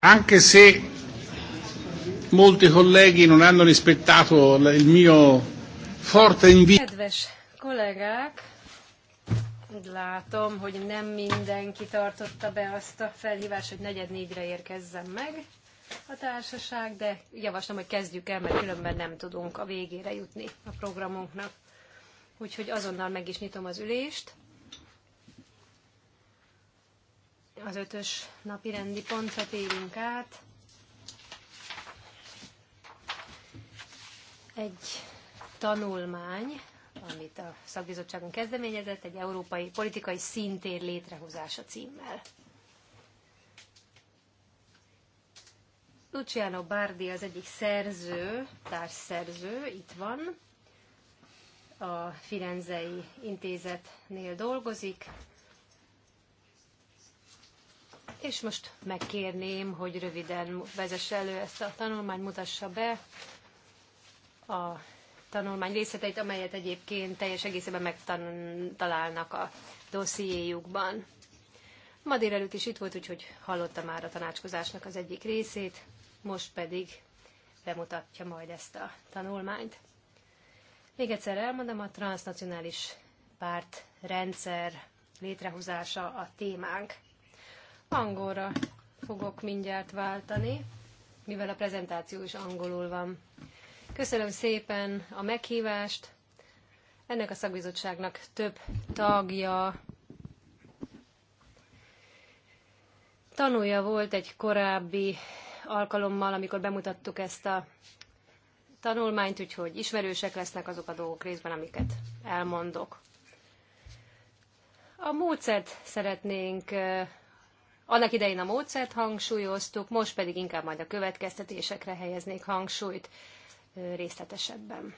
Anche se molti colleghi non hanno rispettato il mio forte invito. Kedves kollégák, látom, hogy nem mindenki tartotta be azt a felhívást, hogy negyed négyre érkezzen meg a társaság, de javaslom, hogy kezdjük el, mert különben nem tudunk a végére jutni a programunknak. Úgyhogy azonnal meg is nyitom az ülést. az ötös napi rendi pontra térünk át. Egy tanulmány, amit a szakbizottságunk kezdeményezett, egy európai politikai szintér létrehozása címmel. Luciano Bardi az egyik szerző, társszerző, itt van, a Firenzei Intézetnél dolgozik, és most megkérném, hogy röviden vezesse elő ezt a tanulmányt, mutassa be a tanulmány részleteit, amelyet egyébként teljes egészében megtalálnak a dossziéjukban. Ma délelőtt is itt volt, úgyhogy hallotta már a tanácskozásnak az egyik részét, most pedig bemutatja majd ezt a tanulmányt. Még egyszer elmondom, a transnacionális párt rendszer létrehozása a témánk. Angolra fogok mindjárt váltani, mivel a prezentáció is angolul van. Köszönöm szépen a meghívást. Ennek a szakbizottságnak több tagja tanulja volt egy korábbi alkalommal, amikor bemutattuk ezt a tanulmányt, úgyhogy ismerősek lesznek azok a dolgok részben, amiket elmondok. A módszert szeretnénk annak idején a módszert hangsúlyoztuk, most pedig inkább majd a következtetésekre helyeznék hangsúlyt részletesebben.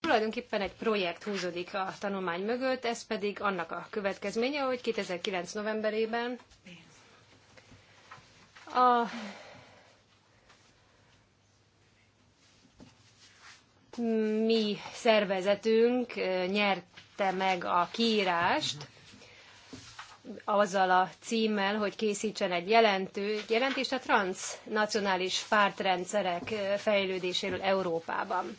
Tulajdonképpen egy projekt húzódik a tanulmány mögött, ez pedig annak a következménye, hogy 2009. novemberében a mi szervezetünk nyerte meg a kiírást, azzal a címmel, hogy készítsen egy jelentő, jelentést a transnacionális pártrendszerek fejlődéséről Európában.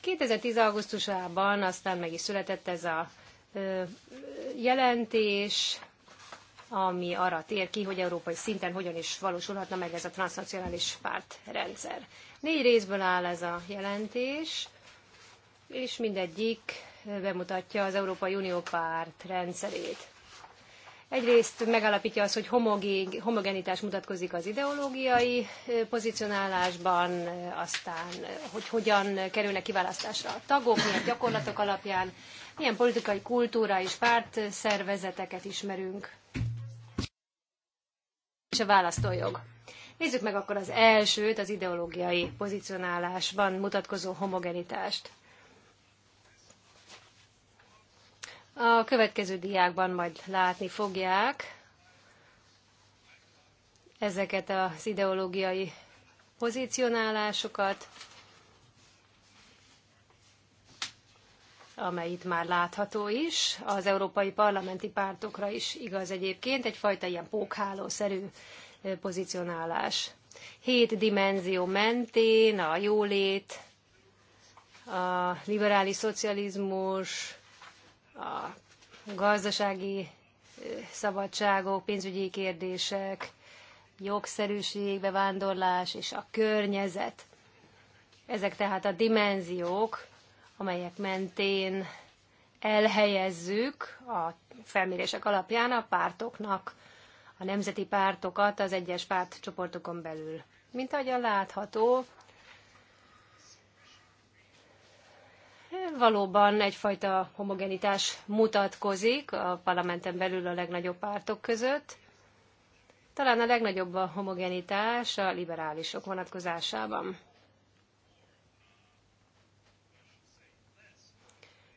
2010. augusztusában aztán meg is született ez a jelentés, ami arra tér ki, hogy európai szinten hogyan is valósulhatna meg ez a transnacionális pártrendszer. Négy részből áll ez a jelentés, és mindegyik bemutatja az Európai Unió párt rendszerét. Egyrészt megállapítja azt, hogy homogenitás mutatkozik az ideológiai pozicionálásban, aztán hogy hogyan kerülnek kiválasztásra a tagok, milyen gyakorlatok alapján, milyen politikai kultúra és pártszervezeteket ismerünk és a választójog. Nézzük meg akkor az elsőt, az ideológiai pozicionálásban mutatkozó homogenitást. A következő diákban majd látni fogják ezeket az ideológiai pozicionálásokat. amely itt már látható is, az európai parlamenti pártokra is igaz egyébként, egyfajta ilyen pókhálószerű pozicionálás. Hét dimenzió mentén a jólét, a liberális szocializmus, a gazdasági szabadságok, pénzügyi kérdések, jogszerűség, bevándorlás és a környezet. Ezek tehát a dimenziók, amelyek mentén elhelyezzük a felmérések alapján a pártoknak, a nemzeti pártokat az egyes pártcsoportokon belül. Mint a látható, valóban egyfajta homogenitás mutatkozik a parlamenten belül a legnagyobb pártok között. Talán a legnagyobb a homogenitás a liberálisok vonatkozásában.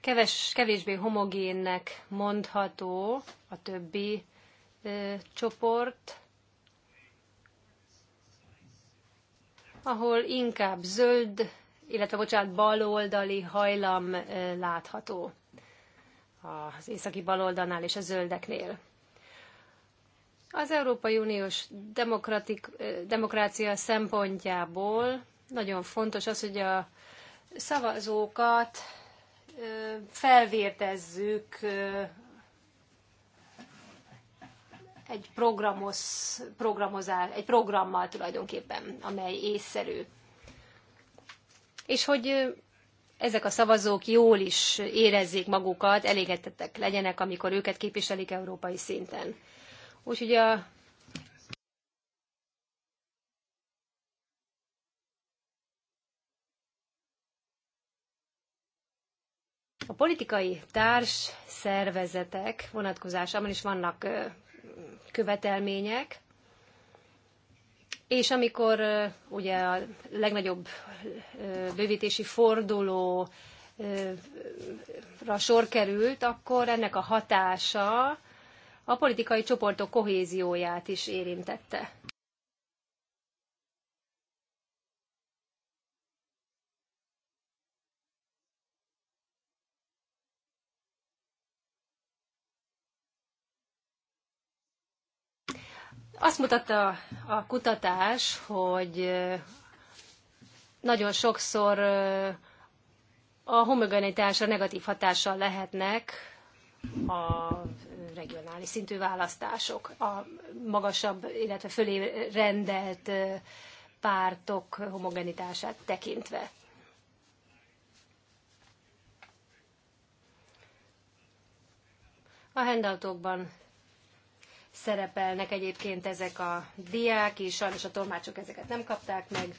keves, kevésbé homogénnek mondható a többi ö, csoport, ahol inkább zöld, illetve bocsánat, baloldali hajlam ö, látható az északi baloldalnál és a zöldeknél. Az Európai Uniós demokratik, demokrácia szempontjából nagyon fontos az, hogy a szavazókat felvértezzük egy, programos programozás, egy programmal tulajdonképpen, amely észszerű. És hogy ezek a szavazók jól is érezzék magukat, elégedettek legyenek, amikor őket képviselik európai szinten. Úgyhogy a A politikai társ szervezetek vonatkozásában is vannak követelmények, és amikor ugye a legnagyobb bővítési forduló ra sor került, akkor ennek a hatása a politikai csoportok kohézióját is érintette. Azt mutatta a kutatás, hogy nagyon sokszor a homogenitásra negatív hatással lehetnek a regionális szintű választások, a magasabb, illetve fölé rendelt pártok homogenitását tekintve. A handoutokban szerepelnek egyébként ezek a diák, és sajnos a tolmácsok ezeket nem kapták meg,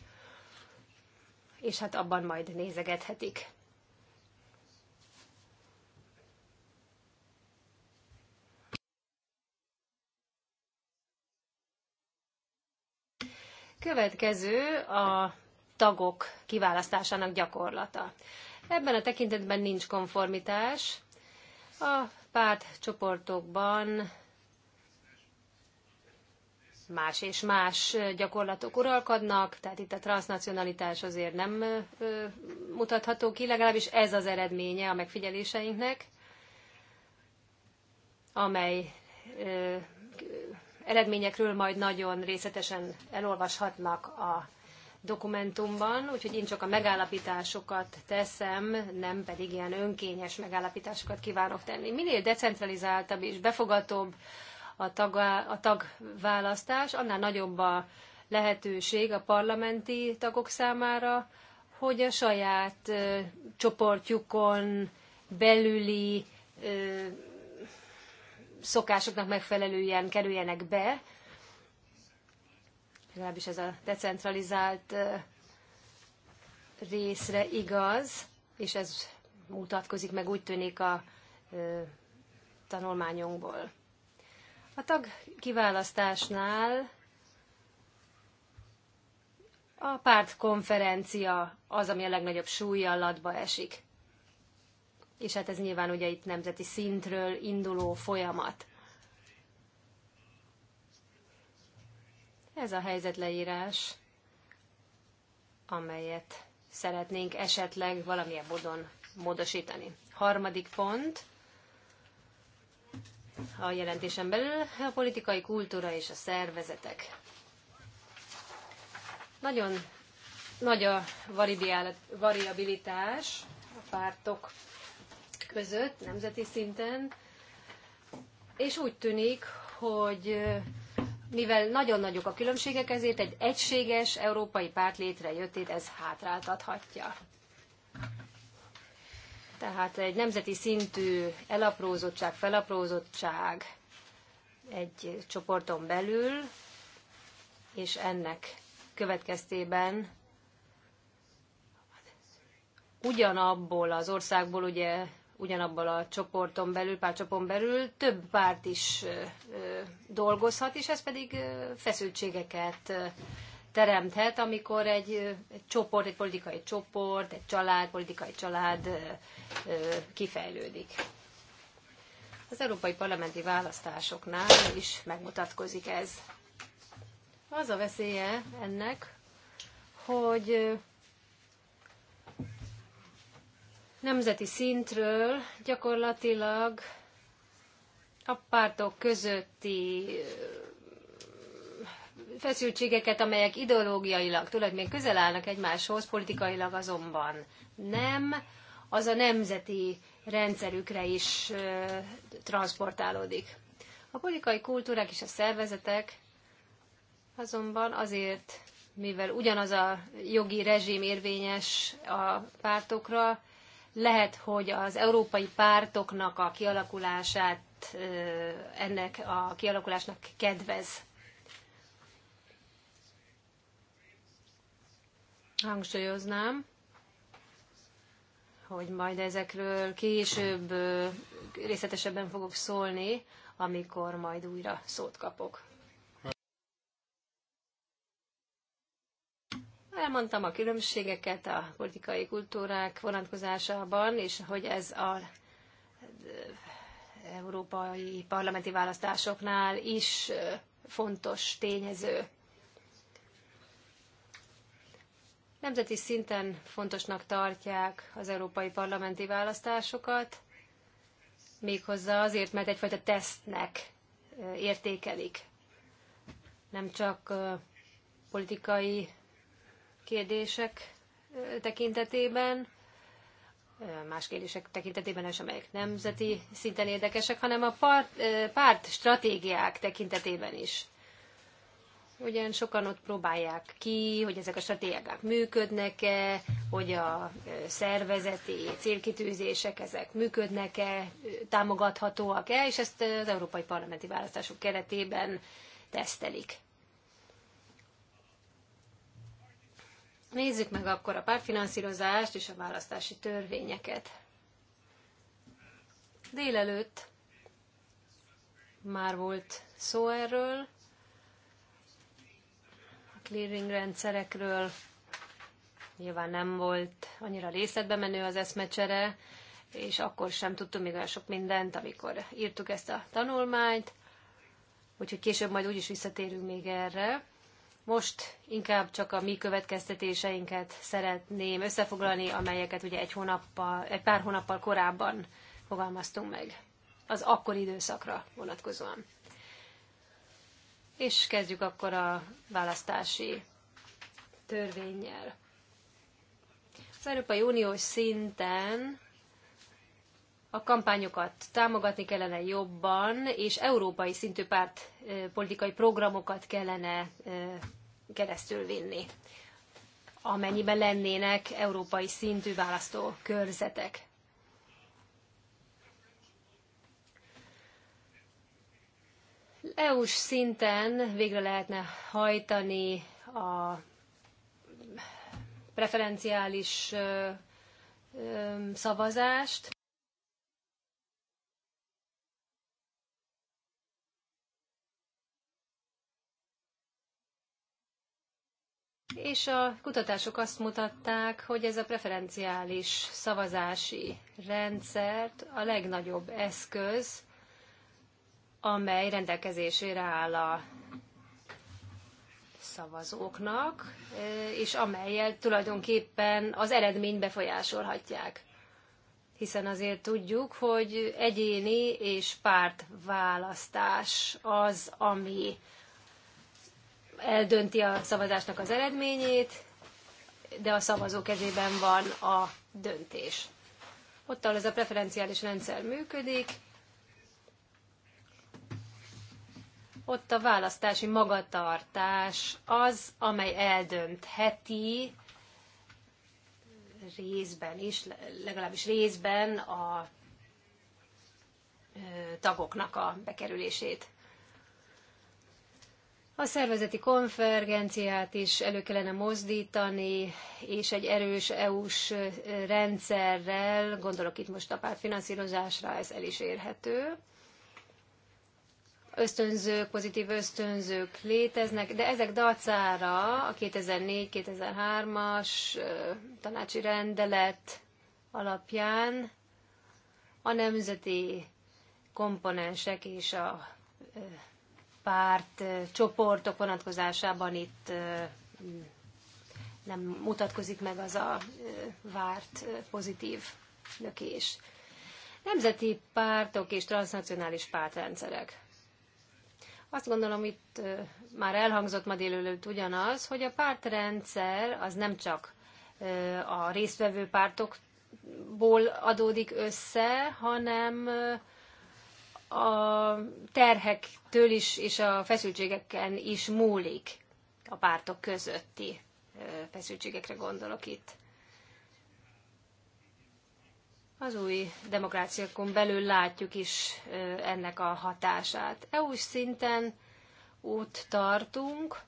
és hát abban majd nézegethetik. Következő a tagok kiválasztásának gyakorlata. Ebben a tekintetben nincs konformitás. A pártcsoportokban más és más gyakorlatok uralkodnak, tehát itt a transnacionalitás azért nem mutatható ki, legalábbis ez az eredménye a megfigyeléseinknek, amely eredményekről majd nagyon részletesen elolvashatnak a dokumentumban, úgyhogy én csak a megállapításokat teszem, nem pedig ilyen önkényes megállapításokat kívánok tenni. Minél decentralizáltabb és befogatóbb a, a tagválasztás, annál nagyobb a lehetőség a parlamenti tagok számára, hogy a saját ö, csoportjukon belüli ö, szokásoknak megfelelően kerüljenek be, legalábbis ez a decentralizált ö, részre igaz, és ez mutatkozik meg úgy tűnik a ö, tanulmányunkból. A tag kiválasztásnál a pártkonferencia az, ami a legnagyobb súlyallatba esik. És hát ez nyilván ugye itt nemzeti szintről induló folyamat. Ez a helyzetleírás, amelyet szeretnénk esetleg valamilyen módon módosítani. Harmadik pont – a jelentésen belül, a politikai kultúra és a szervezetek. Nagyon nagy a variabilitás a pártok között, nemzeti szinten, és úgy tűnik, hogy mivel nagyon nagyok a különbségek, ezért egy egységes európai párt létrejöttét ez hátráltathatja. Tehát egy nemzeti szintű elaprózottság, felaprózottság egy csoporton belül, és ennek következtében ugyanabból az országból, ugye ugyanabból a csoporton belül, párcsoporton belül több párt is dolgozhat, és ez pedig feszültségeket teremthet, amikor egy, egy csoport, egy politikai csoport, egy család, politikai család kifejlődik. Az európai parlamenti választásoknál is megmutatkozik ez. Az a veszélye ennek, hogy nemzeti szintről gyakorlatilag a pártok közötti feszültségeket, amelyek ideológiailag tulajdonképpen közel állnak egymáshoz, politikailag azonban nem, az a nemzeti rendszerükre is ö, transportálódik. A politikai kultúrák és a szervezetek azonban azért, mivel ugyanaz a jogi rezsim érvényes a pártokra, lehet, hogy az európai pártoknak a kialakulását ennek a kialakulásnak kedvez. hangsúlyoznám, hogy majd ezekről később részletesebben fogok szólni, amikor majd újra szót kapok. Elmondtam a különbségeket a politikai kultúrák vonatkozásában, és hogy ez a európai parlamenti választásoknál is fontos tényező. Nemzeti szinten fontosnak tartják az európai parlamenti választásokat, méghozzá azért, mert egyfajta tesztnek értékelik. Nem csak politikai kérdések tekintetében, más kérdések tekintetében is, amelyek nemzeti szinten érdekesek, hanem a párt, párt stratégiák tekintetében is ugyan sokan ott próbálják ki, hogy ezek a stratégiák működnek-e, hogy a szervezeti célkitűzések ezek működnek-e, támogathatóak-e, és ezt az európai parlamenti választások keretében tesztelik. Nézzük meg akkor a pártfinanszírozást és a választási törvényeket. Délelőtt már volt szó erről, clearing rendszerekről. Nyilván nem volt annyira részletbe menő az eszmecsere, és akkor sem tudtunk még olyan sok mindent, amikor írtuk ezt a tanulmányt, úgyhogy később majd úgyis visszatérünk még erre. Most inkább csak a mi következtetéseinket szeretném összefoglalni, amelyeket ugye egy, hónappal, egy pár hónappal korábban fogalmaztunk meg az akkori időszakra vonatkozóan és kezdjük akkor a választási törvényel. Az Európai Uniós szinten a kampányokat támogatni kellene jobban, és európai szintű párt politikai programokat kellene keresztül vinni, amennyiben lennének európai szintű választókörzetek. EU-s szinten végre lehetne hajtani a preferenciális szavazást. És a kutatások azt mutatták, hogy ez a preferenciális szavazási rendszert a legnagyobb eszköz amely rendelkezésére áll a szavazóknak, és amelyel tulajdonképpen az eredményt befolyásolhatják. Hiszen azért tudjuk, hogy egyéni és pártválasztás az, ami eldönti a szavazásnak az eredményét, de a szavazó kezében van a döntés. Ott, ahol ez a preferenciális rendszer működik, ott a választási magatartás az, amely eldöntheti részben is, legalábbis részben a tagoknak a bekerülését. A szervezeti konferenciát is elő kellene mozdítani, és egy erős EU-s rendszerrel, gondolok itt most a pártfinanszírozásra, ez el is érhető ösztönzők, pozitív ösztönzők léteznek, de ezek dacára a 2004-2003-as tanácsi rendelet alapján a nemzeti komponensek és a párt csoportok vonatkozásában itt nem mutatkozik meg az a várt pozitív lökés. Nemzeti pártok és transnacionális pártrendszerek. Azt gondolom, itt már elhangzott ma délelőtt ugyanaz, hogy a pártrendszer az nem csak a résztvevő pártokból adódik össze, hanem a terhektől is és a feszültségeken is múlik a pártok közötti feszültségekre gondolok itt az új demokráciákon belül látjuk is ennek a hatását. EU-s szinten út tartunk,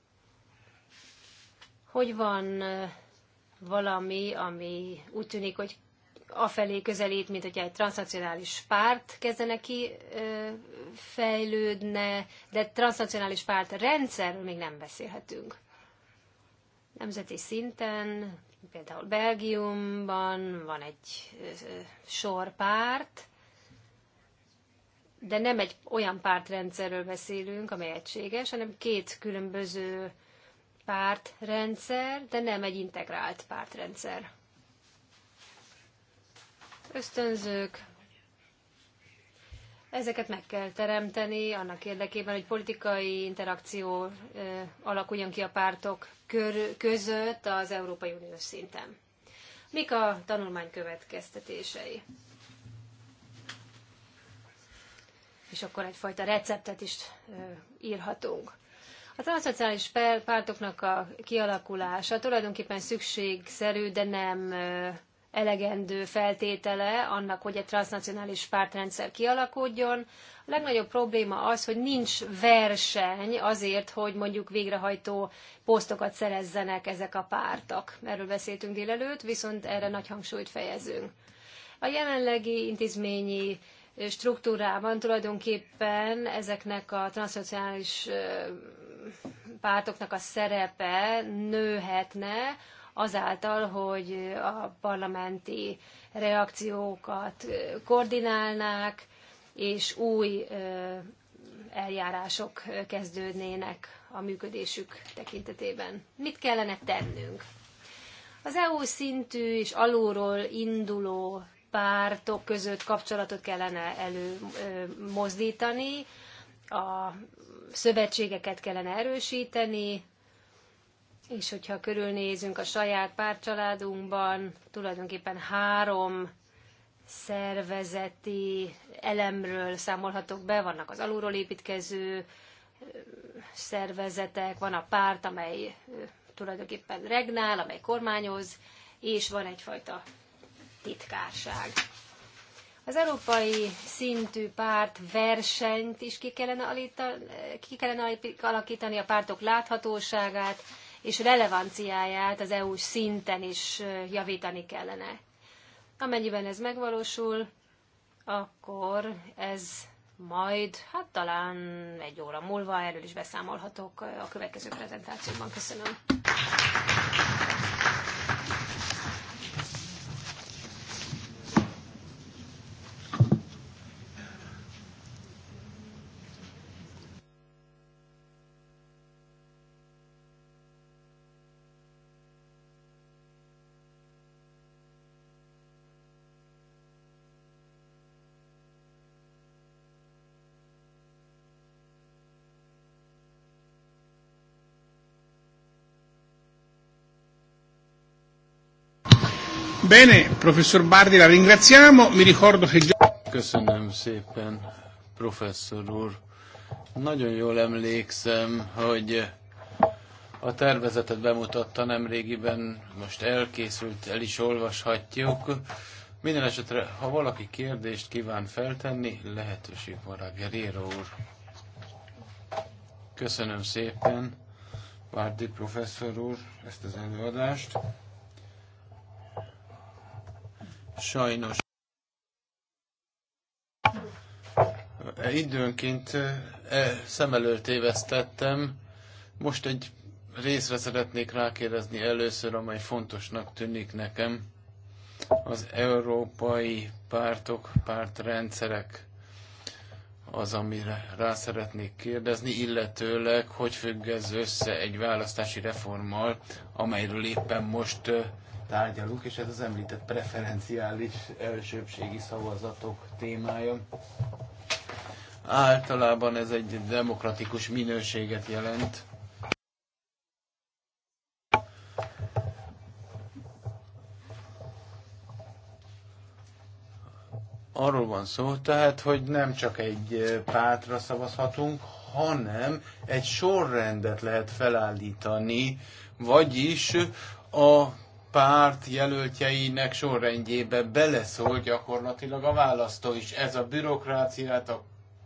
hogy van valami, ami úgy tűnik, hogy afelé közelít, mint hogyha egy transnacionális párt kezdene ki fejlődne, de transnacionális párt rendszer még nem beszélhetünk. Nemzeti szinten Például Belgiumban van egy sor párt, de nem egy olyan pártrendszerről beszélünk, amely egységes, hanem két különböző pártrendszer, de nem egy integrált pártrendszer. Ösztönzők, Ezeket meg kell teremteni annak érdekében, hogy politikai interakció alakuljon ki a pártok kör, között az Európai Uniós szinten. Mik a tanulmány következtetései? És akkor egyfajta receptet is írhatunk. A transzociális pártoknak a kialakulása tulajdonképpen szükségszerű, de nem elegendő feltétele annak, hogy egy transnacionális pártrendszer kialakuljon. A legnagyobb probléma az, hogy nincs verseny azért, hogy mondjuk végrehajtó posztokat szerezzenek ezek a pártak. Erről beszéltünk délelőtt, viszont erre nagy hangsúlyt fejezünk. A jelenlegi intézményi struktúrában tulajdonképpen ezeknek a transnacionális pártoknak a szerepe nőhetne, azáltal, hogy a parlamenti reakciókat koordinálnák, és új eljárások kezdődnének a működésük tekintetében. Mit kellene tennünk? Az EU szintű és alulról induló pártok között kapcsolatot kellene előmozdítani, a szövetségeket kellene erősíteni, és hogyha körülnézünk a saját párcsaládunkban, tulajdonképpen három szervezeti elemről számolhatok be, vannak az alulról építkező szervezetek, van a párt, amely tulajdonképpen regnál, amely kormányoz, és van egyfajta titkárság. Az európai szintű párt versenyt is ki kellene, alita, ki kellene alakítani, a pártok láthatóságát, és relevanciáját az EU-s szinten is javítani kellene. Amennyiben ez megvalósul, akkor ez majd, hát talán egy óra múlva erről is beszámolhatok a következő prezentációban. Köszönöm. Bene, professor Bardi, la ringraziamo. Mi ricordo che Köszönöm szépen, professzor úr. Nagyon jól emlékszem, hogy a tervezetet bemutatta nemrégiben, most elkészült, el is olvashatjuk. Minden esetre, ha valaki kérdést kíván feltenni, lehetőség van rá, Gerero úr. Köszönöm szépen, Várdi professzor úr, ezt az előadást. Sajnos e, időnként e, e, szem előtt évesztettem. Most egy részre szeretnék rákérdezni először, amely fontosnak tűnik nekem. Az európai pártok, pártrendszerek az, amire rá szeretnék kérdezni, illetőleg, hogy függ ez össze egy választási reformmal, amelyről éppen most tárgyalunk, és ez az említett preferenciális elsőbségi szavazatok témája. Általában ez egy demokratikus minőséget jelent. Arról van szó, tehát, hogy nem csak egy pártra szavazhatunk, hanem egy sorrendet lehet felállítani, vagyis a párt jelöltjeinek sorrendjébe beleszól gyakorlatilag a választó is. Ez a bürokráciát, a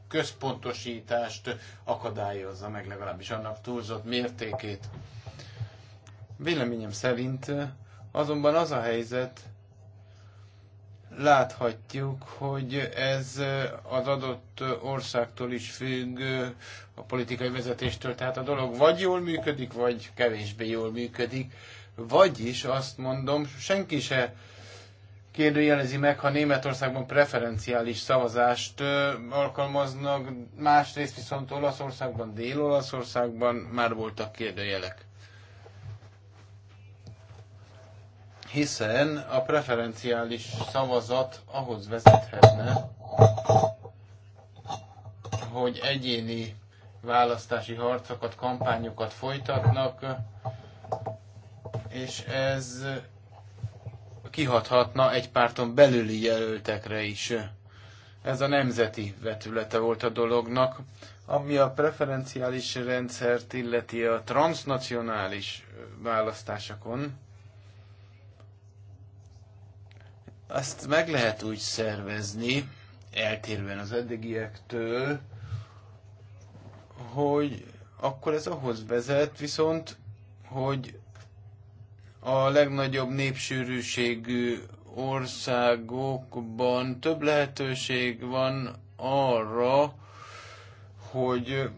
központosítást akadályozza meg legalábbis annak túlzott mértékét. Véleményem szerint azonban az a helyzet, láthatjuk, hogy ez az adott országtól is függ a politikai vezetéstől. Tehát a dolog vagy jól működik, vagy kevésbé jól működik. Vagyis azt mondom, senki se kérdőjelezi meg, ha Németországban preferenciális szavazást ö, alkalmaznak, másrészt viszont Olaszországban, Dél-Olaszországban már voltak kérdőjelek. Hiszen a preferenciális szavazat ahhoz vezethetne, hogy egyéni választási harcokat, kampányokat folytatnak, és ez kihathatna egy párton belüli jelöltekre is. Ez a nemzeti vetülete volt a dolognak. Ami a preferenciális rendszert illeti a transnacionális választásokon, azt meg lehet úgy szervezni, eltérően az eddigiektől, hogy akkor ez ahhoz vezet viszont, hogy a legnagyobb népsűrűségű országokban több lehetőség van arra, hogy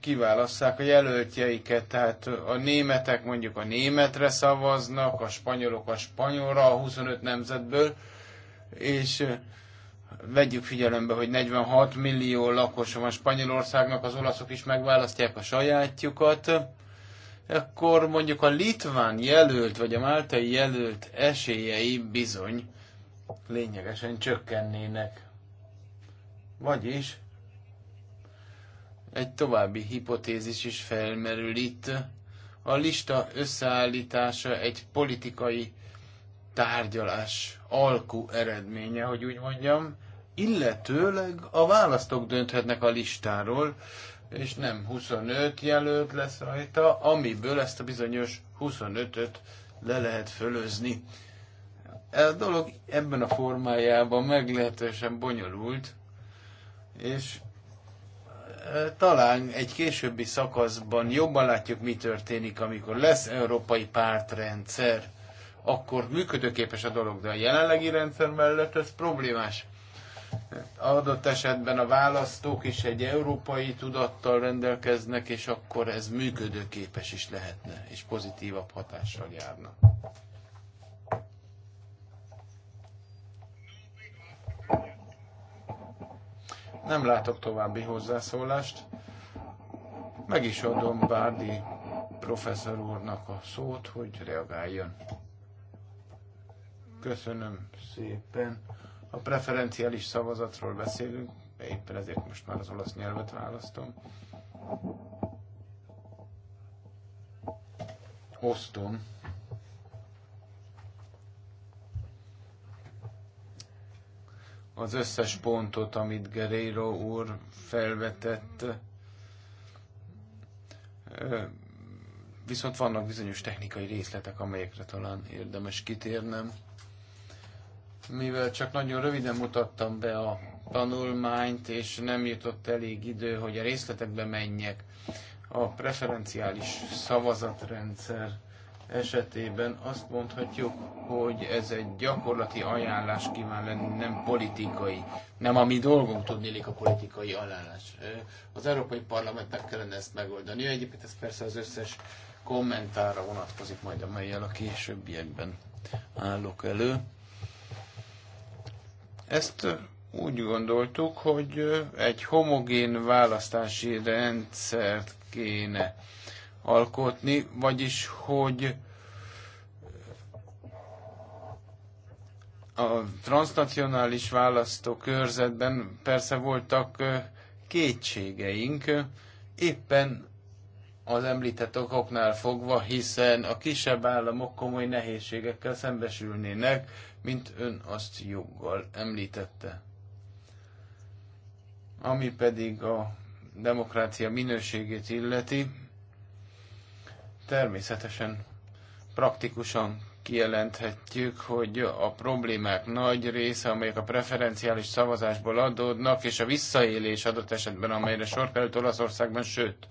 kiválasszák a jelöltjeiket, tehát a németek mondjuk a németre szavaznak, a spanyolok a spanyolra, a 25 nemzetből, és vegyük figyelembe, hogy 46 millió lakos van Spanyolországnak, az olaszok is megválasztják a sajátjukat, akkor mondjuk a litván jelölt, vagy a máltai jelölt esélyei bizony lényegesen csökkennének. Vagyis egy további hipotézis is felmerül itt. A lista összeállítása egy politikai tárgyalás alkú eredménye, hogy úgy mondjam, illetőleg a választók dönthetnek a listáról, és nem 25 jelölt lesz rajta, amiből ezt a bizonyos 25-öt le lehet fölözni. Ez a dolog ebben a formájában meglehetősen bonyolult, és e, talán egy későbbi szakaszban jobban látjuk, mi történik, amikor lesz európai pártrendszer, akkor működőképes a dolog, de a jelenlegi rendszer mellett ez problémás. Adott esetben a választók is egy európai tudattal rendelkeznek, és akkor ez működőképes is lehetne, és pozitívabb hatással járna. Nem látok további hozzászólást. Meg is adom Bárdi professzor úrnak a szót, hogy reagáljon. Köszönöm szépen. A preferenciális szavazatról beszélünk, éppen ezért most már az olasz nyelvet választom. Osztom. Az összes pontot, amit Guerrero úr felvetett, viszont vannak bizonyos technikai részletek, amelyekre talán érdemes kitérnem mivel csak nagyon röviden mutattam be a tanulmányt, és nem jutott elég idő, hogy a részletekbe menjek. A preferenciális szavazatrendszer esetében azt mondhatjuk, hogy ez egy gyakorlati ajánlás kíván lenni, nem politikai. Nem a mi dolgunk tudnélik a politikai ajánlás. Az Európai Parlamentnek kellene ezt megoldani. Egyébként ez persze az összes kommentára vonatkozik majd, amelyel a későbbiekben állok elő. Ezt úgy gondoltuk, hogy egy homogén választási rendszert kéne alkotni, vagyis hogy a transnacionális választókörzetben persze voltak kétségeink, éppen az említett okoknál fogva, hiszen a kisebb államok komoly nehézségekkel szembesülnének, mint ön azt joggal említette. Ami pedig a demokrácia minőségét illeti, természetesen praktikusan kijelenthetjük, hogy a problémák nagy része, amelyek a preferenciális szavazásból adódnak, és a visszaélés adott esetben, amelyre sor került Olaszországban, sőt,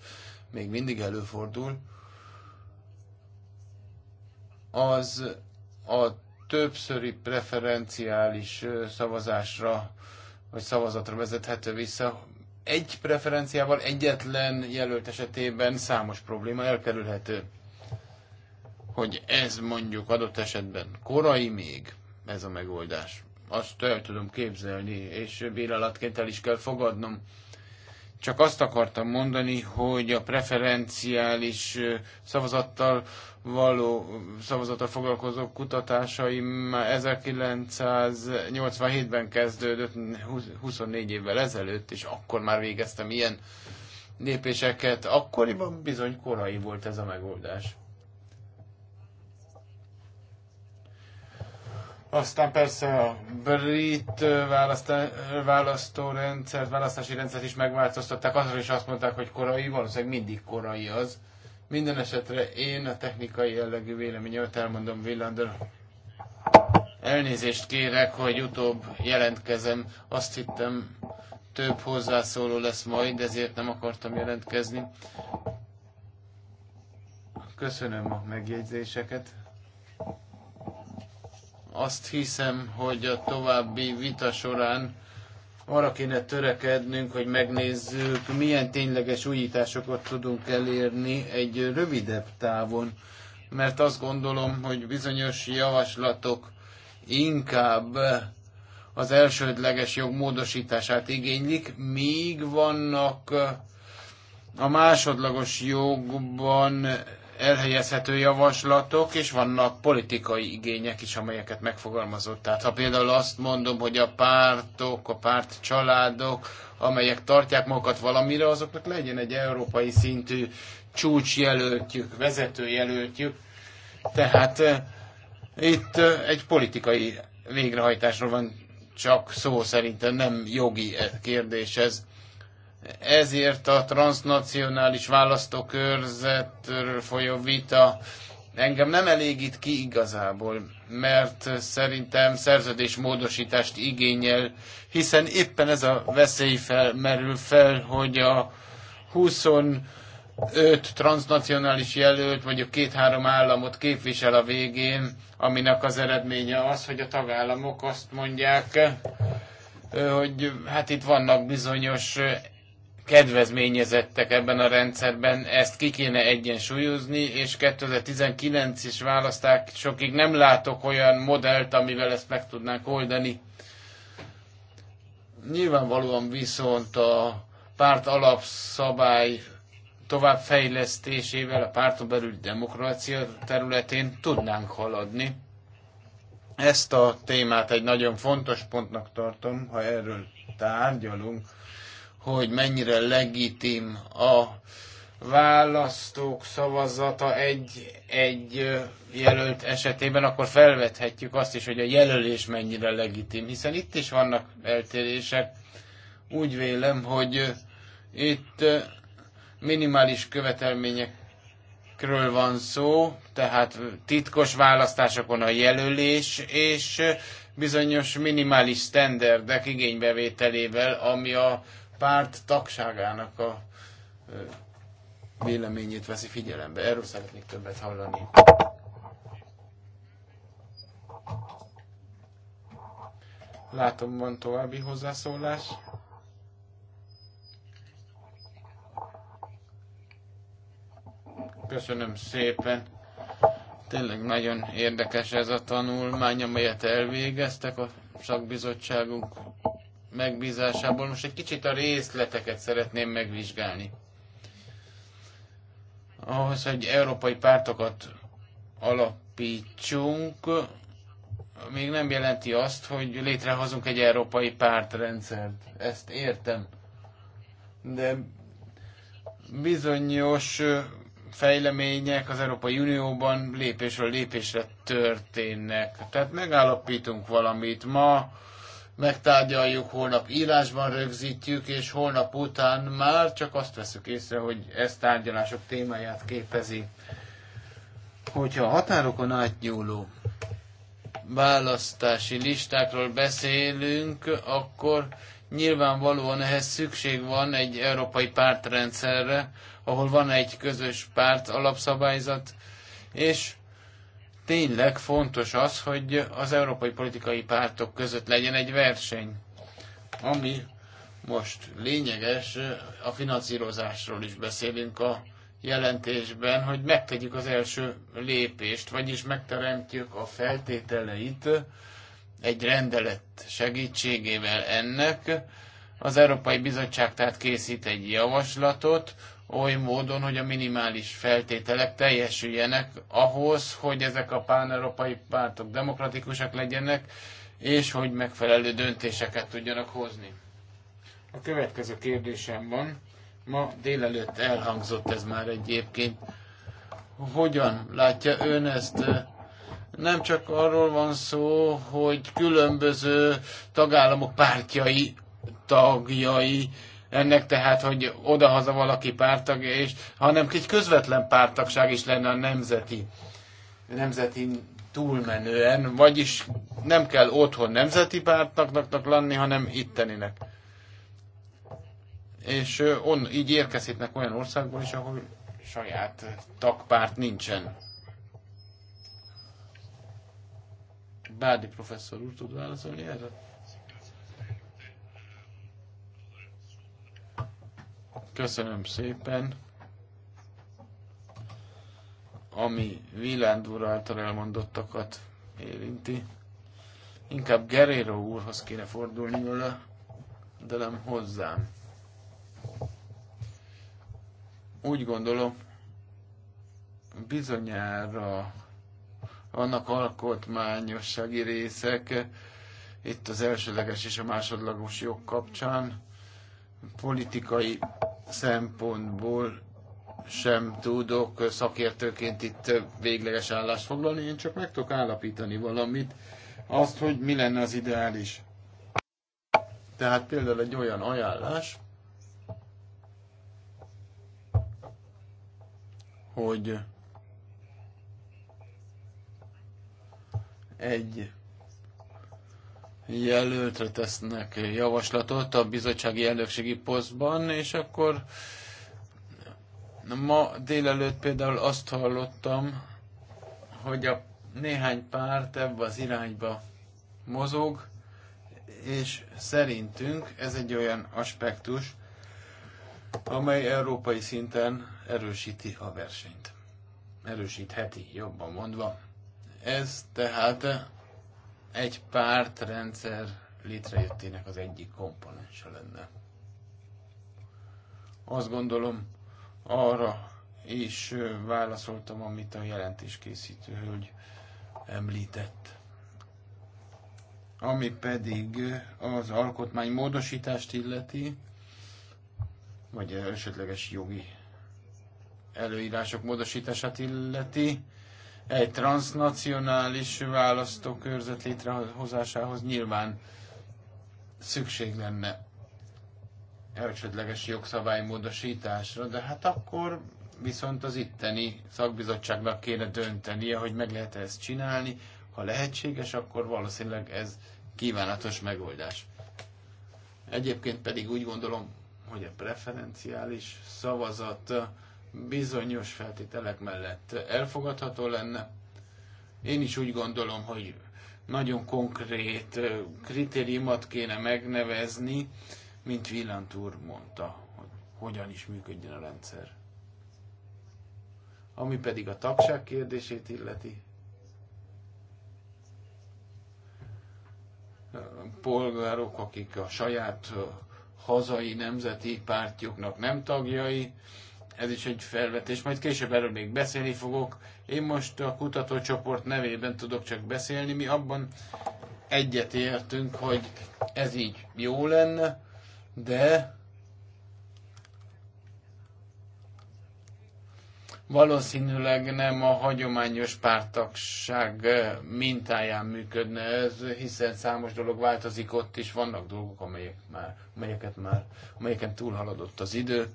még mindig előfordul, az a többszöri preferenciális szavazásra vagy szavazatra vezethető vissza. Egy preferenciával egyetlen jelölt esetében számos probléma elkerülhető. Hogy ez mondjuk adott esetben korai még ez a megoldás. Azt el tudom képzelni, és bírálatként el is kell fogadnom csak azt akartam mondani, hogy a preferenciális szavazattal való szavazattal foglalkozó kutatásaim 1987-ben kezdődött, 24 évvel ezelőtt, és akkor már végeztem ilyen lépéseket. Akkoriban bizony korai volt ez a megoldás. Aztán persze a brit választórendszert, választási rendszert is megváltoztatták, azra is azt mondták, hogy korai, valószínűleg mindig korai az. Minden esetre én a technikai jellegű véleményemet elmondom Villander. Elnézést kérek, hogy utóbb jelentkezem. Azt hittem, több hozzászóló lesz majd, ezért nem akartam jelentkezni. Köszönöm a megjegyzéseket. Azt hiszem, hogy a további vita során arra kéne törekednünk, hogy megnézzük, milyen tényleges újításokat tudunk elérni egy rövidebb távon, mert azt gondolom, hogy bizonyos javaslatok inkább az elsődleges jog módosítását igénylik, míg vannak a másodlagos jogban elhelyezhető javaslatok, és vannak politikai igények is, amelyeket megfogalmazott. Tehát ha például azt mondom, hogy a pártok, a párt családok, amelyek tartják magukat valamire, azoknak legyen egy európai szintű csúcsjelöltjük, vezetőjelöltjük. Tehát eh, itt eh, egy politikai végrehajtásról van csak szó, szerintem nem jogi eh, kérdés ez. Ezért a transnacionális választókörzetről folyó vita engem nem elégít ki igazából, mert szerintem szerződésmódosítást igényel, hiszen éppen ez a veszély felmerül fel, hogy a 25 transnacionális jelölt, mondjuk két-három államot képvisel a végén, aminek az eredménye az, hogy a tagállamok azt mondják, hogy hát itt vannak bizonyos kedvezményezettek ebben a rendszerben, ezt ki kéne egyensúlyozni, és 2019 is választák, sokig nem látok olyan modellt, amivel ezt meg tudnánk oldani. Nyilvánvalóan viszont a párt alapszabály továbbfejlesztésével a párton belül demokrácia területén tudnánk haladni. Ezt a témát egy nagyon fontos pontnak tartom, ha erről tárgyalunk hogy mennyire legitim a választók szavazata egy-egy jelölt esetében, akkor felvethetjük azt is, hogy a jelölés mennyire legitim, hiszen itt is vannak eltérések. Úgy vélem, hogy itt minimális követelményekről van szó, tehát titkos választásokon a jelölés, és bizonyos minimális standardek igénybevételével, ami a párt tagságának a véleményét veszi figyelembe. Erről szeretnék többet hallani. Látom, van további hozzászólás. Köszönöm szépen. Tényleg nagyon érdekes ez a tanulmány, amelyet elvégeztek a szakbizottságunk megbízásából. Most egy kicsit a részleteket szeretném megvizsgálni. Ahhoz, hogy európai pártokat alapítsunk, még nem jelenti azt, hogy létrehozunk egy európai pártrendszert. Ezt értem. De bizonyos fejlemények az Európai Unióban lépésről lépésre történnek. Tehát megállapítunk valamit. Ma megtárgyaljuk, holnap írásban rögzítjük, és holnap után már csak azt veszük észre, hogy ez tárgyalások témáját képezi. Hogyha a határokon átnyúló választási listákról beszélünk, akkor nyilvánvalóan ehhez szükség van egy európai pártrendszerre, ahol van egy közös párt alapszabályzat, és tényleg fontos az, hogy az európai politikai pártok között legyen egy verseny, ami most lényeges, a finanszírozásról is beszélünk a jelentésben, hogy megtegyük az első lépést, vagyis megteremtjük a feltételeit egy rendelet segítségével ennek. Az Európai Bizottság tehát készít egy javaslatot, oly módon, hogy a minimális feltételek teljesüljenek ahhoz, hogy ezek a pán-európai pártok demokratikusak legyenek, és hogy megfelelő döntéseket tudjanak hozni. A következő kérdésem van, ma délelőtt elhangzott ez már egyébként, hogyan látja ön ezt? Nem csak arról van szó, hogy különböző tagállamok pártjai, tagjai ennek tehát, hogy odahaza valaki pártag, és, hanem egy közvetlen pártagság is lenne a nemzeti, nemzeti túlmenően, vagyis nem kell otthon nemzeti pártnak lenni, hanem itteninek. És on, így érkezhetnek olyan országból is, ahol saját tagpárt nincsen. Bádi professzor úr tud válaszolni erre? Köszönöm szépen. Ami Viland úr által elmondottakat érinti, inkább Guerrero úrhoz kéne fordulni vele, de nem hozzám. Úgy gondolom, bizonyára vannak alkotmányossági részek, itt az elsőleges és a másodlagos jog kapcsán, politikai szempontból sem tudok szakértőként itt végleges állást foglalni, én csak meg tudok állapítani valamit, azt, hogy mi lenne az ideális. Tehát például egy olyan ajánlás, hogy egy jelöltre tesznek javaslatot a bizottsági elnökségi posztban, és akkor ma délelőtt például azt hallottam, hogy a néhány párt ebbe az irányba mozog, és szerintünk ez egy olyan aspektus, amely európai szinten erősíti a versenyt. Erősítheti, jobban mondva. Ez tehát egy pártrendszer létrejöttének az egyik komponense lenne. Azt gondolom, arra is válaszoltam, amit a jelentéskészítő hölgy említett. Ami pedig az alkotmány módosítást illeti, vagy esetleges jogi előírások módosítását illeti, egy transnacionális választókörzet létrehozásához nyilván szükség lenne elsődleges jogszabálymódosításra, de hát akkor viszont az itteni szakbizottságnak kéne döntenie, hogy meg lehet -e ezt csinálni. Ha lehetséges, akkor valószínűleg ez kívánatos megoldás. Egyébként pedig úgy gondolom, hogy a preferenciális szavazat bizonyos feltételek mellett elfogadható lenne. Én is úgy gondolom, hogy nagyon konkrét kritériumot kéne megnevezni, mint Villant úr mondta, hogy hogyan is működjön a rendszer. Ami pedig a tagság kérdését illeti, polgárok, akik a saját hazai nemzeti pártjuknak nem tagjai, ez is egy felvetés, majd később erről még beszélni fogok. Én most a kutatócsoport nevében tudok csak beszélni. Mi abban egyetértünk, hogy ez így jó lenne, de valószínűleg nem a hagyományos pártagság mintáján működne ez, hiszen számos dolog változik ott is, vannak dolgok, amelyek már, amelyeket már, amelyeken túlhaladott az idő,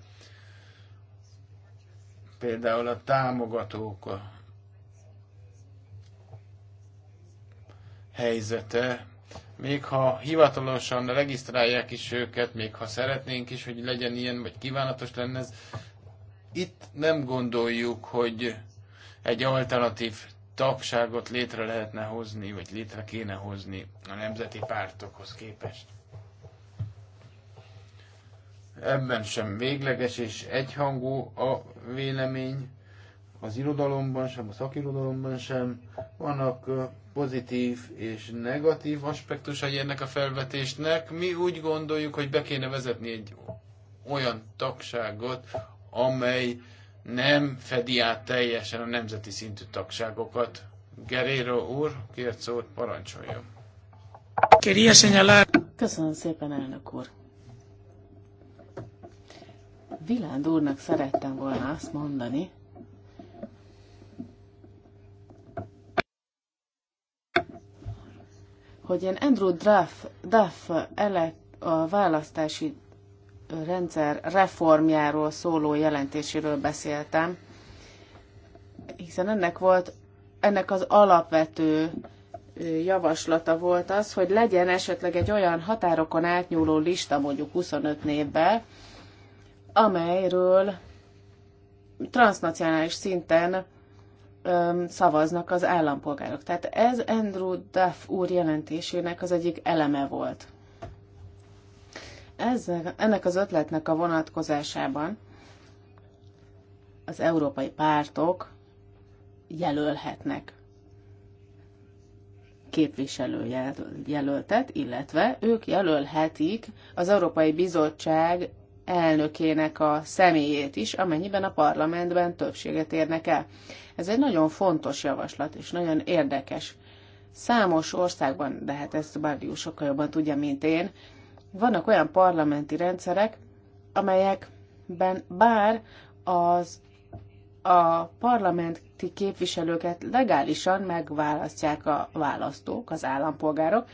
például a támogatók a helyzete, még ha hivatalosan regisztrálják is őket, még ha szeretnénk is, hogy legyen ilyen, vagy kívánatos lenne ez, itt nem gondoljuk, hogy egy alternatív tagságot létre lehetne hozni, vagy létre kéne hozni a nemzeti pártokhoz képest ebben sem végleges és egyhangú a vélemény, az irodalomban sem, a szakirodalomban sem. Vannak pozitív és negatív aspektusai ennek a felvetésnek. Mi úgy gondoljuk, hogy be kéne vezetni egy olyan tagságot, amely nem fedi át teljesen a nemzeti szintű tagságokat. Gerero úr, kért szót, parancsoljon. Köszönöm szépen, elnök úr. Viland úrnak szerettem volna azt mondani, hogy én Andrew Duff, Duff elek, a választási rendszer reformjáról szóló jelentéséről beszéltem, hiszen ennek volt, ennek az alapvető javaslata volt az, hogy legyen esetleg egy olyan határokon átnyúló lista mondjuk 25 névben, amelyről transnacionális szinten öm, szavaznak az állampolgárok. Tehát ez Andrew Duff úr jelentésének az egyik eleme volt. Ezzel, ennek az ötletnek a vonatkozásában az európai pártok jelölhetnek képviselőjelöltet, illetve ők jelölhetik az Európai Bizottság elnökének a személyét is, amennyiben a parlamentben többséget érnek el. Ez egy nagyon fontos javaslat, és nagyon érdekes. Számos országban, de hát ezt Bárdió sokkal jobban tudja, mint én, vannak olyan parlamenti rendszerek, amelyekben bár az a parlamenti képviselőket legálisan megválasztják a választók, az állampolgárok,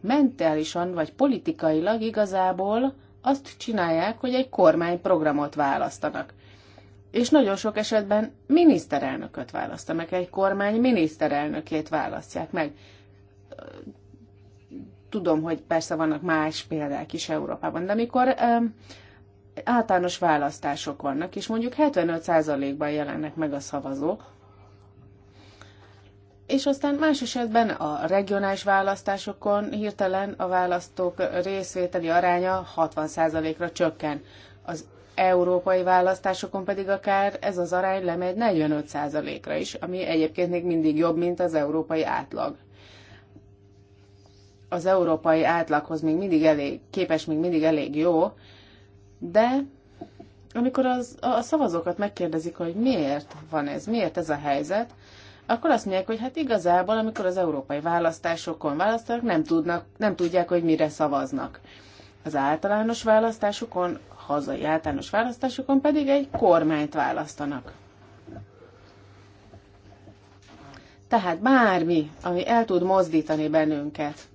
mentálisan vagy politikailag igazából azt csinálják, hogy egy kormányprogramot választanak. És nagyon sok esetben miniszterelnököt választanak, egy kormány miniszterelnökét választják meg. Tudom, hogy persze vannak más példák is Európában, de amikor um, általános választások vannak, és mondjuk 75%-ban jelennek meg a szavazók, és aztán más esetben a regionális választásokon hirtelen a választók részvételi aránya 60%-ra csökken. Az európai választásokon pedig akár ez az arány lemegy 45%-ra is, ami egyébként még mindig jobb, mint az európai átlag. Az európai átlaghoz még mindig elég, képes még mindig elég jó, de amikor az, a szavazókat megkérdezik, hogy miért van ez, miért ez a helyzet, akkor azt mondják, hogy hát igazából, amikor az európai választásokon választanak, nem, tudnak, nem tudják, hogy mire szavaznak. Az általános választásokon, hazai általános választásokon pedig egy kormányt választanak. Tehát bármi, ami el tud mozdítani bennünket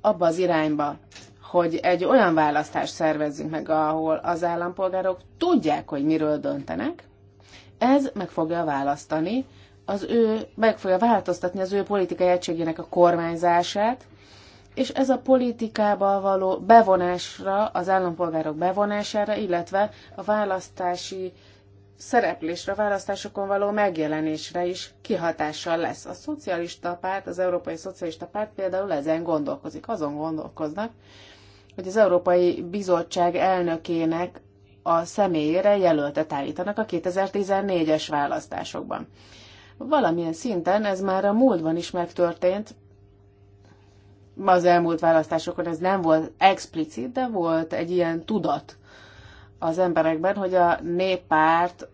abba az irányba, hogy egy olyan választást szervezzünk meg, ahol az állampolgárok tudják, hogy miről döntenek, ez meg fogja választani az ő, meg fogja változtatni az ő politikai egységének a kormányzását, és ez a politikába való bevonásra, az állampolgárok bevonására, illetve a választási szereplésre, választásokon való megjelenésre is kihatással lesz. A szocialista párt, az Európai Szocialista Párt például ezen gondolkozik, azon gondolkoznak, hogy az Európai Bizottság elnökének a személyére jelöltet állítanak a 2014-es választásokban. Valamilyen szinten ez már a múltban is megtörtént, az elmúlt választásokon ez nem volt explicit, de volt egy ilyen tudat az emberekben, hogy a néppárt,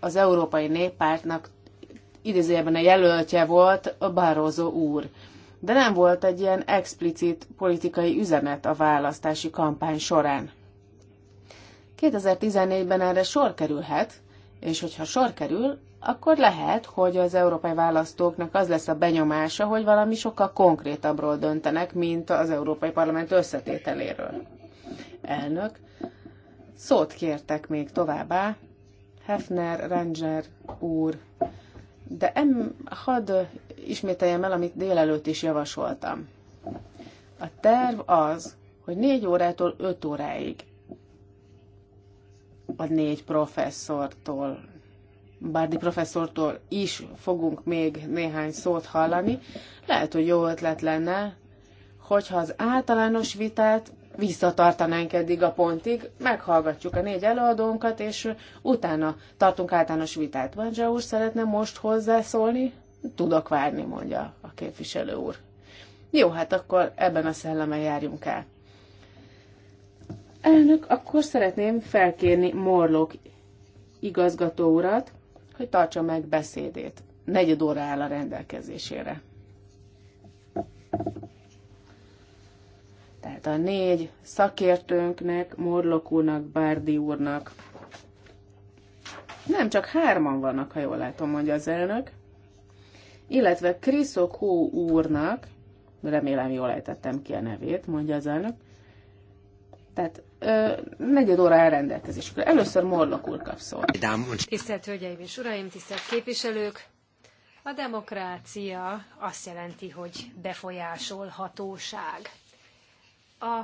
az európai néppártnak idézőjelben a jelöltje volt a Barroso úr. De nem volt egy ilyen explicit politikai üzenet a választási kampány során. 2014-ben erre sor kerülhet, és hogyha sor kerül, akkor lehet, hogy az európai választóknak az lesz a benyomása, hogy valami sokkal konkrétabbról döntenek, mint az Európai Parlament összetételéről. Elnök, szót kértek még továbbá, Hefner, Ranger úr, de em, hadd ismételjem el, amit délelőtt is javasoltam. A terv az, hogy négy órától öt óráig a négy professzortól Bárdi professzortól is fogunk még néhány szót hallani. Lehet, hogy jó ötlet lenne, hogyha az általános vitát visszatartanánk eddig a pontig, meghallgatjuk a négy előadónkat, és utána tartunk általános vitát. Bandzsa úr szeretne most hozzászólni? Tudok várni, mondja a képviselő úr. Jó, hát akkor ebben a szellemen járjunk el. Elnök, akkor szeretném felkérni Morlok igazgató urat, hogy tartsa meg beszédét. Negyed óra áll a rendelkezésére. Tehát a négy szakértőnknek, Morlokúnak, Bárdi úrnak, nem csak hárman vannak, ha jól látom, mondja az elnök, illetve Kriszokó úrnak, remélem jól ejtettem ki a nevét, mondja az elnök, tehát ö, negyed óra elrendelkezésükre. Először Morlok úr kap szó. Tisztelt Hölgyeim és Uraim, tisztelt képviselők! A demokrácia azt jelenti, hogy befolyásolhatóság. A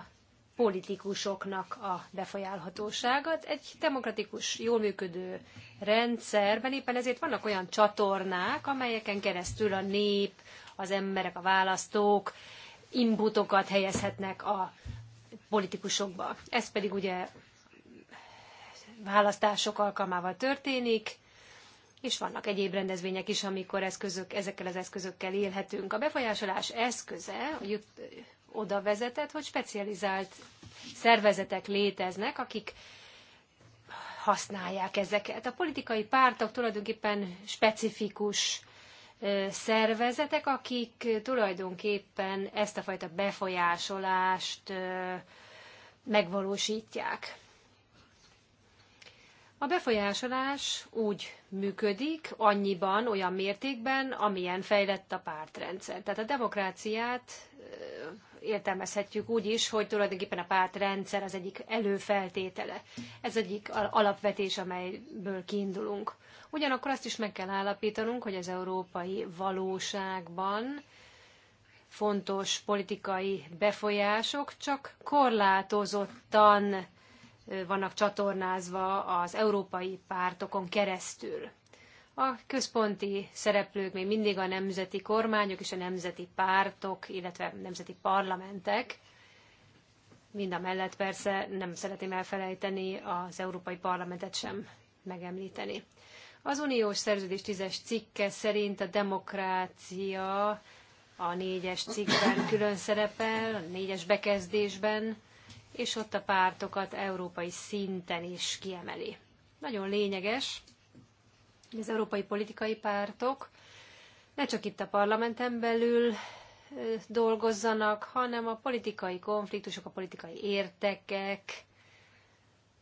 politikusoknak a befolyálhatóságot. Egy demokratikus, jól működő rendszerben éppen ezért vannak olyan csatornák, amelyeken keresztül a nép, az emberek, a választók inputokat helyezhetnek a politikusokba. Ez pedig ugye választások alkalmával történik, és vannak egyéb rendezvények is, amikor eszközök, ezekkel az eszközökkel élhetünk. A befolyásolás eszköze jut, oda vezetett, hogy specializált szervezetek léteznek, akik használják ezeket. A politikai pártok tulajdonképpen specifikus szervezetek, akik tulajdonképpen ezt a fajta befolyásolást megvalósítják. A befolyásolás úgy működik, annyiban, olyan mértékben, amilyen fejlett a pártrendszer. Tehát a demokráciát értelmezhetjük úgy is, hogy tulajdonképpen a pártrendszer az egyik előfeltétele. Ez egyik alapvetés, amelyből kiindulunk. Ugyanakkor azt is meg kell állapítanunk, hogy az európai valóságban fontos politikai befolyások csak korlátozottan vannak csatornázva az európai pártokon keresztül. A központi szereplők még mindig a nemzeti kormányok és a nemzeti pártok, illetve nemzeti parlamentek. Mind a mellett persze nem szeretném elfelejteni az Európai Parlamentet sem megemlíteni. Az uniós szerződés 10-es cikke szerint a demokrácia a négyes cikkben külön szerepel, a négyes bekezdésben, és ott a pártokat európai szinten is kiemeli. Nagyon lényeges, hogy az európai politikai pártok ne csak itt a parlamenten belül dolgozzanak, hanem a politikai konfliktusok, a politikai értekek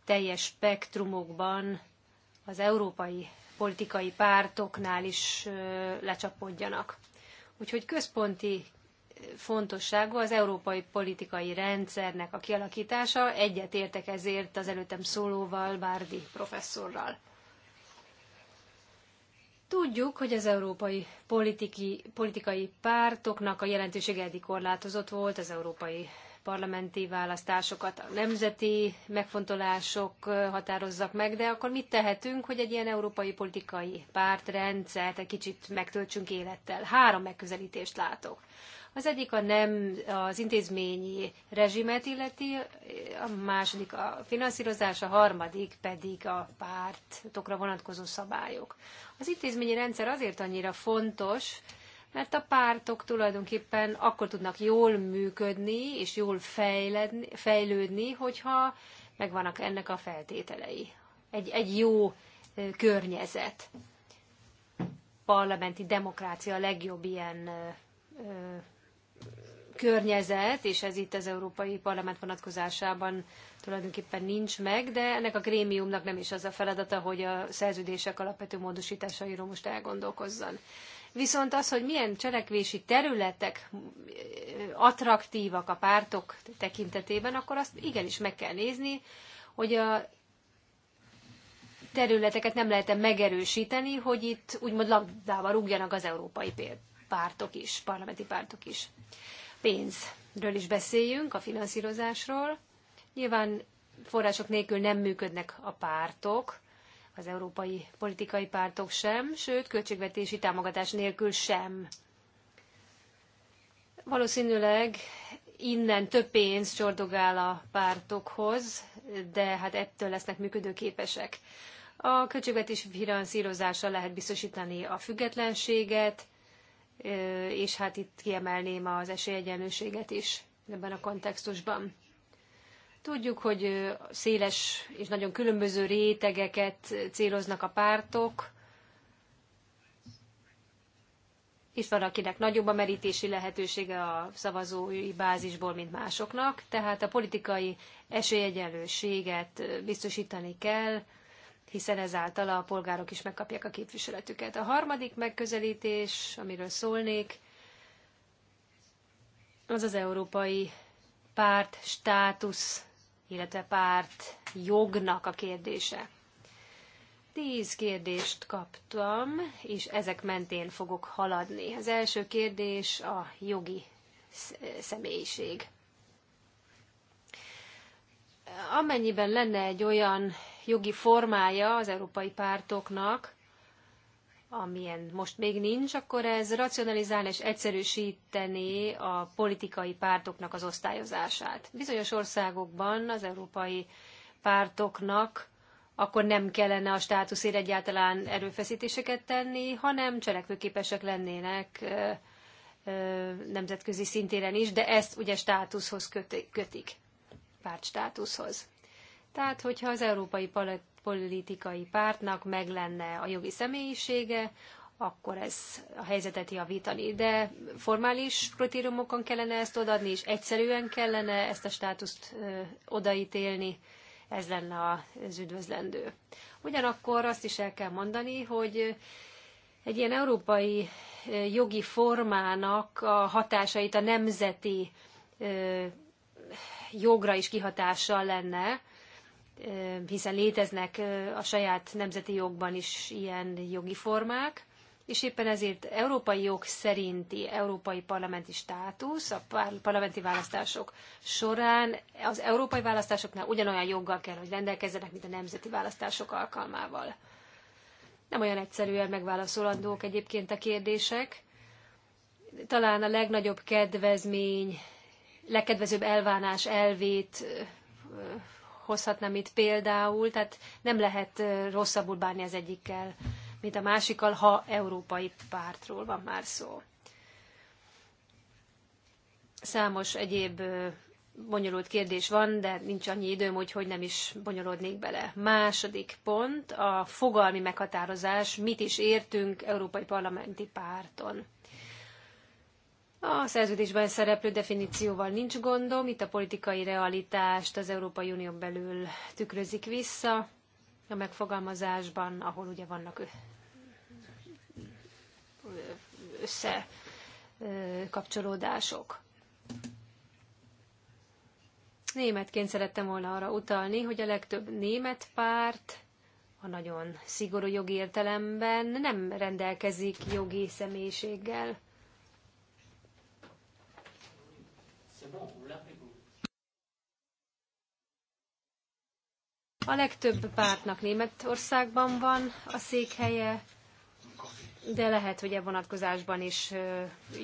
teljes spektrumokban az európai politikai pártoknál is lecsapódjanak. Úgyhogy központi fontosságú az európai politikai rendszernek a kialakítása. Egyet értek ezért az előttem szólóval, Bárdi professzorral. Tudjuk, hogy az európai politiki, politikai pártoknak a jelentősége eddig korlátozott volt az európai parlamenti választásokat, a nemzeti megfontolások határozzak meg, de akkor mit tehetünk, hogy egy ilyen európai politikai pártrendszert egy kicsit megtöltsünk élettel? Három megközelítést látok. Az egyik a nem az intézményi rezsimet illeti, a második a finanszírozás, a harmadik pedig a pártokra vonatkozó szabályok. Az intézményi rendszer azért annyira fontos, mert a pártok tulajdonképpen akkor tudnak jól működni és jól fejledni, fejlődni, hogyha megvannak ennek a feltételei. Egy, egy jó környezet. Parlamenti demokrácia a legjobb ilyen környezet, és ez itt az Európai Parlament vonatkozásában tulajdonképpen nincs meg, de ennek a grémiumnak nem is az a feladata, hogy a szerződések alapvető módosításairól most elgondolkozzon. Viszont az, hogy milyen cselekvési területek attraktívak a pártok tekintetében, akkor azt igenis meg kell nézni, hogy a területeket nem lehet -e megerősíteni, hogy itt úgymond labdába rúgjanak az európai pártok is, parlamenti pártok is. Pénzről is beszéljünk, a finanszírozásról. Nyilván források nélkül nem működnek a pártok, az európai politikai pártok sem, sőt, költségvetési támogatás nélkül sem. Valószínűleg innen több pénz csordogál a pártokhoz, de hát ettől lesznek működőképesek. A költségvetési finanszírozással lehet biztosítani a függetlenséget, és hát itt kiemelném az esélyegyenlőséget is ebben a kontextusban. Tudjuk, hogy széles és nagyon különböző rétegeket céloznak a pártok, és van, akinek nagyobb a merítési lehetősége a szavazói bázisból, mint másoknak, tehát a politikai esélyegyenlőséget biztosítani kell, hiszen ezáltal a polgárok is megkapják a képviseletüket. A harmadik megközelítés, amiről szólnék, az az európai párt státusz, illetve párt jognak a kérdése. Tíz kérdést kaptam, és ezek mentén fogok haladni. Az első kérdés a jogi személyiség. Amennyiben lenne egy olyan jogi formája az európai pártoknak, amilyen most még nincs, akkor ez racionalizálni és egyszerűsíteni a politikai pártoknak az osztályozását. Bizonyos országokban az európai pártoknak akkor nem kellene a státuszért egyáltalán erőfeszítéseket tenni, hanem cselekvőképesek lennének nemzetközi szintéren is, de ezt ugye státuszhoz kötik, pártstátuszhoz. Tehát, hogyha az európai politikai pártnak meg lenne a jogi személyisége, akkor ez a helyzetet javítani. De formális kritériumokon kellene ezt odaadni, és egyszerűen kellene ezt a státuszt odaítélni, ez lenne az üdvözlendő. Ugyanakkor azt is el kell mondani, hogy egy ilyen európai jogi formának a hatásait a nemzeti jogra is kihatással lenne, hiszen léteznek a saját nemzeti jogban is ilyen jogi formák, és éppen ezért európai jog szerinti európai parlamenti státusz a parlamenti választások során az európai választásoknál ugyanolyan joggal kell, hogy rendelkezzenek, mint a nemzeti választások alkalmával. Nem olyan egyszerűen megválaszolandók egyébként a kérdések. Talán a legnagyobb kedvezmény, legkedvezőbb elvánás elvét hozhatnám itt például, tehát nem lehet rosszabbul bánni az egyikkel, mint a másikkal, ha európai pártról van már szó. Számos egyéb bonyolult kérdés van, de nincs annyi időm, úgyhogy nem is bonyolódnék bele. Második pont, a fogalmi meghatározás, mit is értünk európai parlamenti párton. A szerződésben szereplő definícióval nincs gondom, itt a politikai realitást az Európai Unión belül tükrözik vissza a megfogalmazásban, ahol ugye vannak összekapcsolódások. Németként szerettem volna arra utalni, hogy a legtöbb német párt a nagyon szigorú jogi értelemben nem rendelkezik jogi személyiséggel. A legtöbb pártnak Németországban van a székhelye, de lehet, hogy e vonatkozásban is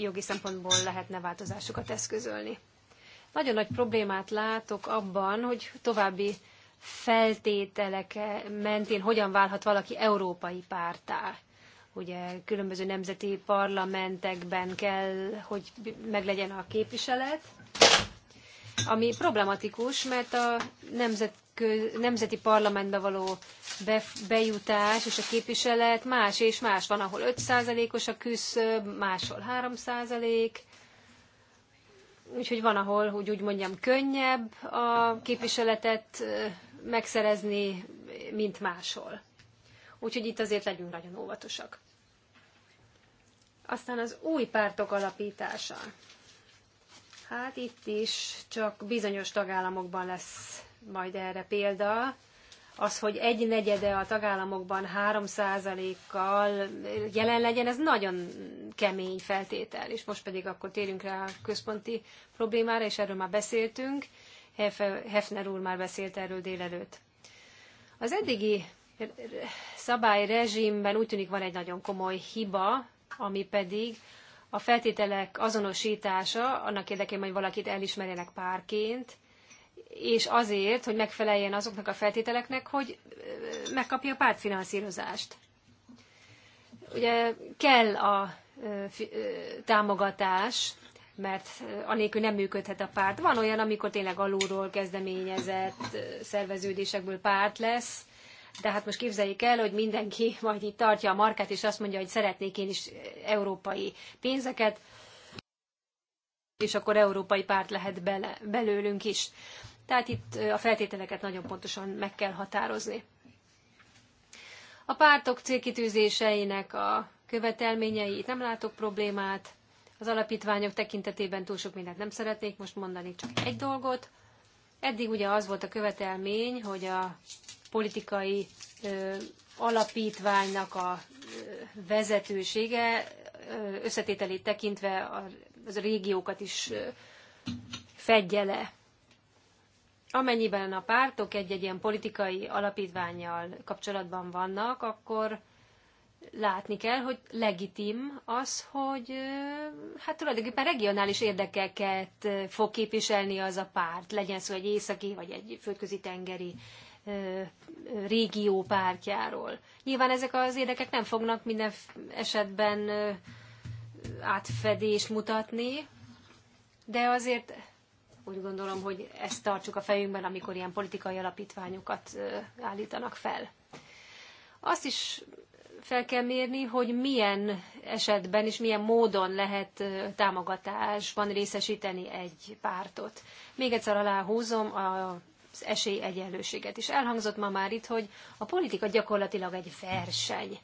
jogi szempontból lehetne változásokat eszközölni. Nagyon nagy problémát látok abban, hogy további feltételek mentén hogyan válhat valaki európai pártá. Ugye különböző nemzeti parlamentekben kell, hogy meglegyen a képviselet, ami problematikus, mert a nemzet, nemzeti parlamentbe való be, bejutás és a képviselet más és más. Van, ahol 5%-os a küszöb, máshol 3%. Úgyhogy van, ahol, hogy úgy mondjam, könnyebb a képviseletet megszerezni, mint máshol. Úgyhogy itt azért legyünk nagyon óvatosak. Aztán az új pártok alapítása. Hát itt is csak bizonyos tagállamokban lesz majd erre példa. Az, hogy egy negyede a tagállamokban 3%-kal jelen legyen, ez nagyon kemény feltétel. És most pedig akkor térünk rá a központi problémára, és erről már beszéltünk. Hefner úr már beszélt erről délelőtt. Az eddigi szabályrezsimben úgy tűnik van egy nagyon komoly hiba, ami pedig a feltételek azonosítása annak érdekében, hogy valakit elismerjenek párként, és azért, hogy megfeleljen azoknak a feltételeknek, hogy megkapja a pártfinanszírozást. Ugye kell a támogatás, mert anélkül nem működhet a párt. Van olyan, amikor tényleg alulról kezdeményezett szerveződésekből párt lesz, de hát most képzeljék el, hogy mindenki majd itt tartja a markát, és azt mondja, hogy szeretnék én is európai pénzeket, és akkor európai párt lehet bele, belőlünk is. Tehát itt a feltételeket nagyon pontosan meg kell határozni. A pártok célkitűzéseinek a követelményei, itt nem látok problémát. Az alapítványok tekintetében túl sok mindent nem szeretnék most mondani, csak egy dolgot. Eddig ugye az volt a követelmény, hogy a politikai alapítványnak a vezetősége összetételét tekintve az a régiókat is fedje le. Amennyiben a pártok egy-egy ilyen politikai alapítványjal kapcsolatban vannak, akkor látni kell, hogy legitim az, hogy hát tulajdonképpen regionális érdekeket fog képviselni az a párt, legyen szó egy északi vagy egy földközi tengeri régió pártjáról. Nyilván ezek az érdekek nem fognak minden esetben átfedést mutatni, de azért úgy gondolom, hogy ezt tartsuk a fejünkben, amikor ilyen politikai alapítványokat állítanak fel. Azt is fel kell mérni, hogy milyen esetben és milyen módon lehet támogatásban részesíteni egy pártot. Még egyszer aláhúzom, a az esélyegyenlőséget is. Elhangzott ma már itt, hogy a politika gyakorlatilag egy verseny.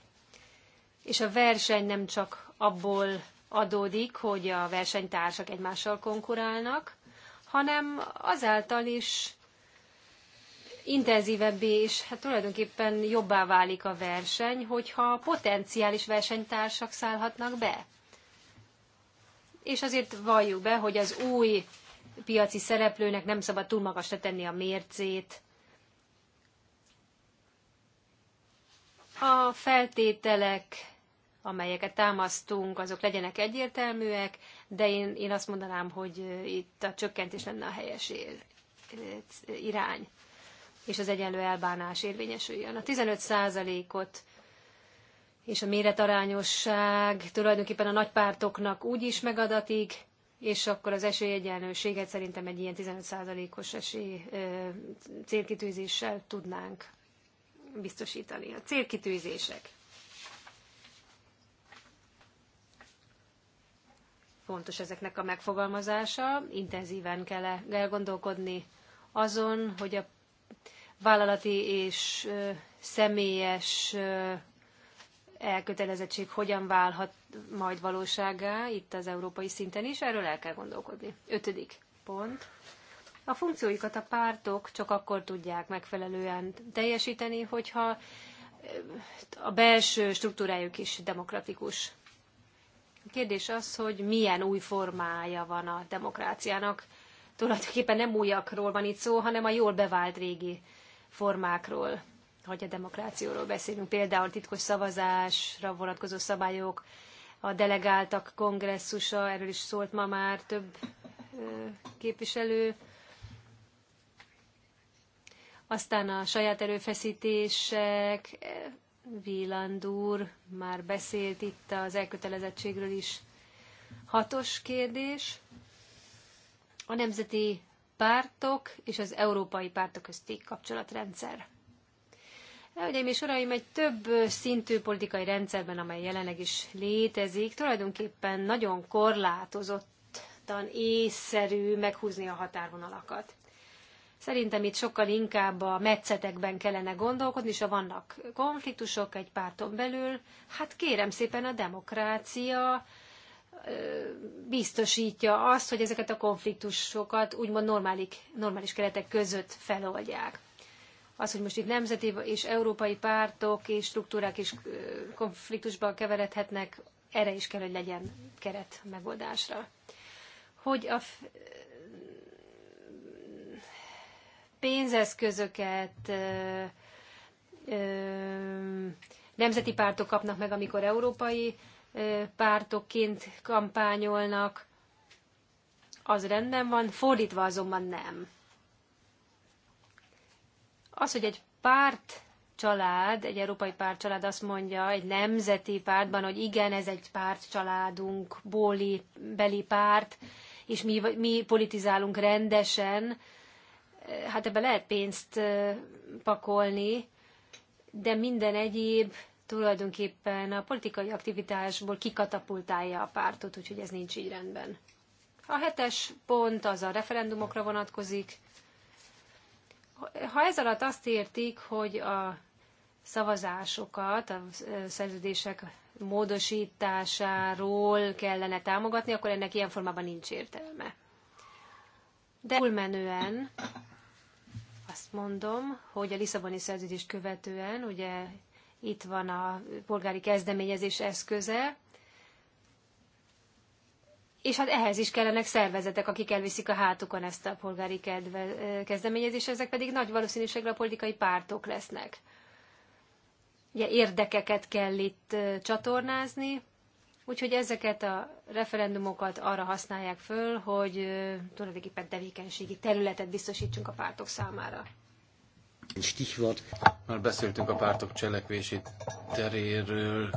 És a verseny nem csak abból adódik, hogy a versenytársak egymással konkurálnak, hanem azáltal is intenzívebbé és hát tulajdonképpen jobbá válik a verseny, hogyha potenciális versenytársak szállhatnak be. És azért valljuk be, hogy az új piaci szereplőnek nem szabad túl magasra tenni a mércét. A feltételek, amelyeket támasztunk, azok legyenek egyértelműek, de én, én azt mondanám, hogy itt a csökkentés lenne a helyes irány, és az egyenlő elbánás érvényesüljön. A 15%-ot és a méretarányosság tulajdonképpen a nagypártoknak úgy is megadatik, és akkor az esélyegyenlőséget szerintem egy ilyen 15%-os esély célkitűzéssel tudnánk biztosítani. A célkitűzések. Fontos ezeknek a megfogalmazása, intenzíven kell -e elgondolkodni azon, hogy a vállalati és személyes elkötelezettség hogyan válhat majd valóságá itt az európai szinten is, erről el kell gondolkodni. Ötödik pont. A funkcióikat a pártok csak akkor tudják megfelelően teljesíteni, hogyha a belső struktúrájuk is demokratikus. A kérdés az, hogy milyen új formája van a demokráciának. Tulajdonképpen nem újakról van itt szó, hanem a jól bevált régi formákról hogy a demokrációról beszélünk, például titkos szavazásra vonatkozó szabályok, a delegáltak kongresszusa, erről is szólt ma már több képviselő, aztán a saját erőfeszítések, vilandúr, e, már beszélt itt az elkötelezettségről is. Hatos kérdés. A nemzeti pártok és az európai pártok közti kapcsolatrendszer. Hölgyeim és Uraim, egy több szintű politikai rendszerben, amely jelenleg is létezik, tulajdonképpen nagyon korlátozottan észszerű meghúzni a határvonalakat. Szerintem itt sokkal inkább a metszetekben kellene gondolkodni, és ha vannak konfliktusok egy párton belül, hát kérem szépen a demokrácia biztosítja azt, hogy ezeket a konfliktusokat úgymond normálik, normális keretek között feloldják az, hogy most itt nemzeti és európai pártok és struktúrák is konfliktusban keveredhetnek, erre is kell, hogy legyen keret megoldásra. Hogy a pénzeszközöket nemzeti pártok kapnak meg, amikor európai pártokként kampányolnak, az rendben van, fordítva azonban nem. Az, hogy egy párt család, egy európai család, azt mondja egy nemzeti pártban, hogy igen, ez egy pártcsaládunk, bóli, beli párt, és mi, mi politizálunk rendesen, hát ebbe lehet pénzt pakolni, de minden egyéb tulajdonképpen a politikai aktivitásból kikatapultálja a pártot, úgyhogy ez nincs így rendben. A hetes pont az a referendumokra vonatkozik ha ez alatt azt értik, hogy a szavazásokat, a szerződések módosításáról kellene támogatni, akkor ennek ilyen formában nincs értelme. De túlmenően azt mondom, hogy a Lisszaboni szerződést követően, ugye itt van a polgári kezdeményezés eszköze, és hát ehhez is kellenek szervezetek, akik elviszik a hátukon ezt a polgári kedve, kezdeményezés, ezek pedig nagy valószínűséggel a politikai pártok lesznek. Ugye érdekeket kell itt csatornázni, úgyhogy ezeket a referendumokat arra használják föl, hogy tulajdonképpen tevékenységi területet biztosítsunk a pártok számára. Stichwort. Már beszéltünk a pártok cselekvési teréről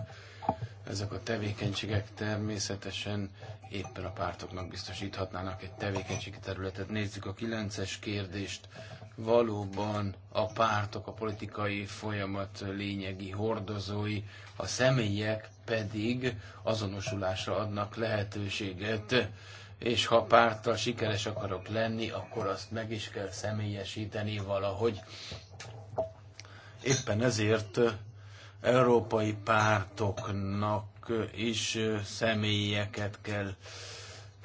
ezek a tevékenységek természetesen éppen a pártoknak biztosíthatnának egy tevékenységi területet. Nézzük a kilences kérdést. Valóban a pártok, a politikai folyamat lényegi hordozói, a személyek pedig azonosulásra adnak lehetőséget és ha párttal sikeres akarok lenni, akkor azt meg is kell személyesíteni valahogy. Éppen ezért európai pártoknak is személyeket kell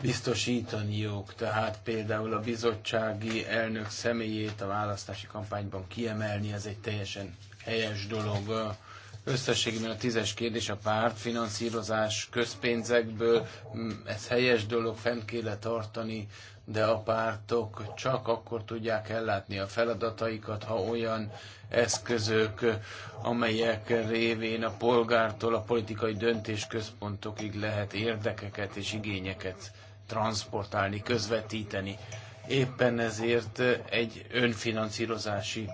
biztosítaniuk, tehát például a bizottsági elnök személyét a választási kampányban kiemelni, ez egy teljesen helyes dolog. Összességében a tízes kérdés a pártfinanszírozás közpénzekből, mm, ez helyes dolog, fent kéne tartani de a pártok csak akkor tudják ellátni a feladataikat, ha olyan eszközök, amelyek révén a polgártól a politikai döntésközpontokig lehet érdekeket és igényeket transportálni, közvetíteni. Éppen ezért egy önfinanszírozási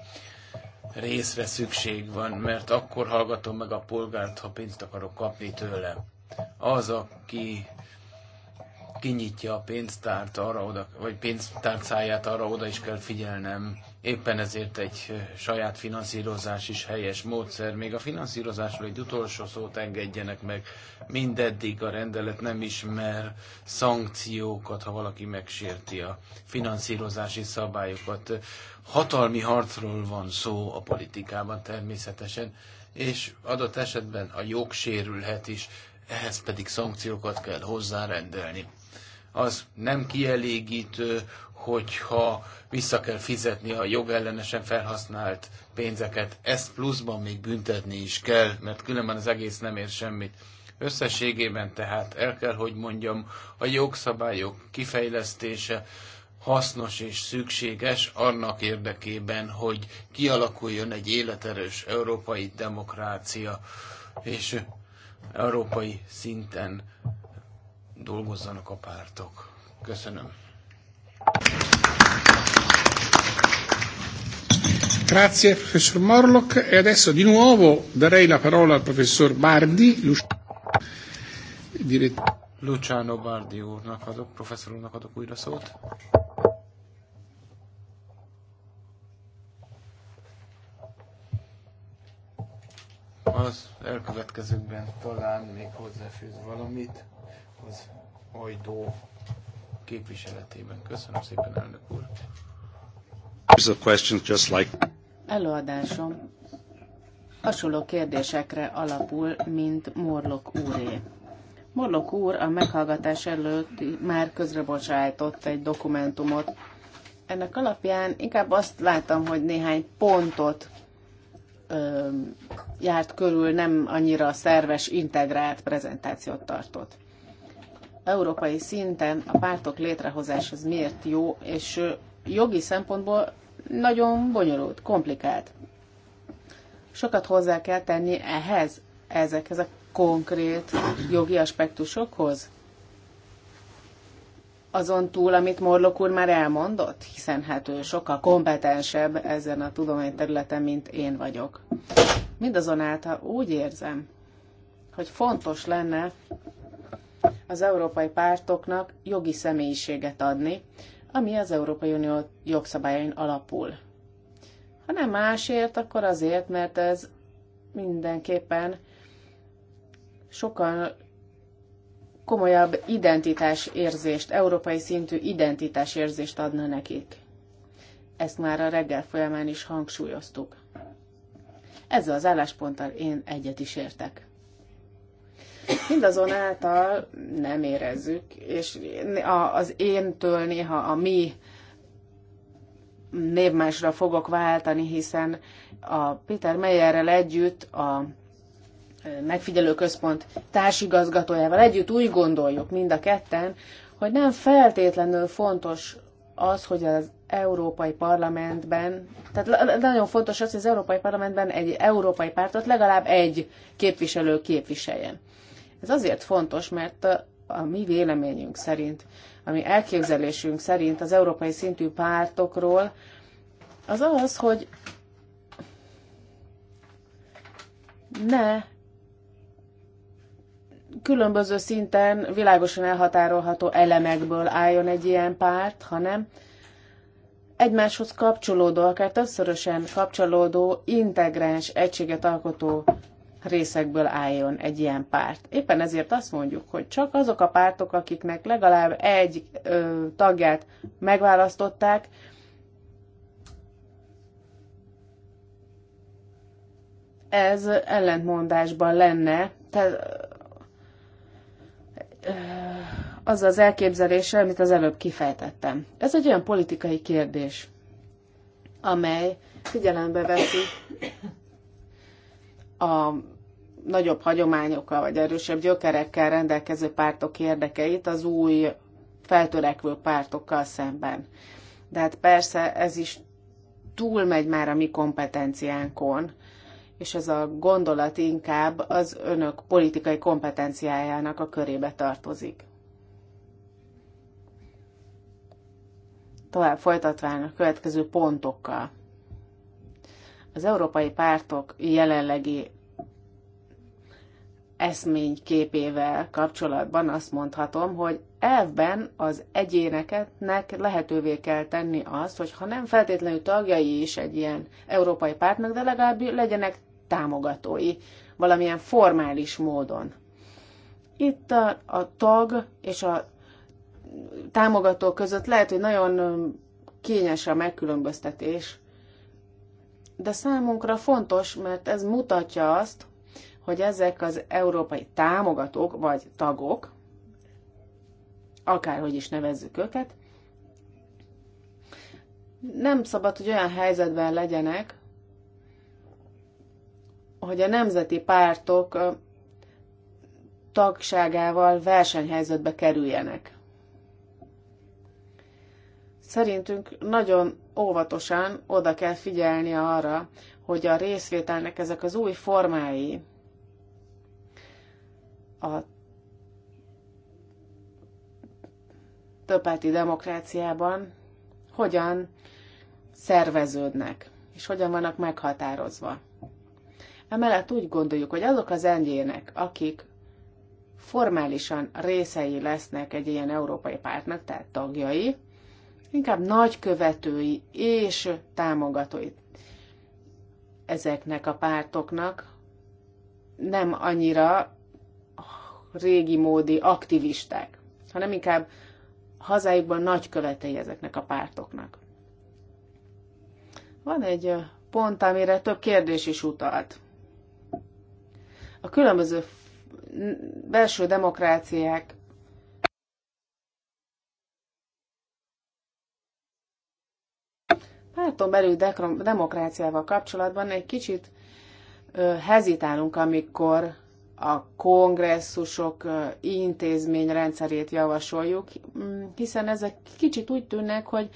részre szükség van, mert akkor hallgatom meg a polgárt, ha pénzt akarok kapni tőle. Az, aki kinyitja a pénztárt arra oda, vagy pénztárcáját arra oda is kell figyelnem. Éppen ezért egy saját finanszírozás is helyes módszer. Még a finanszírozásról egy utolsó szót engedjenek meg. Mindeddig a rendelet nem ismer szankciókat, ha valaki megsérti a finanszírozási szabályokat. Hatalmi harcról van szó a politikában természetesen, és adott esetben a jog sérülhet is ehhez pedig szankciókat kell hozzárendelni az nem kielégítő, hogyha vissza kell fizetni a jogellenesen felhasznált pénzeket. Ezt pluszban még büntetni is kell, mert különben az egész nem ér semmit. Összességében tehát el kell, hogy mondjam, a jogszabályok kifejlesztése hasznos és szükséges annak érdekében, hogy kialakuljon egy életerős európai demokrácia, és európai szinten dolgozzanak a pártok. Köszönöm. Grazie professor Morlock e adesso di nuovo darei la parola al professor Bardi, direttore. Luciano Bardi úrnak adok, professor úrnak adok újra szót. Az elkövetkezőkben talán még hozzáfűz valamit az ajtó képviseletében. Köszönöm szépen, elnök úr. Előadásom hasonló kérdésekre alapul, mint Morlok úré. Morlok úr a meghallgatás előtt már közrebocsájtott egy dokumentumot. Ennek alapján inkább azt láttam, hogy néhány pontot ö, járt körül, nem annyira szerves, integrált prezentációt tartott európai szinten a pártok létrehozása az miért jó, és jogi szempontból nagyon bonyolult, komplikált. Sokat hozzá kell tenni ehhez, ezekhez a konkrét jogi aspektusokhoz. Azon túl, amit Morlok úr már elmondott, hiszen hát ő sokkal kompetensebb ezen a tudományterületen, mint én vagyok. Mindazonáltal úgy érzem, hogy fontos lenne az európai pártoknak jogi személyiséget adni, ami az Európai Unió jogszabályain alapul. Ha nem másért, akkor azért, mert ez mindenképpen sokan komolyabb identitásérzést, európai szintű identitásérzést adna nekik. Ezt már a reggel folyamán is hangsúlyoztuk. Ezzel az állásponttal én egyet is értek. Mindazonáltal nem érezzük, és az éntől néha a mi névmásra fogok váltani, hiszen a Peter Meyerrel együtt a megfigyelő központ társigazgatójával együtt úgy gondoljuk mind a ketten, hogy nem feltétlenül fontos az, hogy az Európai Parlamentben, tehát nagyon fontos az, hogy az Európai Parlamentben egy európai pártot legalább egy képviselő képviseljen. Ez azért fontos, mert a mi véleményünk szerint, a mi elképzelésünk szerint az európai szintű pártokról az az, hogy ne különböző szinten világosan elhatárolható elemekből álljon egy ilyen párt, hanem egymáshoz kapcsolódó, akár többszörösen kapcsolódó, integráns egységet alkotó részekből álljon egy ilyen párt. Éppen ezért azt mondjuk, hogy csak azok a pártok, akiknek legalább egy ö, tagját megválasztották, ez ellentmondásban lenne, tehát az az elképzelése, amit az előbb kifejtettem. Ez egy olyan politikai kérdés, amely figyelembe veszi a nagyobb hagyományokkal vagy erősebb gyökerekkel rendelkező pártok érdekeit az új feltörekvő pártokkal szemben. De hát persze ez is túlmegy már a mi kompetenciánkon, és ez a gondolat inkább az önök politikai kompetenciájának a körébe tartozik. Tovább folytatván a következő pontokkal. Az európai pártok jelenlegi képével kapcsolatban azt mondhatom, hogy elvben az egyéneketnek lehetővé kell tenni azt, hogy ha nem feltétlenül tagjai is egy ilyen európai pártnak, de legalább legyenek támogatói valamilyen formális módon. Itt a, a tag és a támogató között lehet, hogy nagyon kényes a megkülönböztetés, de számunkra fontos, mert ez mutatja azt, hogy ezek az európai támogatók vagy tagok, akárhogy is nevezzük őket, nem szabad, hogy olyan helyzetben legyenek, hogy a nemzeti pártok tagságával versenyhelyzetbe kerüljenek. Szerintünk nagyon óvatosan oda kell figyelni arra, hogy a részvételnek ezek az új formái, a többáti demokráciában hogyan szerveződnek, és hogyan vannak meghatározva. Emellett úgy gondoljuk, hogy azok az engyének, akik formálisan részei lesznek egy ilyen európai pártnak, tehát tagjai, inkább nagy követői és támogatói ezeknek a pártoknak, nem annyira régi módi aktivisták, hanem inkább hazájukban nagy követei ezeknek a pártoknak. Van egy pont, amire több kérdés is utalt. A különböző belső demokráciák Látom belül demokráciával kapcsolatban egy kicsit ö, hezitálunk, amikor a kongresszusok intézményrendszerét javasoljuk, mm, hiszen ezek kicsit úgy tűnnek, hogy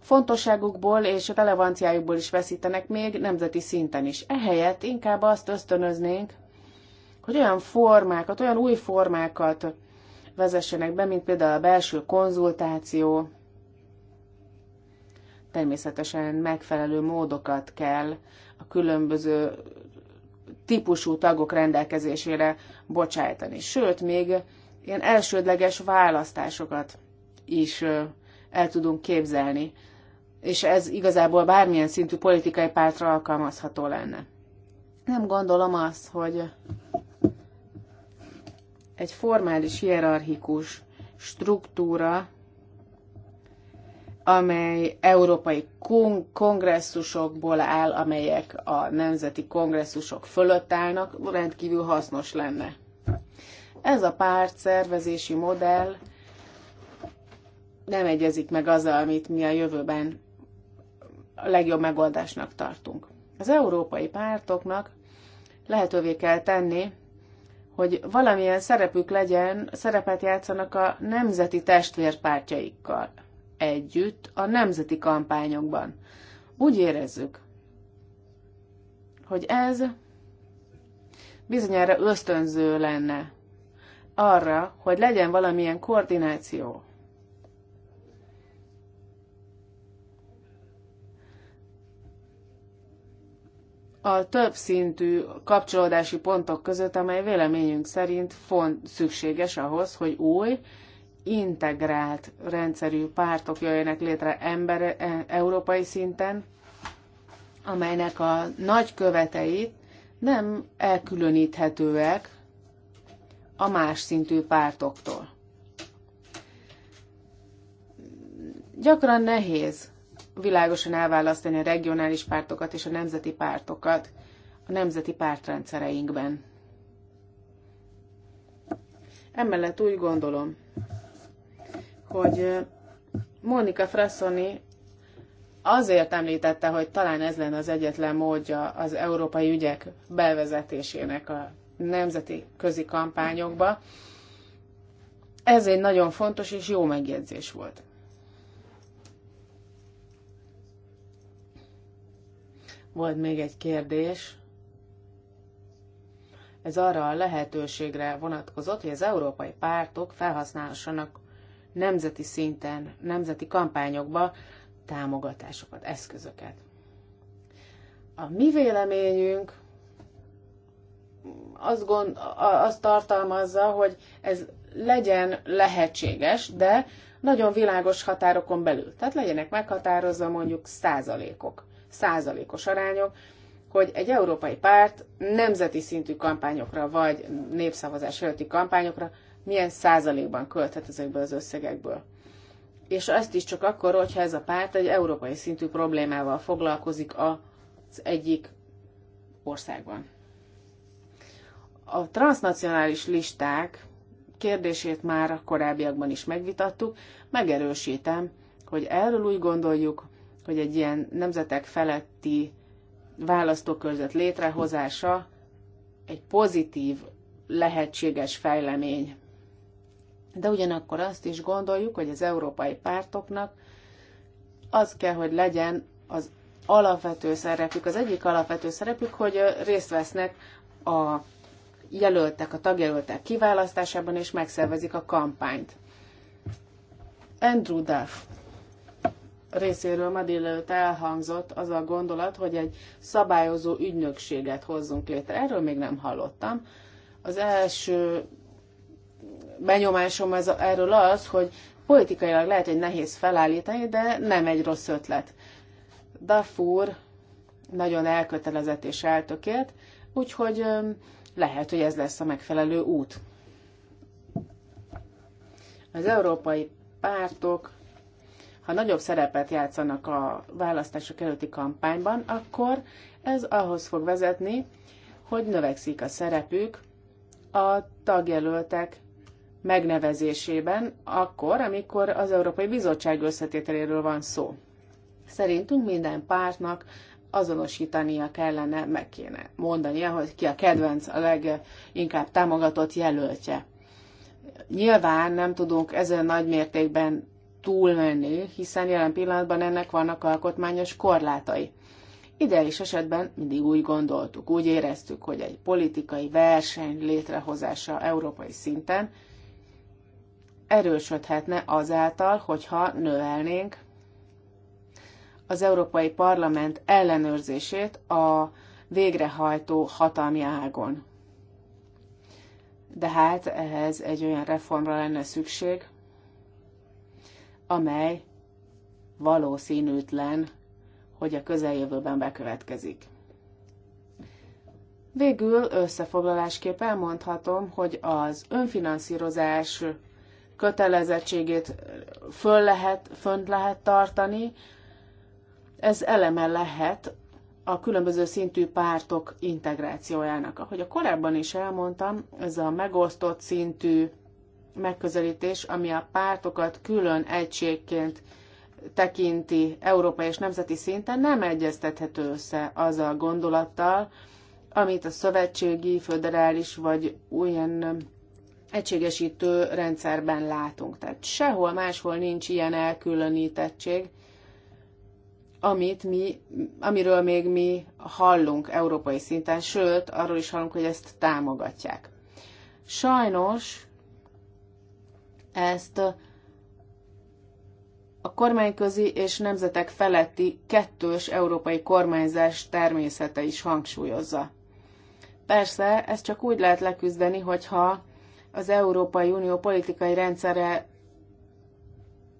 fontosságukból és relevanciájukból is veszítenek még nemzeti szinten is. Ehelyett inkább azt ösztönöznénk, hogy olyan formákat, olyan új formákat vezessenek be, mint például a belső konzultáció, Természetesen megfelelő módokat kell a különböző típusú tagok rendelkezésére bocsájtani. Sőt, még ilyen elsődleges választásokat is el tudunk képzelni, és ez igazából bármilyen szintű politikai pártra alkalmazható lenne. Nem gondolom azt, hogy egy formális hierarchikus struktúra amely európai kon- kongresszusokból áll, amelyek a nemzeti kongresszusok fölött állnak, rendkívül hasznos lenne. Ez a párt szervezési modell nem egyezik meg azzal, amit mi a jövőben a legjobb megoldásnak tartunk. Az európai pártoknak lehetővé kell tenni, hogy valamilyen szerepük legyen, szerepet játszanak a nemzeti testvérpártjaikkal együtt a nemzeti kampányokban. Úgy érezzük, hogy ez bizonyára ösztönző lenne arra, hogy legyen valamilyen koordináció. a több szintű kapcsolódási pontok között, amely véleményünk szerint font szükséges ahhoz, hogy új integrált rendszerű pártok jöjjenek létre ember, e, európai szinten, amelynek a nagy követei nem elkülöníthetőek a más szintű pártoktól. Gyakran nehéz világosan elválasztani a regionális pártokat és a nemzeti pártokat a nemzeti pártrendszereinkben. Emellett úgy gondolom, hogy Monika Frassoni azért említette, hogy talán ez lenne az egyetlen módja az európai ügyek bevezetésének a nemzeti közi kampányokba. Ez egy nagyon fontos és jó megjegyzés volt. Volt még egy kérdés. Ez arra a lehetőségre vonatkozott, hogy az európai pártok felhasználhassanak nemzeti szinten, nemzeti kampányokba támogatásokat, eszközöket. A mi véleményünk azt, gond, azt tartalmazza, hogy ez legyen lehetséges, de nagyon világos határokon belül. Tehát legyenek meghatározva mondjuk százalékok, százalékos arányok, hogy egy európai párt nemzeti szintű kampányokra vagy népszavazás előtti kampányokra milyen százalékban költhet ezekből az összegekből. És azt is csak akkor, hogyha ez a párt egy európai szintű problémával foglalkozik az egyik országban. A transnacionális listák kérdését már a korábbiakban is megvitattuk, megerősítem, hogy erről úgy gondoljuk, hogy egy ilyen nemzetek feletti választókörzet létrehozása egy pozitív, lehetséges fejlemény de ugyanakkor azt is gondoljuk, hogy az európai pártoknak az kell, hogy legyen az alapvető szerepük. Az egyik alapvető szerepük, hogy részt vesznek a jelöltek, a tagjelöltek kiválasztásában, és megszervezik a kampányt. Andrew Duff részéről ma délelőtt elhangzott az a gondolat, hogy egy szabályozó ügynökséget hozzunk létre. Erről még nem hallottam. Az első benyomásom ez, erről az, hogy politikailag lehet, hogy nehéz felállítani, de nem egy rossz ötlet. Dafur nagyon elkötelezett és eltökélt, úgyhogy lehet, hogy ez lesz a megfelelő út. Az európai pártok, ha nagyobb szerepet játszanak a választások előtti kampányban, akkor ez ahhoz fog vezetni, hogy növekszik a szerepük a tagjelöltek megnevezésében, akkor, amikor az Európai Bizottság összetételéről van szó. Szerintünk minden pártnak azonosítania kellene, meg kéne mondania, hogy ki a kedvenc, a leginkább támogatott jelöltje. Nyilván nem tudunk ezen nagy mértékben túlmenni, hiszen jelen pillanatban ennek vannak alkotmányos korlátai. Ideális esetben mindig úgy gondoltuk, úgy éreztük, hogy egy politikai verseny létrehozása európai szinten erősödhetne azáltal, hogyha növelnénk az Európai Parlament ellenőrzését a végrehajtó hatalmi ágon. De hát ehhez egy olyan reformra lenne szükség, amely valószínűtlen, hogy a közeljövőben bekövetkezik. Végül összefoglalásképp elmondhatom, hogy az önfinanszírozás kötelezettségét föl lehet, fönt lehet tartani. Ez eleme lehet a különböző szintű pártok integrációjának. Ahogy a korábban is elmondtam, ez a megosztott szintű megközelítés, ami a pártokat külön egységként tekinti európai és nemzeti szinten, nem egyeztethető össze az a gondolattal, amit a szövetségi, föderális vagy olyan egységesítő rendszerben látunk. Tehát sehol máshol nincs ilyen elkülönítettség, amit mi, amiről még mi hallunk európai szinten, sőt, arról is hallunk, hogy ezt támogatják. Sajnos ezt a kormányközi és nemzetek feletti kettős európai kormányzás természete is hangsúlyozza. Persze, ezt csak úgy lehet leküzdeni, hogyha az Európai Unió politikai rendszere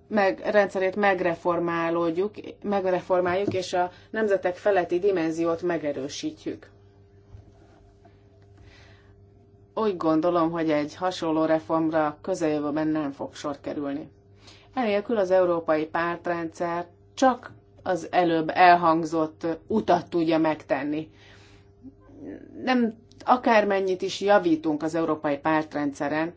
meg, rendszerét megreformálódjuk, megreformáljuk, és a nemzetek feletti dimenziót megerősítjük. Úgy gondolom, hogy egy hasonló reformra közeljövőben nem fog sor kerülni. Enélkül az európai pártrendszer csak az előbb elhangzott utat tudja megtenni. Nem akármennyit is javítunk az európai pártrendszeren,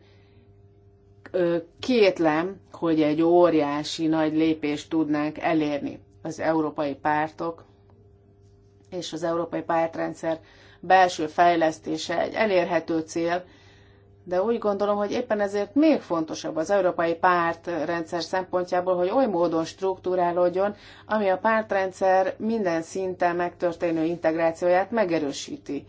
kétlem, hogy egy óriási nagy lépést tudnánk elérni az európai pártok és az európai pártrendszer belső fejlesztése egy elérhető cél, de úgy gondolom, hogy éppen ezért még fontosabb az európai pártrendszer szempontjából, hogy oly módon struktúrálódjon, ami a pártrendszer minden szinten megtörténő integrációját megerősíti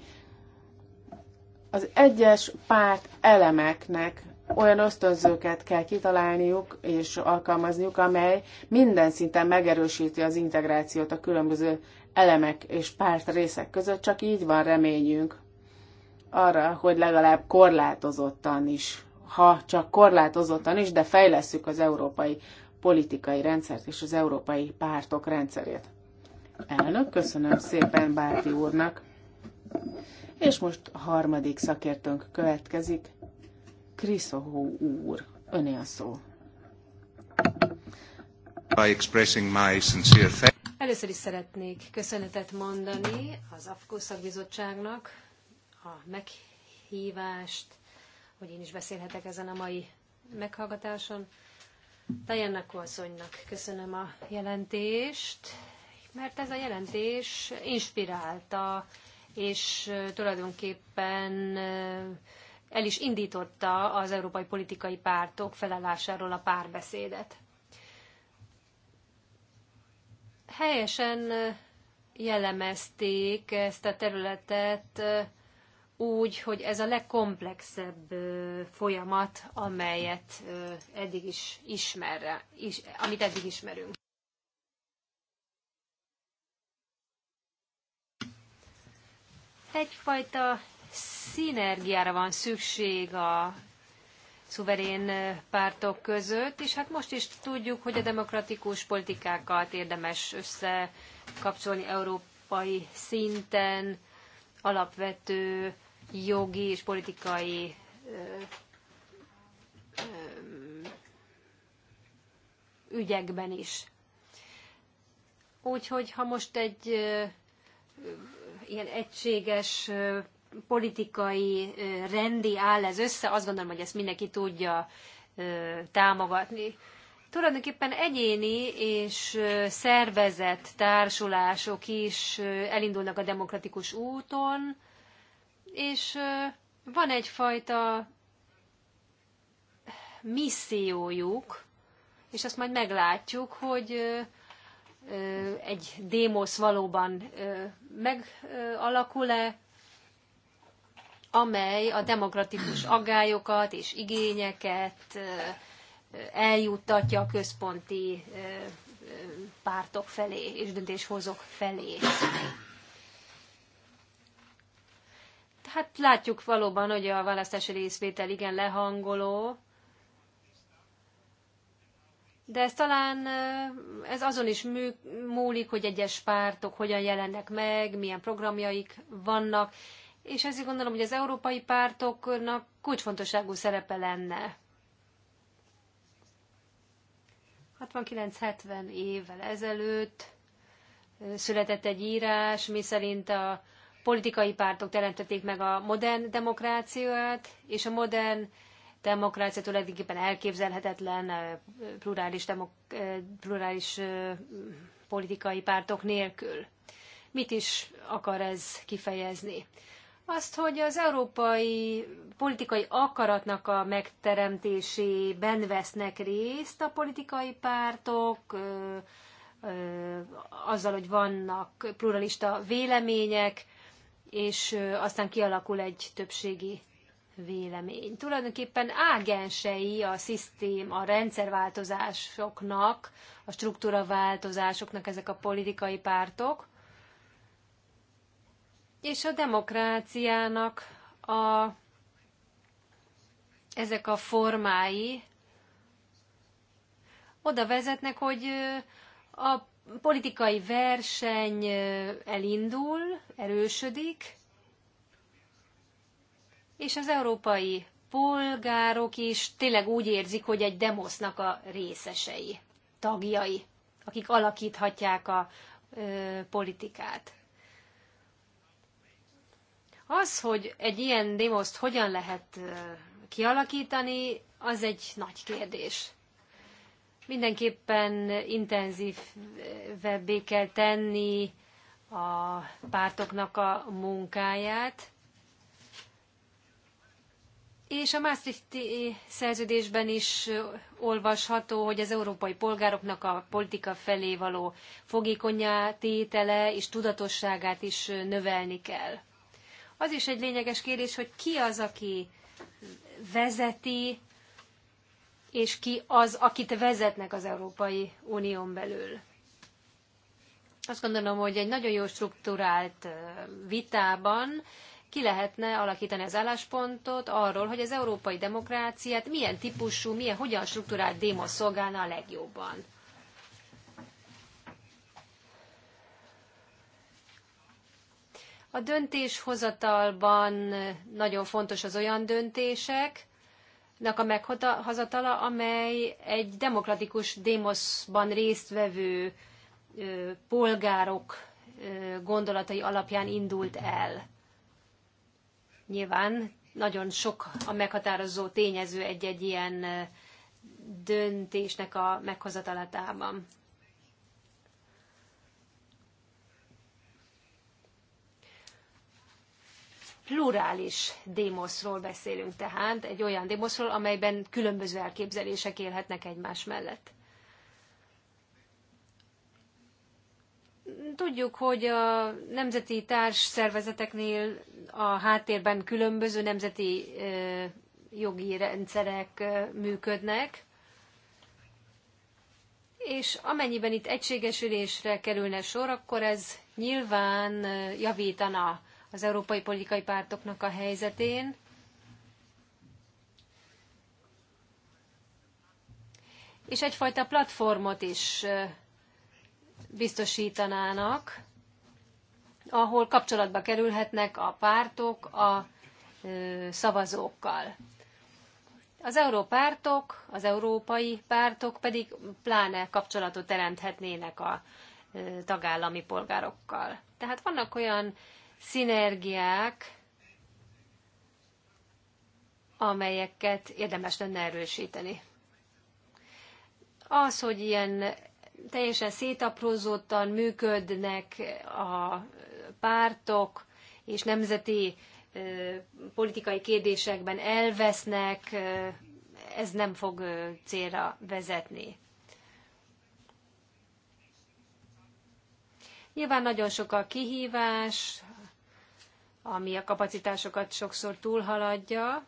az egyes párt elemeknek olyan ösztönzőket kell kitalálniuk és alkalmazniuk, amely minden szinten megerősíti az integrációt a különböző elemek és párt részek között, csak így van reményünk arra, hogy legalább korlátozottan is, ha csak korlátozottan is, de fejlesszük az európai politikai rendszert és az európai pártok rendszerét. Elnök, köszönöm szépen Bárti úrnak. És most a harmadik szakértőnk következik, Kriszohó úr. Öné a szó. By expressing my sincere thanks. Először is szeretnék köszönetet mondani az AFKO szakbizottságnak a meghívást, hogy én is beszélhetek ezen a mai meghallgatáson. Diana Kolszonynak köszönöm a jelentést, mert ez a jelentés inspirálta és tulajdonképpen el is indította az európai politikai pártok felállásáról a párbeszédet. Helyesen jellemezték ezt a területet úgy, hogy ez a legkomplexebb folyamat, amelyet eddig is ismerre, amit eddig ismerünk. egyfajta szinergiára van szükség a szuverén pártok között, és hát most is tudjuk, hogy a demokratikus politikákat érdemes összekapcsolni európai szinten, alapvető jogi és politikai ügyekben is. Úgyhogy ha most egy ilyen egységes politikai rendi áll ez össze, azt gondolom, hogy ezt mindenki tudja támogatni. Tulajdonképpen egyéni és szervezett társulások is elindulnak a demokratikus úton, és van egyfajta missziójuk, és azt majd meglátjuk, hogy egy démosz valóban megalakul-e, amely a demokratikus agályokat és igényeket eljuttatja a központi pártok felé és döntéshozók felé. Hát látjuk valóban, hogy a választási részvétel igen lehangoló, de ez talán eh, ez azon is mű, múlik, hogy egyes pártok hogyan jelennek meg, milyen programjaik vannak, és ezért gondolom, hogy az európai pártoknak kulcsfontosságú szerepe lenne. 69-70 évvel ezelőtt eh, született egy írás, miszerint a politikai pártok teremtették meg a modern demokráciát, és a modern demokrácia tulajdonképpen elképzelhetetlen eh, plurális, demok, eh, plurális eh, politikai pártok nélkül. Mit is akar ez kifejezni? Azt, hogy az európai politikai akaratnak a megteremtésében vesznek részt a politikai pártok, azzal, hogy vannak pluralista vélemények, és aztán kialakul egy többségi vélemény. Tulajdonképpen ágensei a szisztém, a rendszerváltozásoknak, a struktúraváltozásoknak ezek a politikai pártok, és a demokráciának a, ezek a formái oda vezetnek, hogy a politikai verseny elindul, erősödik, és az európai polgárok is tényleg úgy érzik, hogy egy demosznak a részesei, tagjai, akik alakíthatják a ö, politikát. Az, hogy egy ilyen demoszt hogyan lehet ö, kialakítani, az egy nagy kérdés. Mindenképpen intenzívebbé kell tenni a pártoknak a munkáját, és a Maastrichti szerződésben is olvasható, hogy az európai polgároknak a politika felé való fogékonyá tétele és tudatosságát is növelni kell. Az is egy lényeges kérdés, hogy ki az, aki vezeti, és ki az, akit vezetnek az Európai Unión belül. Azt gondolom, hogy egy nagyon jó struktúrált vitában ki lehetne alakítani az álláspontot arról, hogy az európai demokráciát milyen típusú, milyen, hogyan struktúrált démosz szolgálna a legjobban. A döntéshozatalban nagyon fontos az olyan döntések, a meghozatala, amely egy demokratikus démoszban résztvevő polgárok gondolatai alapján indult el. Nyilván nagyon sok a meghatározó tényező egy-egy ilyen döntésnek a meghozatalatában. plurális démoszról beszélünk tehát, egy olyan démoszról, amelyben különböző elképzelések élhetnek egymás mellett. Tudjuk, hogy a nemzeti társszervezeteknél a háttérben különböző nemzeti jogi rendszerek működnek, és amennyiben itt egységesülésre kerülne sor, akkor ez nyilván javítana az európai politikai pártoknak a helyzetén. És egyfajta platformot is biztosítanának, ahol kapcsolatba kerülhetnek a pártok a szavazókkal. Az európártok, az európai pártok pedig pláne kapcsolatot teremthetnének a tagállami polgárokkal. Tehát vannak olyan szinergiák, amelyeket érdemes lenne erősíteni. Az, hogy ilyen teljesen szétaprózottan működnek a pártok, és nemzeti politikai kérdésekben elvesznek, ez nem fog célra vezetni. Nyilván nagyon sok a kihívás, ami a kapacitásokat sokszor túlhaladja,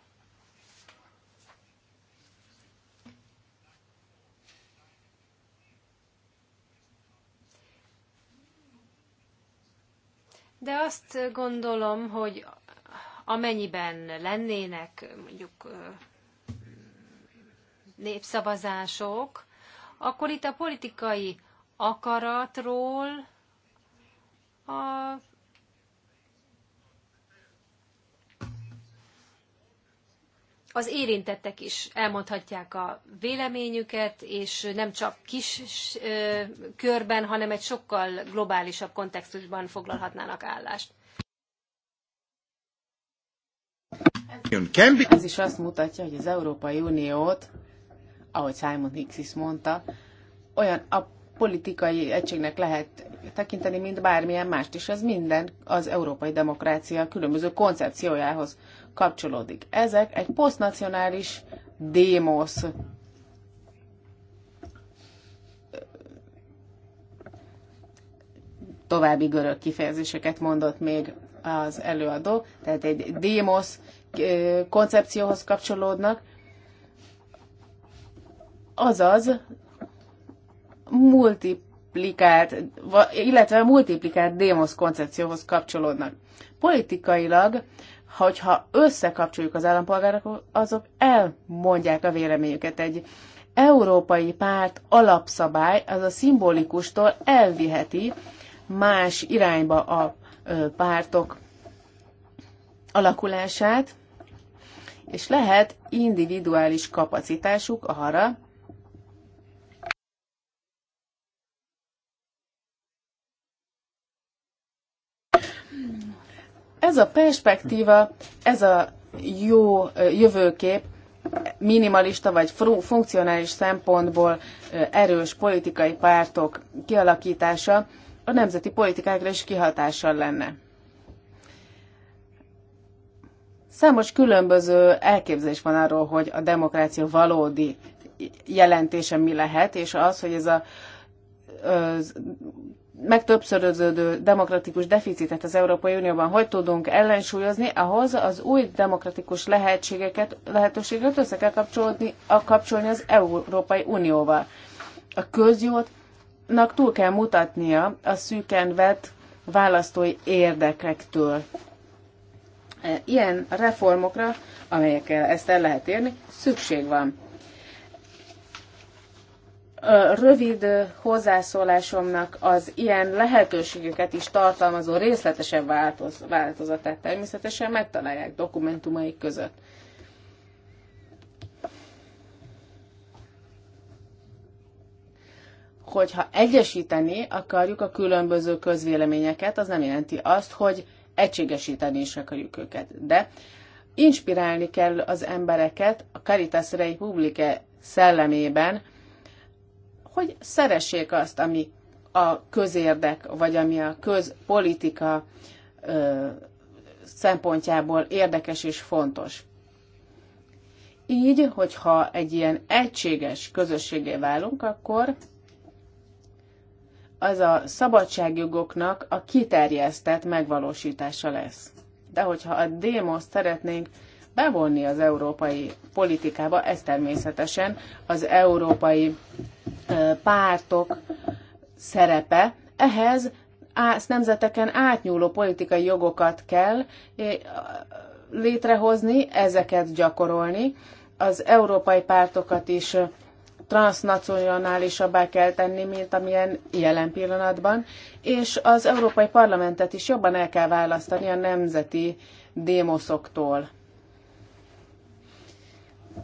de azt gondolom, hogy amennyiben lennének mondjuk népszavazások, akkor itt a politikai akaratról a az érintettek is elmondhatják a véleményüket, és nem csak kis ö, körben, hanem egy sokkal globálisabb kontextusban foglalhatnának állást. Ez is azt mutatja, hogy az Európai Uniót, ahogy Simon Hicks is mondta, olyan a politikai egységnek lehet tekinteni, mint bármilyen mást, és ez minden az európai demokrácia különböző koncepciójához kapcsolódik. Ezek egy posztnacionális démosz további görög kifejezéseket mondott még az előadó, tehát egy démosz eh, koncepcióhoz kapcsolódnak, azaz multiplikált, illetve multiplikált démosz koncepcióhoz kapcsolódnak. Politikailag hogyha összekapcsoljuk az állampolgárokat, azok elmondják a véleményüket. Egy európai párt alapszabály, az a szimbolikustól elviheti más irányba a pártok alakulását, és lehet individuális kapacitásuk arra, Ez a perspektíva, ez a jó jövőkép minimalista vagy funkcionális szempontból erős politikai pártok kialakítása a nemzeti politikákra is kihatással lenne. Számos különböző elképzelés van arról, hogy a demokrácia valódi jelentése mi lehet, és az, hogy ez a megtöbbszöröződő demokratikus deficitet az Európai Unióban hogy tudunk ellensúlyozni, ahhoz az új demokratikus lehetségeket, lehetőséget össze kell kapcsolni, a kapcsolni az Európai Unióval. A közjótnak túl kell mutatnia a szűken vett választói érdekektől. Ilyen reformokra, amelyekkel ezt el lehet érni, szükség van rövid hozzászólásomnak az ilyen lehetőségeket is tartalmazó részletesebb változ, változatát természetesen megtalálják dokumentumai között. Hogyha egyesíteni akarjuk a különböző közvéleményeket, az nem jelenti azt, hogy egységesíteni is akarjuk őket. De inspirálni kell az embereket a Caritas Republike szellemében, hogy szeressék azt, ami a közérdek, vagy ami a közpolitika ö, szempontjából érdekes és fontos. Így, hogyha egy ilyen egységes közösségé válunk, akkor az a szabadságjogoknak a kiterjesztett megvalósítása lesz. De hogyha a démoszt szeretnénk bevonni az európai politikába, ez természetesen az európai pártok szerepe. Ehhez nemzeteken átnyúló politikai jogokat kell létrehozni, ezeket gyakorolni. Az európai pártokat is transznacionálisabbá kell tenni, mint amilyen jelen pillanatban, és az Európai Parlamentet is jobban el kell választani a nemzeti démoszoktól.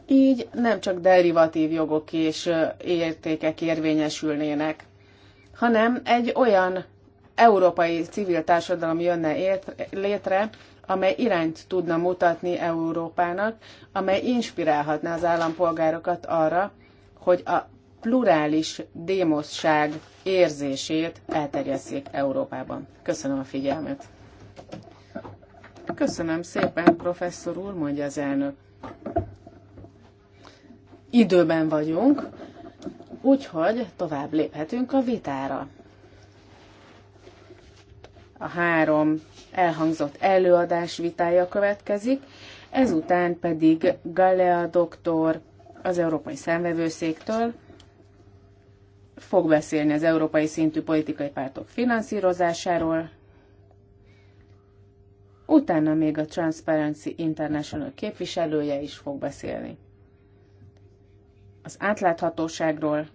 Így nem csak derivatív jogok és értékek érvényesülnének, hanem egy olyan európai civil társadalom jönne létre, amely irányt tudna mutatni Európának, amely inspirálhatná az állampolgárokat arra, hogy a plurális démoszság érzését elterjesszék Európában. Köszönöm a figyelmet. Köszönöm szépen, professzor úr, mondja az elnök időben vagyunk, úgyhogy tovább léphetünk a vitára. A három elhangzott előadás vitája következik, ezután pedig Galea doktor az Európai Számvevőszéktől fog beszélni az európai szintű politikai pártok finanszírozásáról, utána még a Transparency International képviselője is fog beszélni az átláthatóságról,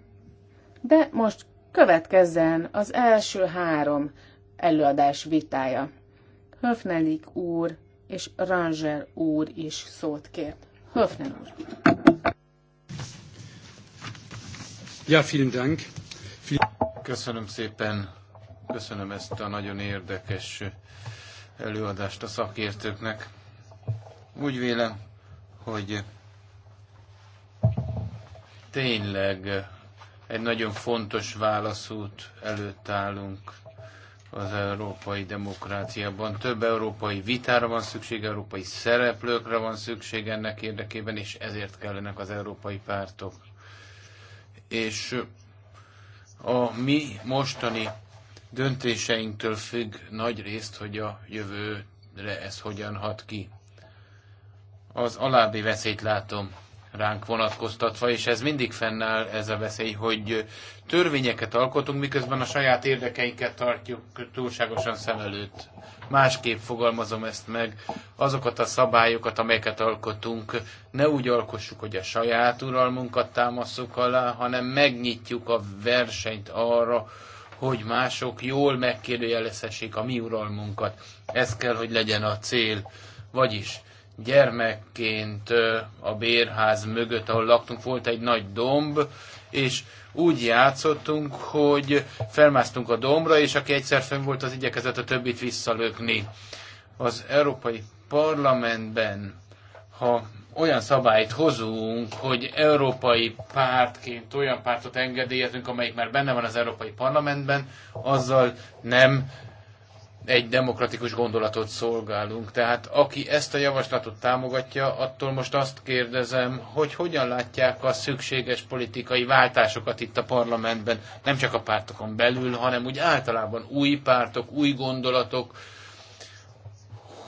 de most következzen az első három előadás vitája. Höfnelik úr és Ranger úr is szót kért. Höfner úr. Ja, vielen Dank. Köszönöm szépen, köszönöm ezt a nagyon érdekes előadást a szakértőknek. Úgy vélem, hogy tényleg egy nagyon fontos válaszút előtt állunk az európai demokráciában. Több európai vitára van szükség, európai szereplőkre van szükség ennek érdekében, és ezért kellenek az európai pártok. És a mi mostani döntéseinktől függ nagy részt, hogy a jövőre ez hogyan hat ki. Az alábbi veszélyt látom ránk vonatkoztatva, és ez mindig fennáll ez a veszély, hogy törvényeket alkotunk, miközben a saját érdekeinket tartjuk túlságosan szem előtt. Másképp fogalmazom ezt meg, azokat a szabályokat, amelyeket alkotunk, ne úgy alkossuk, hogy a saját uralmunkat támaszuk alá, hanem megnyitjuk a versenyt arra, hogy mások jól megkérdőjelezhessék a mi uralmunkat. Ez kell, hogy legyen a cél. Vagyis gyermekként a bérház mögött, ahol laktunk, volt egy nagy domb, és úgy játszottunk, hogy felmásztunk a dombra, és aki egyszer fenn volt, az igyekezett a többit visszalökni. Az Európai Parlamentben, ha olyan szabályt hozunk, hogy európai pártként olyan pártot engedélyezünk, amelyik már benne van az Európai Parlamentben, azzal nem egy demokratikus gondolatot szolgálunk. Tehát aki ezt a javaslatot támogatja, attól most azt kérdezem, hogy hogyan látják a szükséges politikai váltásokat itt a parlamentben, nem csak a pártokon belül, hanem úgy általában új pártok, új gondolatok,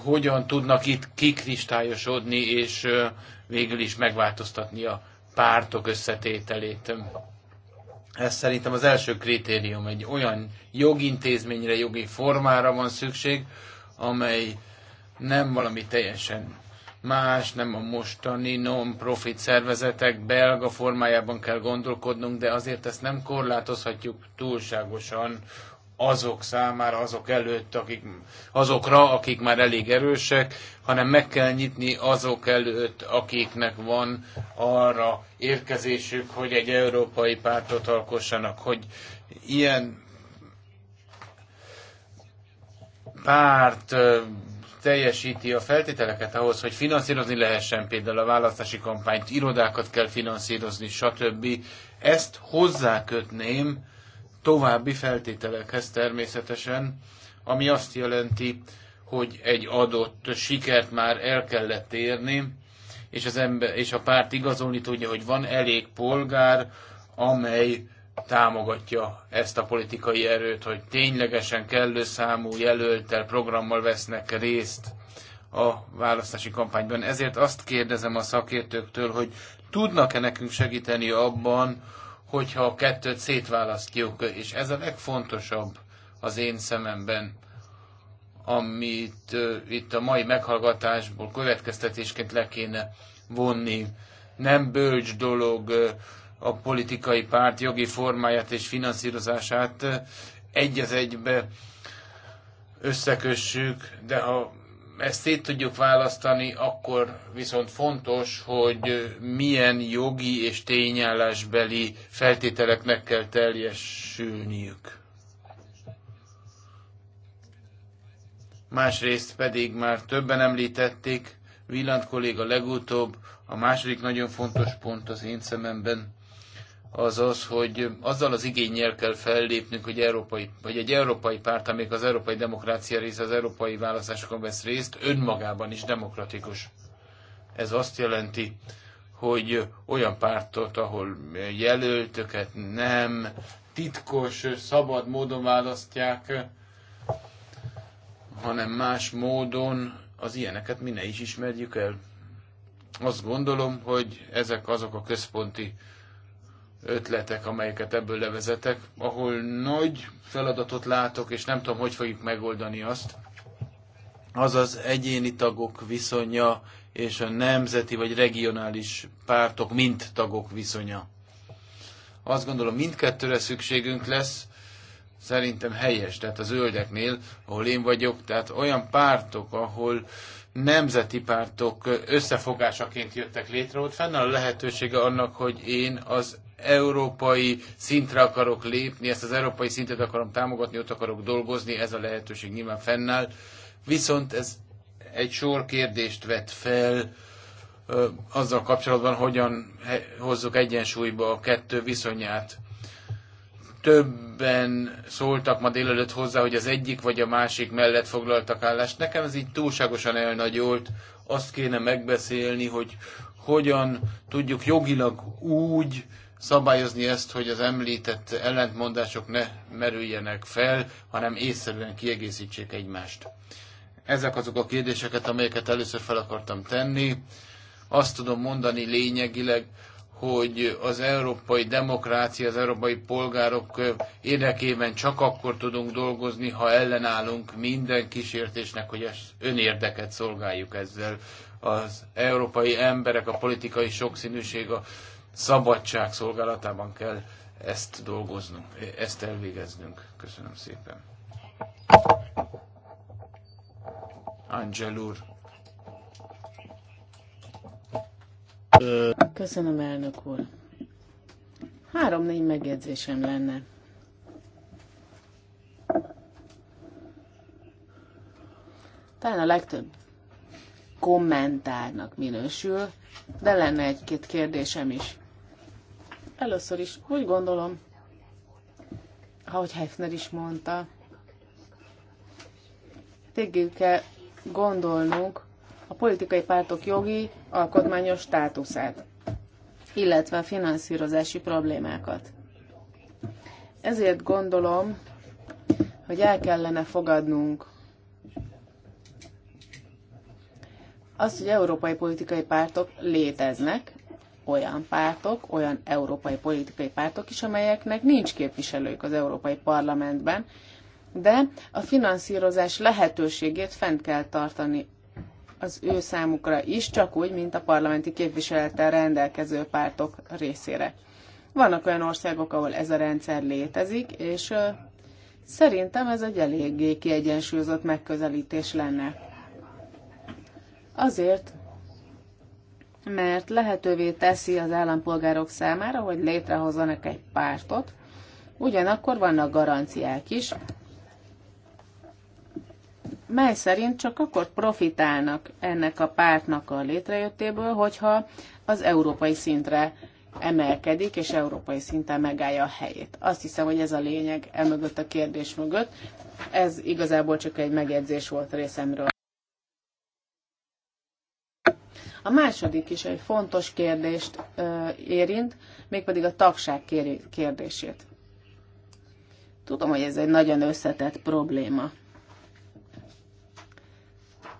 hogyan tudnak itt kikristályosodni, és végül is megváltoztatni a pártok összetételét. Ez szerintem az első kritérium. Egy olyan jogintézményre, jogi formára van szükség, amely nem valami teljesen más, nem a mostani non-profit szervezetek belga formájában kell gondolkodnunk, de azért ezt nem korlátozhatjuk túlságosan azok számára, azok előtt, akik, azokra, akik már elég erősek, hanem meg kell nyitni azok előtt, akiknek van arra érkezésük, hogy egy európai pártot alkossanak, hogy ilyen párt teljesíti a feltételeket ahhoz, hogy finanszírozni lehessen például a választási kampányt, irodákat kell finanszírozni, stb. Ezt hozzákötném további feltételekhez természetesen, ami azt jelenti, hogy egy adott sikert már el kellett érni, és, az ember, és a párt igazolni tudja, hogy van elég polgár, amely támogatja ezt a politikai erőt, hogy ténylegesen kellő számú jelöltel, programmal vesznek részt a választási kampányban. Ezért azt kérdezem a szakértőktől, hogy tudnak-e nekünk segíteni abban, hogyha a kettőt szétválasztjuk, és ez a legfontosabb az én szememben, amit uh, itt a mai meghallgatásból következtetésként le kéne vonni. Nem bölcs dolog uh, a politikai párt jogi formáját és finanszírozását uh, egy az egybe összekössük, de ha ezt szét tudjuk választani, akkor viszont fontos, hogy milyen jogi és tényállásbeli feltételeknek kell teljesülniük. Másrészt pedig már többen említették, Villant kolléga legutóbb, a második nagyon fontos pont az én szememben az az, hogy azzal az igényel kell fellépnünk, hogy, európai, hogy egy európai párt, amelyik az európai demokrácia része, az európai választásokon vesz részt, önmagában is demokratikus. Ez azt jelenti, hogy olyan pártot, ahol jelöltöket nem, titkos, szabad módon választják, hanem más módon az ilyeneket mi ne is ismerjük el. Azt gondolom, hogy ezek azok a központi ötletek, amelyeket ebből levezetek, ahol nagy feladatot látok, és nem tudom, hogy fogjuk megoldani azt. Az az egyéni tagok viszonya, és a nemzeti vagy regionális pártok, mint tagok viszonya. Azt gondolom, mindkettőre szükségünk lesz, szerintem helyes, tehát az öldeknél, ahol én vagyok, tehát olyan pártok, ahol nemzeti pártok összefogásaként jöttek létre, ott fennáll a lehetősége annak, hogy én az európai szintre akarok lépni, ezt az európai szintet akarom támogatni, ott akarok dolgozni, ez a lehetőség nyilván fennáll. Viszont ez egy sor kérdést vet fel azzal kapcsolatban, hogyan hozzuk egyensúlyba a kettő viszonyát. Többen szóltak ma délelőtt hozzá, hogy az egyik vagy a másik mellett foglaltak állást. Nekem ez így túlságosan elnagyolt. Azt kéne megbeszélni, hogy hogyan tudjuk jogilag úgy szabályozni ezt, hogy az említett ellentmondások ne merüljenek fel, hanem észszerűen kiegészítsék egymást. Ezek azok a kérdéseket, amelyeket először fel akartam tenni. Azt tudom mondani lényegileg, hogy az európai demokrácia, az európai polgárok érdekében csak akkor tudunk dolgozni, ha ellenállunk minden kísértésnek, hogy ezt önérdeket szolgáljuk ezzel. Az európai emberek, a politikai sokszínűség, a szabadság szolgálatában kell ezt dolgoznunk, ezt elvégeznünk. Köszönöm szépen. Angel úr. Köszönöm, elnök úr. Három-négy megjegyzésem lenne. Talán a legtöbb kommentárnak minősül, de lenne egy-két kérdésem is. Először is úgy gondolom, ahogy Hefner is mondta, végig kell gondolnunk a politikai pártok jogi, alkotmányos státuszát, illetve a finanszírozási problémákat. Ezért gondolom, hogy el kellene fogadnunk azt, hogy európai politikai pártok léteznek, olyan pártok, olyan európai politikai pártok is, amelyeknek nincs képviselők az Európai Parlamentben, de a finanszírozás lehetőségét fent kell tartani az ő számukra is, csak úgy, mint a parlamenti képviselettel rendelkező pártok részére. Vannak olyan országok, ahol ez a rendszer létezik, és szerintem ez egy eléggé kiegyensúlyozott megközelítés lenne. Azért mert lehetővé teszi az állampolgárok számára, hogy létrehozzanak egy pártot, ugyanakkor vannak garanciák is, mely szerint csak akkor profitálnak ennek a pártnak a létrejöttéből, hogyha az európai szintre emelkedik, és európai szinten megállja a helyét. Azt hiszem, hogy ez a lényeg emögött a kérdés mögött. Ez igazából csak egy megjegyzés volt részemről. A második is egy fontos kérdést érint, mégpedig a tagság kérdését. Tudom, hogy ez egy nagyon összetett probléma.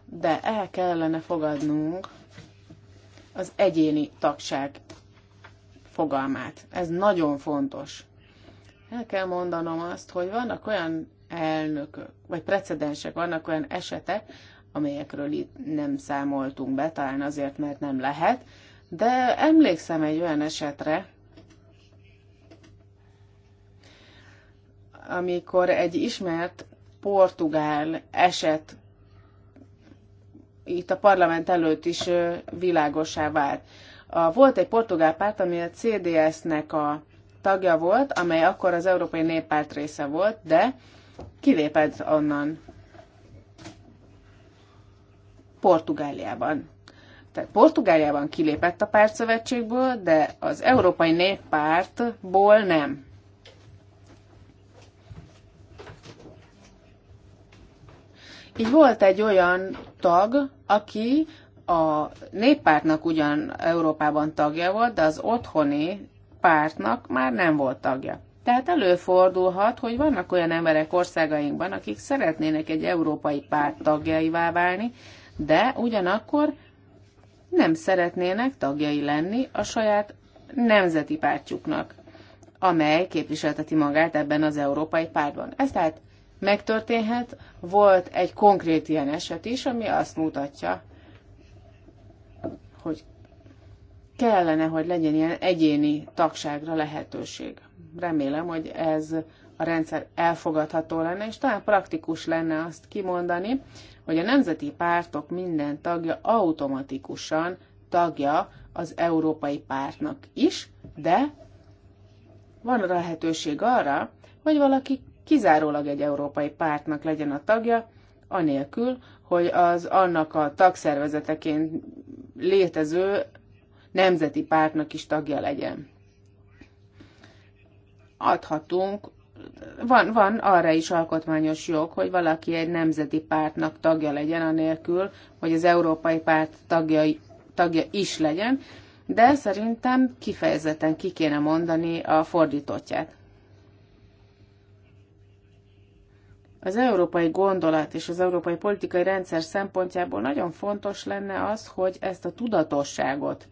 De el kellene fogadnunk az egyéni tagság fogalmát. Ez nagyon fontos. El kell mondanom azt, hogy vannak olyan elnökök, vagy precedensek, vannak olyan esetek, amelyekről itt nem számoltunk be, talán azért, mert nem lehet, de emlékszem egy olyan esetre, amikor egy ismert portugál eset itt a parlament előtt is világosá vált. Volt egy portugál párt, ami a CDS-nek a tagja volt, amely akkor az Európai Néppárt része volt, de kilépett onnan. Portugáliában. Tehát Portugáliában kilépett a pártszövetségből, de az Európai Néppártból nem. Így volt egy olyan tag, aki a néppártnak ugyan Európában tagja volt, de az otthoni pártnak már nem volt tagja. Tehát előfordulhat, hogy vannak olyan emberek országainkban, akik szeretnének egy európai párt tagjaivá válni, de ugyanakkor nem szeretnének tagjai lenni a saját nemzeti pártjuknak, amely képviselteti magát ebben az európai pártban. Ez tehát megtörténhet, volt egy konkrét ilyen eset is, ami azt mutatja, hogy kellene, hogy legyen ilyen egyéni tagságra lehetőség. Remélem, hogy ez a rendszer elfogadható lenne, és talán praktikus lenne azt kimondani, hogy a nemzeti pártok minden tagja automatikusan tagja az európai pártnak is, de van a lehetőség arra, hogy valaki kizárólag egy európai pártnak legyen a tagja, anélkül, hogy az annak a tagszervezeteként létező nemzeti pártnak is tagja legyen. Adhatunk van, van arra is alkotmányos jog, hogy valaki egy nemzeti pártnak tagja legyen, anélkül, hogy az európai párt tagja, tagja is legyen, de szerintem kifejezetten ki kéne mondani a fordítottját. Az európai gondolat és az európai politikai rendszer szempontjából nagyon fontos lenne az, hogy ezt a tudatosságot,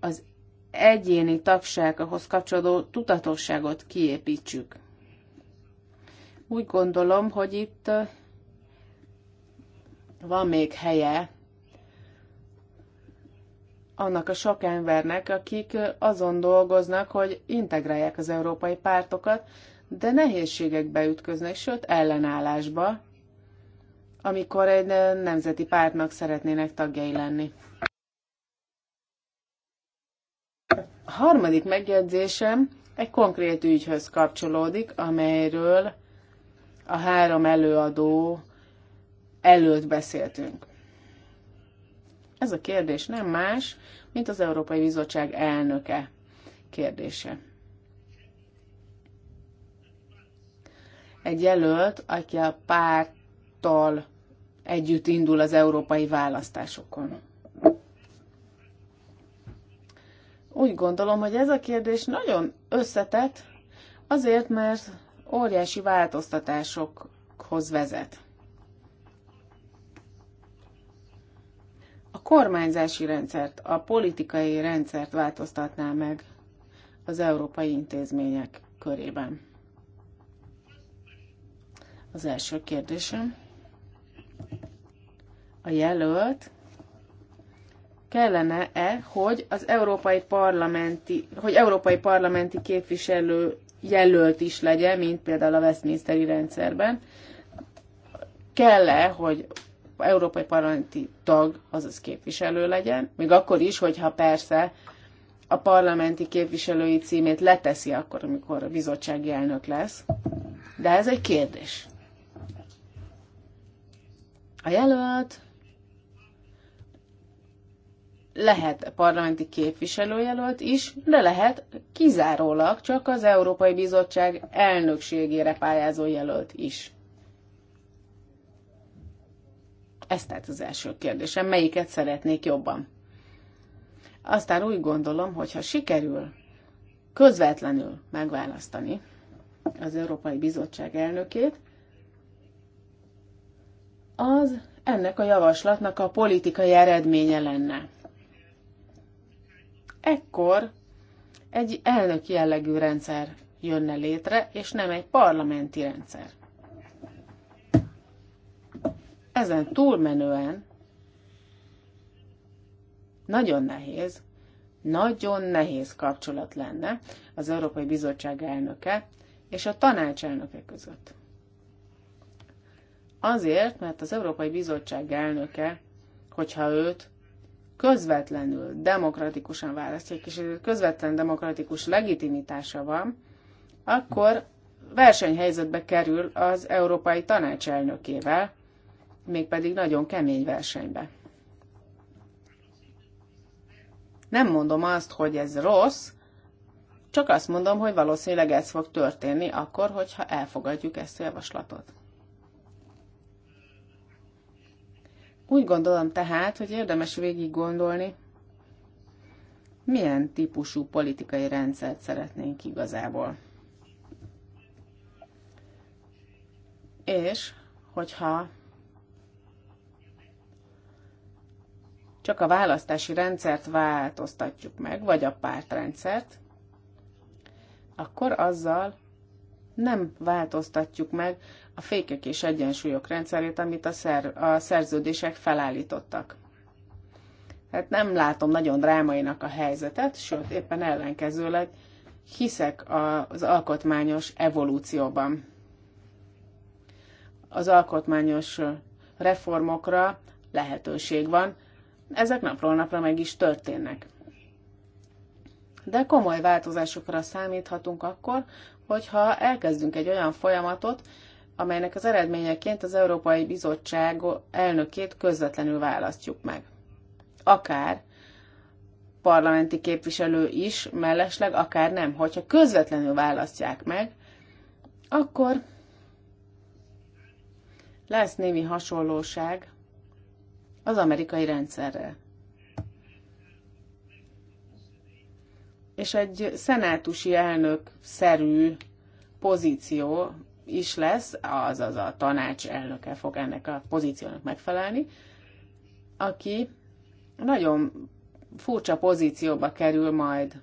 az egyéni tagsághoz kapcsolódó tudatosságot kiépítsük. Úgy gondolom, hogy itt van még helye annak a sok embernek, akik azon dolgoznak, hogy integrálják az európai pártokat, de nehézségekbe ütköznek, sőt ellenállásba, amikor egy nemzeti pártnak szeretnének tagjai lenni. A harmadik megjegyzésem egy konkrét ügyhöz kapcsolódik, amelyről a három előadó előtt beszéltünk. Ez a kérdés nem más, mint az Európai Bizottság elnöke kérdése. Egy jelölt, aki a párttal együtt indul az európai választásokon. Úgy gondolom, hogy ez a kérdés nagyon összetett, azért, mert óriási változtatásokhoz vezet. A kormányzási rendszert, a politikai rendszert változtatná meg az európai intézmények körében. Az első kérdésem. A jelölt kellene-e, hogy az európai parlamenti, hogy európai parlamenti képviselő jelölt is legyen, mint például a Westminsteri rendszerben, kell-e, hogy európai parlamenti tag, azaz képviselő legyen, még akkor is, hogyha persze a parlamenti képviselői címét leteszi akkor, amikor a bizottsági elnök lesz. De ez egy kérdés. A jelölt lehet parlamenti képviselőjelölt is, de lehet kizárólag csak az Európai Bizottság elnökségére pályázó jelölt is. Ez tehát az első kérdésem, melyiket szeretnék jobban. Aztán úgy gondolom, hogy ha sikerül közvetlenül megválasztani az Európai Bizottság elnökét, az ennek a javaslatnak a politikai eredménye lenne ekkor egy elnök jellegű rendszer jönne létre, és nem egy parlamenti rendszer. Ezen túlmenően nagyon nehéz, nagyon nehéz kapcsolat lenne az Európai Bizottság elnöke és a tanács elnöke között. Azért, mert az Európai Bizottság elnöke, hogyha őt közvetlenül demokratikusan választják, és közvetlen demokratikus legitimitása van, akkor versenyhelyzetbe kerül az Európai Tanács elnökével, mégpedig nagyon kemény versenybe. Nem mondom azt, hogy ez rossz, csak azt mondom, hogy valószínűleg ez fog történni akkor, hogyha elfogadjuk ezt a javaslatot. Úgy gondolom tehát, hogy érdemes végig gondolni, milyen típusú politikai rendszert szeretnénk igazából. És hogyha csak a választási rendszert változtatjuk meg, vagy a pártrendszert, akkor azzal nem változtatjuk meg a fékek és egyensúlyok rendszerét, amit a, szer, a szerződések felállítottak. Tehát nem látom nagyon drámainak a helyzetet, sőt, éppen ellenkezőleg hiszek az alkotmányos evolúcióban. Az alkotmányos reformokra lehetőség van, ezek napról napra meg is történnek. De komoly változásokra számíthatunk akkor, hogyha elkezdünk egy olyan folyamatot, amelynek az eredményeként az Európai Bizottság elnökét közvetlenül választjuk meg. Akár parlamenti képviselő is, mellesleg akár nem. Hogyha közvetlenül választják meg, akkor lesz némi hasonlóság az amerikai rendszerrel. És egy szenátusi elnök szerű pozíció is lesz, azaz a tanács elnöke fog ennek a pozíciónak megfelelni, aki nagyon furcsa pozícióba kerül majd.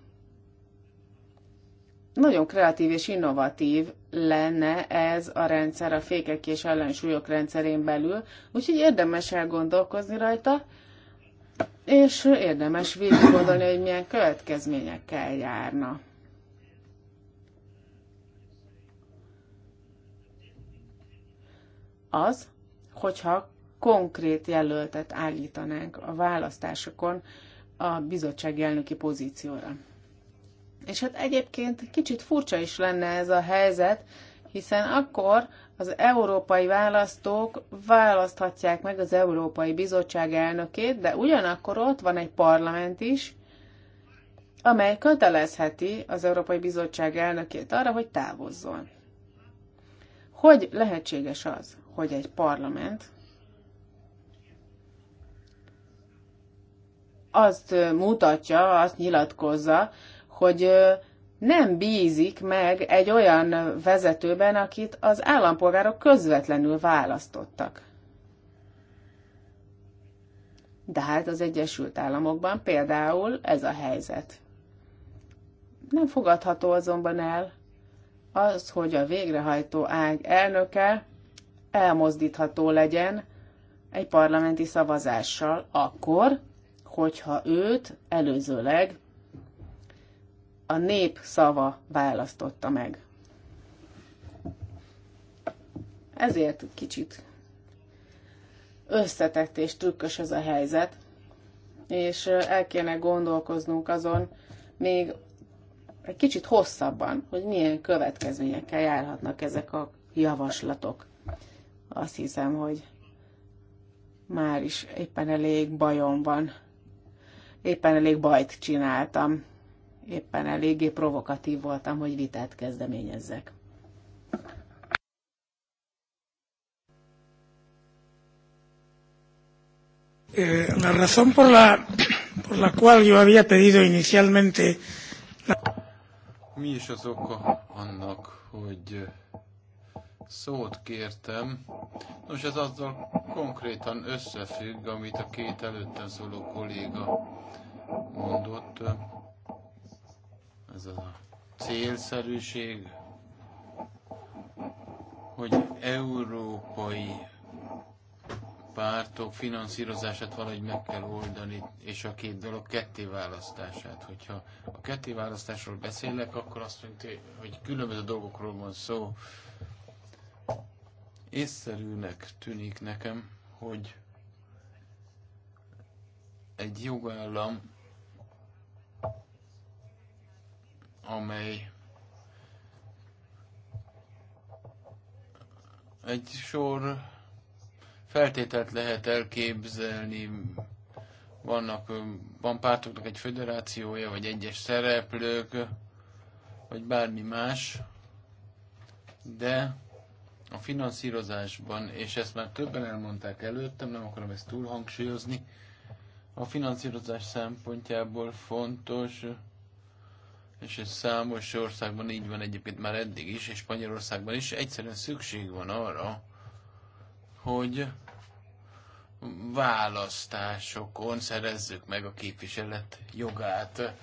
Nagyon kreatív és innovatív lenne ez a rendszer a fékek és ellensúlyok rendszerén belül, úgyhogy érdemes elgondolkozni rajta, és érdemes végig gondolni, hogy milyen következményekkel járna. az, hogyha konkrét jelöltet állítanánk a választásokon a bizottság elnöki pozícióra. És hát egyébként kicsit furcsa is lenne ez a helyzet, hiszen akkor az európai választók választhatják meg az Európai Bizottság elnökét, de ugyanakkor ott van egy parlament is, amely kötelezheti az Európai Bizottság elnökét arra, hogy távozzon. Hogy lehetséges az, hogy egy parlament azt mutatja, azt nyilatkozza, hogy nem bízik meg egy olyan vezetőben, akit az állampolgárok közvetlenül választottak. De hát az Egyesült Államokban például ez a helyzet. Nem fogadható azonban el az, hogy a végrehajtó ág elnöke elmozdítható legyen egy parlamenti szavazással akkor, hogyha őt előzőleg a nép szava választotta meg. Ezért kicsit összetett és trükkös ez a helyzet, és el kéne gondolkoznunk azon még egy kicsit hosszabban, hogy milyen következményekkel járhatnak ezek a javaslatok. Azt hiszem, hogy már is éppen elég bajom van. Éppen elég bajt csináltam. Éppen eléggé provokatív voltam, hogy vitát kezdeményezzek. Eh, la razón por la, por la cual yo había pedido inicialmente. La... Mi is az oka annak, hogy szót kértem. Nos, ez azzal konkrétan összefügg, amit a két előttem szóló kolléga mondott. Ez a célszerűség, hogy európai pártok finanszírozását valahogy meg kell oldani, és a két dolog kettéválasztását. Hogyha a kettéválasztásról beszélek, akkor azt mondja, hogy különböző dolgokról van szó észszerűnek tűnik nekem, hogy egy jogállam, amely egy sor feltételt lehet elképzelni, vannak, van pártoknak egy föderációja, vagy egyes szereplők, vagy bármi más, de a finanszírozásban, és ezt már többen elmondták előttem, nem akarom ezt túl hangsúlyozni, a finanszírozás szempontjából fontos, és ez számos országban így van egyébként már eddig is, és Spanyolországban is, egyszerűen szükség van arra, hogy választásokon szerezzük meg a képviselet jogát.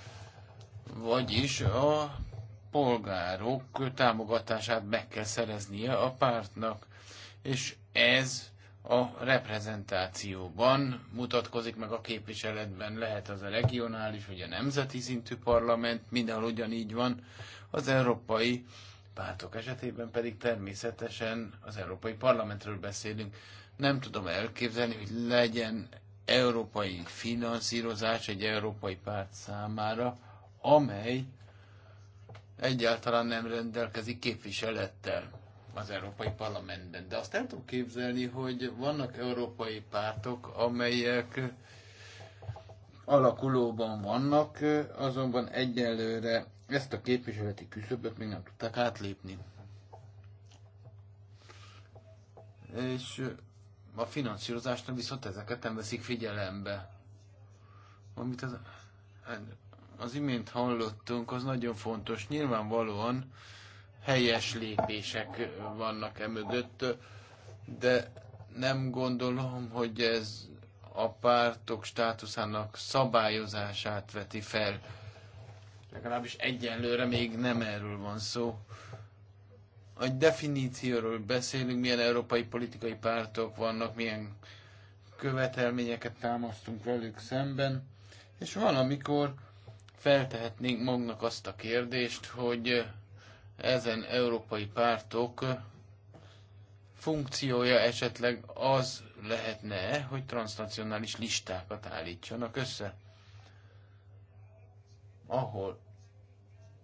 Vagyis a polgárok támogatását meg kell szereznie a pártnak, és ez a reprezentációban mutatkozik meg a képviseletben, lehet az a regionális vagy a nemzeti szintű parlament, mindenhol ugyanígy van, az európai pártok esetében pedig természetesen az európai parlamentről beszélünk. Nem tudom elképzelni, hogy legyen európai finanszírozás egy európai párt számára, amely egyáltalán nem rendelkezik képviselettel az Európai Parlamentben. De azt el tudom képzelni, hogy vannak európai pártok, amelyek alakulóban vannak, azonban egyelőre ezt a képviseleti küszöböt még nem tudták átlépni. És a finanszírozásnak viszont ezeket nem veszik figyelembe. Amit az az imént hallottunk, az nagyon fontos. Nyilvánvalóan helyes lépések vannak e mögött, de nem gondolom, hogy ez a pártok státuszának szabályozását veti fel. Legalábbis egyenlőre még nem erről van szó. A definícióról beszélünk, milyen európai politikai pártok vannak, milyen követelményeket támasztunk velük szemben, és valamikor feltehetnénk magnak azt a kérdést, hogy ezen európai pártok funkciója esetleg az lehetne, hogy transnacionális listákat állítsanak össze, ahol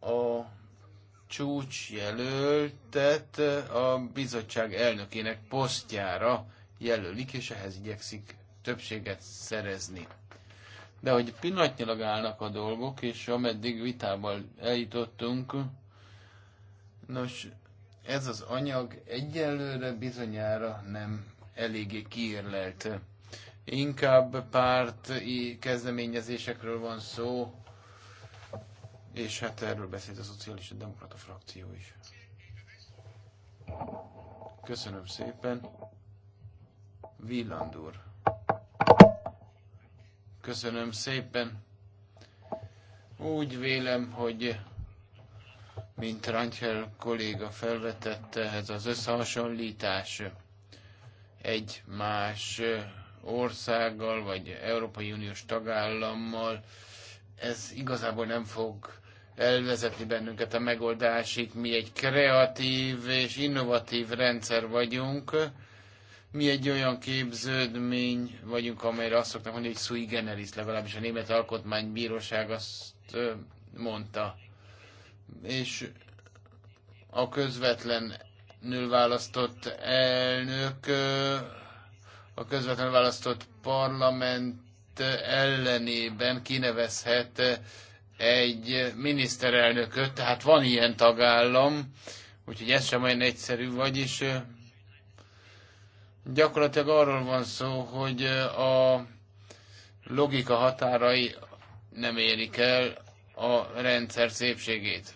a csúcs jelöltet a bizottság elnökének posztjára jelölik, és ehhez igyekszik többséget szerezni. De hogy pillanatnyilag állnak a dolgok, és ameddig vitában eljutottunk, nos, ez az anyag egyelőre bizonyára nem eléggé kiérlelt. Inkább párt kezdeményezésekről van szó, és hát erről beszélt a Szocialista Demokrata frakció is. Köszönöm szépen. Villand úr. Köszönöm szépen. Úgy vélem, hogy mint Rangel kolléga felvetette, ez az összehasonlítás egy más országgal, vagy Európai Uniós tagállammal, ez igazából nem fog elvezetni bennünket a megoldásig. Mi egy kreatív és innovatív rendszer vagyunk, mi egy olyan képződmény vagyunk, amelyre azt szoktak mondani, hogy sui generis, legalábbis a Német Alkotmánybíróság azt mondta. És a közvetlen választott elnök, a közvetlenül választott parlament ellenében kinevezhet egy miniszterelnököt, tehát van ilyen tagállam, úgyhogy ez sem olyan egyszerű, vagyis Gyakorlatilag arról van szó, hogy a logika határai nem érik el a rendszer szépségét.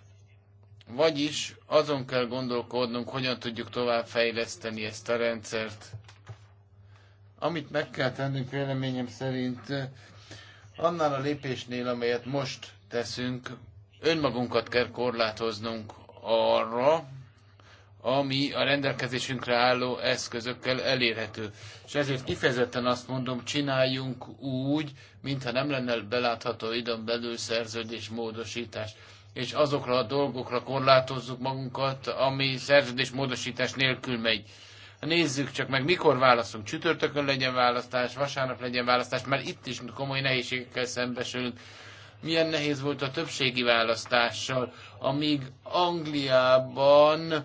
Vagyis azon kell gondolkodnunk, hogyan tudjuk tovább fejleszteni ezt a rendszert. Amit meg kell tennünk véleményem szerint, annál a lépésnél, amelyet most teszünk, önmagunkat kell korlátoznunk arra, ami a rendelkezésünkre álló eszközökkel elérhető. És ezért kifejezetten azt mondom, csináljunk úgy, mintha nem lenne belátható időn belül szerződés módosítás és azokra a dolgokra korlátozzuk magunkat, ami szerződés módosítás nélkül megy. Nézzük csak meg, mikor válaszunk. Csütörtökön legyen választás, vasárnap legyen választás, mert itt is komoly nehézségekkel szembesülünk. Milyen nehéz volt a többségi választással, amíg Angliában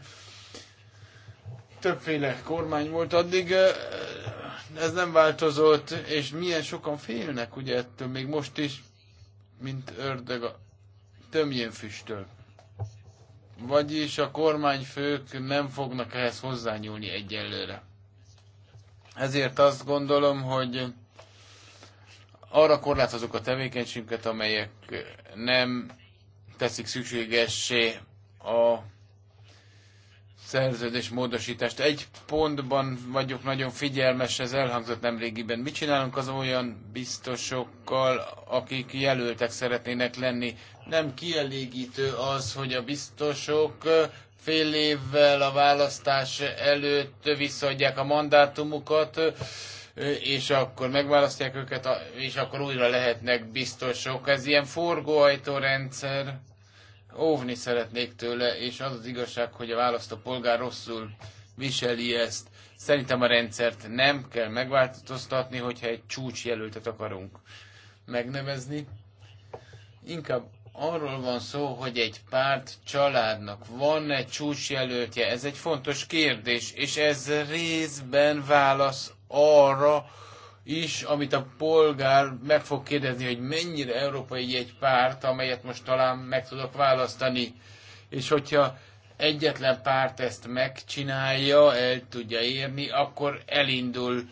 többféle kormány volt addig, ez nem változott, és milyen sokan félnek ugye ettől, még most is, mint ördög a tömjén füstöl. Vagyis a kormányfők nem fognak ehhez hozzányúlni egyelőre. Ezért azt gondolom, hogy arra korlátozunk a tevékenységünket, amelyek nem teszik szükségessé a szerződés módosítást. Egy pontban vagyok nagyon figyelmes, ez elhangzott nemrégiben. Mit csinálunk az olyan biztosokkal, akik jelöltek szeretnének lenni? Nem kielégítő az, hogy a biztosok fél évvel a választás előtt visszaadják a mandátumukat, és akkor megválasztják őket, és akkor újra lehetnek biztosok. Ez ilyen forgóajtórendszer óvni szeretnék tőle, és az az igazság, hogy a választópolgár rosszul viseli ezt. Szerintem a rendszert nem kell megváltoztatni, hogyha egy csúcsjelöltet akarunk megnevezni. Inkább arról van szó, hogy egy párt családnak van egy csúcsjelöltje. Ez egy fontos kérdés, és ez részben válasz arra, is, amit a polgár meg fog kérdezni, hogy mennyire európai egy párt, amelyet most talán meg tudok választani. És hogyha egyetlen párt ezt megcsinálja, el tudja érni, akkor elindul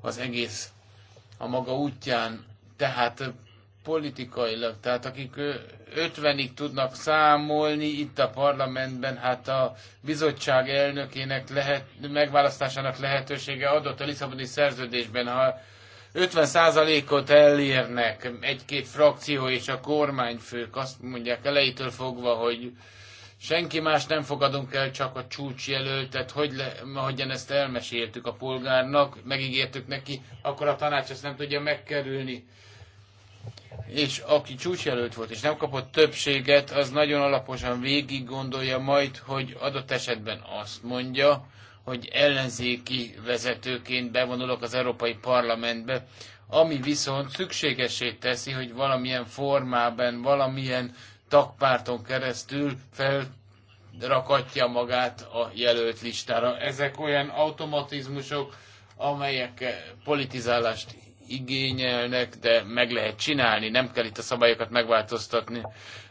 az egész a maga útján. Tehát politikailag. Tehát akik 50-ig tudnak számolni itt a parlamentben, hát a bizottság elnökének lehet, megválasztásának lehetősége adott a Lisszaboni szerződésben, ha 50%-ot elérnek egy-két frakció és a kormányfők, azt mondják elejétől fogva, hogy senki más nem fogadunk el, csak a csúcsjelöltet, hogy le, ahogyan ezt elmeséltük a polgárnak, megígértük neki, akkor a tanács ezt nem tudja megkerülni és aki csúcsjelölt volt és nem kapott többséget, az nagyon alaposan végig gondolja majd, hogy adott esetben azt mondja, hogy ellenzéki vezetőként bevonulok az Európai Parlamentbe, ami viszont szükségesét teszi, hogy valamilyen formában, valamilyen tagpárton keresztül felrakatja magát a jelölt listára. Ezek olyan automatizmusok, amelyek politizálást igényelnek, de meg lehet csinálni, nem kell itt a szabályokat megváltoztatni.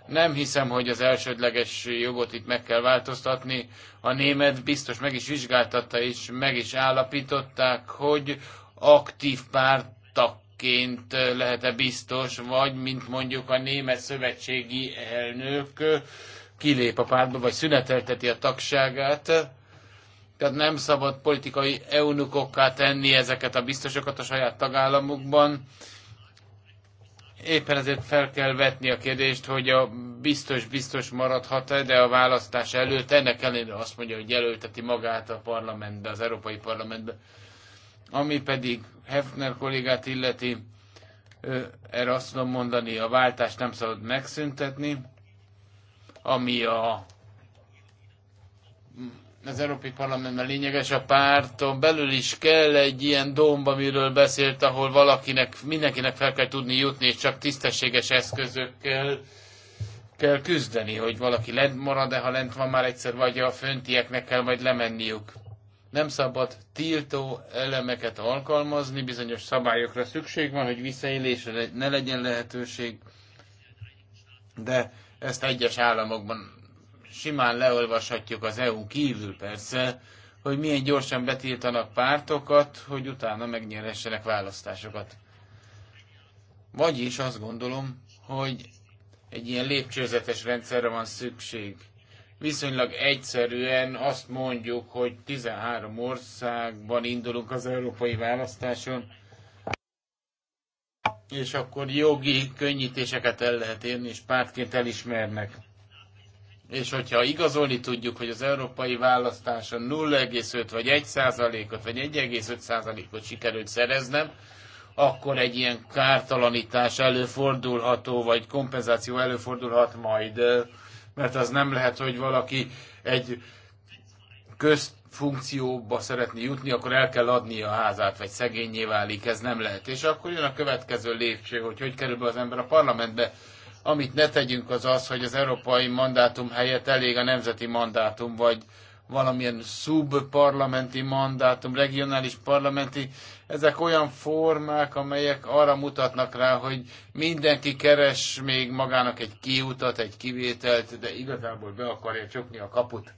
Nem hiszem, hogy az elsődleges jogot itt meg kell változtatni. A német biztos meg is vizsgáltatta, és meg is állapították, hogy aktív pártakként lehet-e biztos, vagy mint mondjuk a német szövetségi elnök kilép a pártba, vagy szünetelteti a tagságát tehát nem szabad politikai eunukokká tenni ezeket a biztosokat a saját tagállamukban. Éppen ezért fel kell vetni a kérdést, hogy a biztos biztos maradhat-e, de a választás előtt ennek ellenére azt mondja, hogy jelölteti magát a parlamentbe, az Európai Parlamentbe. Ami pedig Hefner kollégát illeti, erre azt tudom mondani, a váltást nem szabad megszüntetni, ami a az Európai Parlamentben lényeges, a párton belül is kell egy ilyen domb, amiről beszélt, ahol valakinek, mindenkinek fel kell tudni jutni, és csak tisztességes eszközökkel kell küzdeni, hogy valaki lent marad, de ha lent van már egyszer, vagy a föntieknek kell majd lemenniük. Nem szabad tiltó elemeket alkalmazni, bizonyos szabályokra szükség van, hogy visszaélésre ne legyen lehetőség, de ezt egyes államokban simán leolvashatjuk az EU kívül persze, hogy milyen gyorsan betiltanak pártokat, hogy utána megnyeressenek választásokat. Vagyis azt gondolom, hogy egy ilyen lépcsőzetes rendszerre van szükség. Viszonylag egyszerűen azt mondjuk, hogy 13 országban indulunk az európai választáson, és akkor jogi könnyítéseket el lehet érni, és pártként elismernek. És hogyha igazolni tudjuk, hogy az európai választáson 0,5 vagy 1 százalékot, vagy 1,5 százalékot sikerült szereznem, akkor egy ilyen kártalanítás előfordulható, vagy kompenzáció előfordulhat majd, mert az nem lehet, hogy valaki egy közfunkcióba szeretni jutni, akkor el kell adni a házát, vagy szegényé válik, ez nem lehet. És akkor jön a következő lépcső, hogy hogy kerül be az ember a parlamentbe. Amit ne tegyünk az az, hogy az európai mandátum helyett elég a nemzeti mandátum, vagy valamilyen szubparlamenti mandátum, regionális parlamenti, ezek olyan formák, amelyek arra mutatnak rá, hogy mindenki keres még magának egy kiutat, egy kivételt, de igazából be akarja csukni a kaput.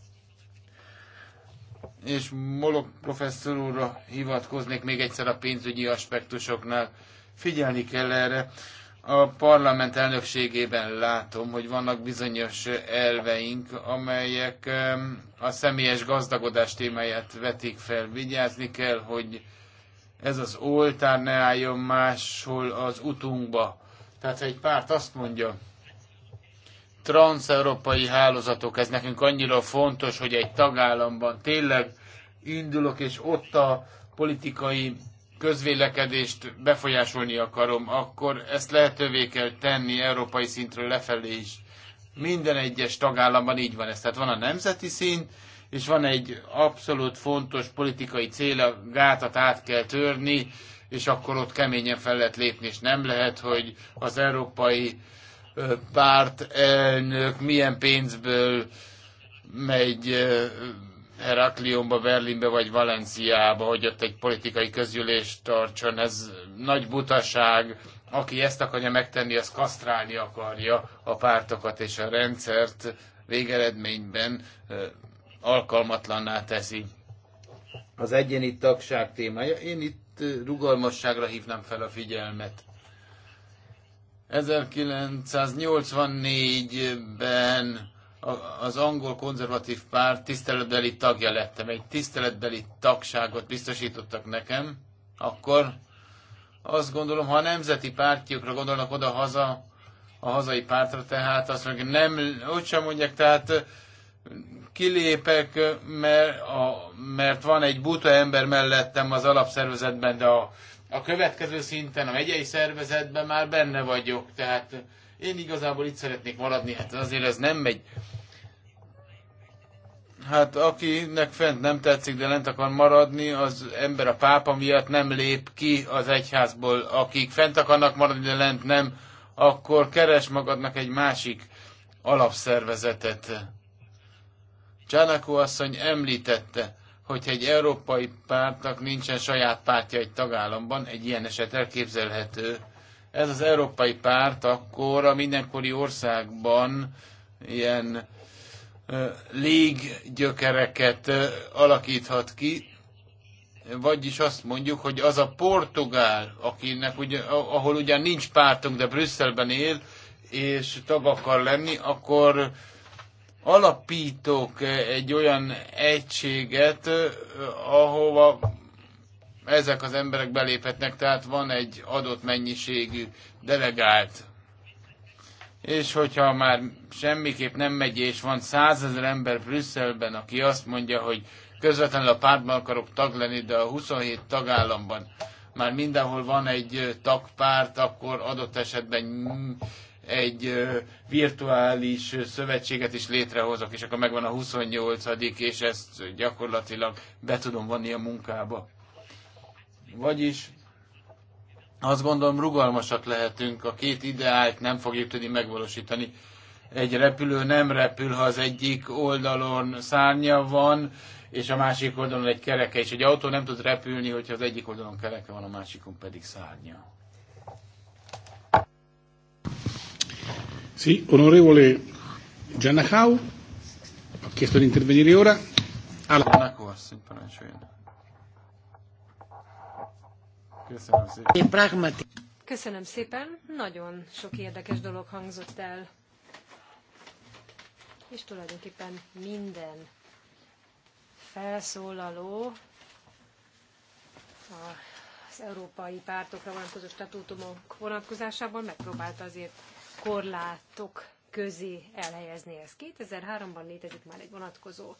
És Molok professzor úrra hivatkoznék még egyszer a pénzügyi aspektusoknál. Figyelni kell erre. A parlament elnökségében látom, hogy vannak bizonyos elveink, amelyek a személyes gazdagodás témáját vetik fel. Vigyázni kell, hogy ez az oltár ne álljon máshol az utunkba. Tehát egy párt azt mondja, transeurópai hálózatok, ez nekünk annyira fontos, hogy egy tagállamban tényleg indulok, és ott a politikai közvélekedést befolyásolni akarom, akkor ezt lehetővé kell tenni európai szintről lefelé is. Minden egyes tagállamban így van ez. Tehát van a nemzeti szint, és van egy abszolút fontos politikai cél, a gátat át kell törni, és akkor ott keményen fel lehet lépni, és nem lehet, hogy az európai párt elnök milyen pénzből megy Heraklionba, Berlinbe vagy Valenciába, hogy ott egy politikai közülést tartson. Ez nagy butaság. Aki ezt akarja megtenni, az kasztrálni akarja a pártokat és a rendszert végeredményben alkalmatlanná teszi. Az egyéni tagság témája. Én itt rugalmasságra hívnám fel a figyelmet. 1984-ben az angol konzervatív párt tiszteletbeli tagja lettem, egy tiszteletbeli tagságot biztosítottak nekem, akkor azt gondolom, ha a nemzeti pártjukra gondolnak oda-haza, a hazai pártra, tehát azt mondják, nem, úgy sem mondják, tehát kilépek, mert, a, mert van egy buta ember mellettem az alapszervezetben, de a, a következő szinten, a megyei szervezetben már benne vagyok, tehát én igazából itt szeretnék maradni, hát azért ez nem megy. Hát akinek fent nem tetszik, de lent akar maradni, az ember a pápa miatt nem lép ki az egyházból. Akik fent akarnak maradni, de lent nem, akkor keres magadnak egy másik alapszervezetet. Csánakó asszony említette, hogy egy európai pártnak nincsen saját pártja egy tagállamban, egy ilyen eset elképzelhető. Ez az európai párt akkor a mindenkori országban ilyen léggyökereket alakíthat ki, vagyis azt mondjuk, hogy az a portugál, akinek ugye, ahol ugyan nincs pártunk, de Brüsszelben él, és tag akar lenni, akkor alapítok egy olyan egységet, ahova ezek az emberek beléphetnek, tehát van egy adott mennyiségű delegált. És hogyha már semmiképp nem megy, és van százezer ember Brüsszelben, aki azt mondja, hogy közvetlenül a pártban akarok tag lenni, de a 27 tagállamban már mindenhol van egy tagpárt, akkor adott esetben egy virtuális szövetséget is létrehozok, és akkor megvan a 28 és ezt gyakorlatilag be tudom vonni a munkába. Vagyis azt gondolom rugalmasak lehetünk, a két ideált nem fogjuk tudni megvalósítani. Egy repülő nem repül, ha az egyik oldalon szárnya van, és a másik oldalon egy kereke, és egy autó nem tud repülni, hogyha az egyik oldalon kereke van, a másikon pedig szárnya. Sì, onorevole Giannacau, ha chiesto di intervenire ora. Allora. Giannacau, parancsoljon. Köszönöm szépen. Köszönöm szépen. Nagyon sok érdekes dolog hangzott el. És tulajdonképpen minden felszólaló az európai pártokra vonatkozó statútumok vonatkozásában megpróbálta azért korlátok közé elhelyezni ezt. 2003-ban létezik már egy vonatkozó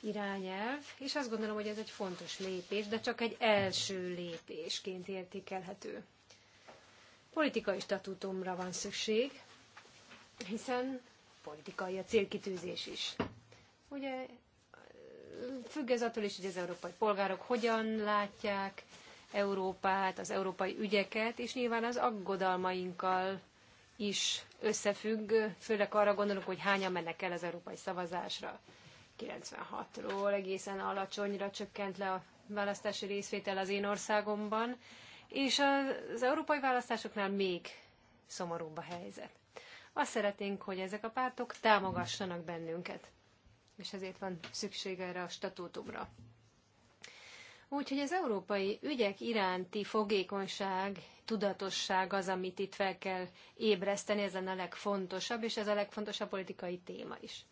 irányelv, és azt gondolom, hogy ez egy fontos lépés, de csak egy első lépésként értékelhető. Politikai statútumra van szükség, hiszen politikai a célkitűzés is. Ugye függ ez attól is, hogy az európai polgárok hogyan látják Európát, az európai ügyeket, és nyilván az aggodalmainkkal is összefügg, főleg arra gondolok, hogy hányan mennek el az európai szavazásra. 96-ról egészen alacsonyra csökkent le a választási részvétel az én országomban, és az európai választásoknál még szomorúbb a helyzet. Azt szeretnénk, hogy ezek a pártok támogassanak bennünket, és ezért van szükség erre a statútumra. Úgyhogy az európai ügyek iránti fogékonyság, tudatosság az, amit itt fel kell ébreszteni, ez a legfontosabb, és ez a legfontosabb politikai téma is.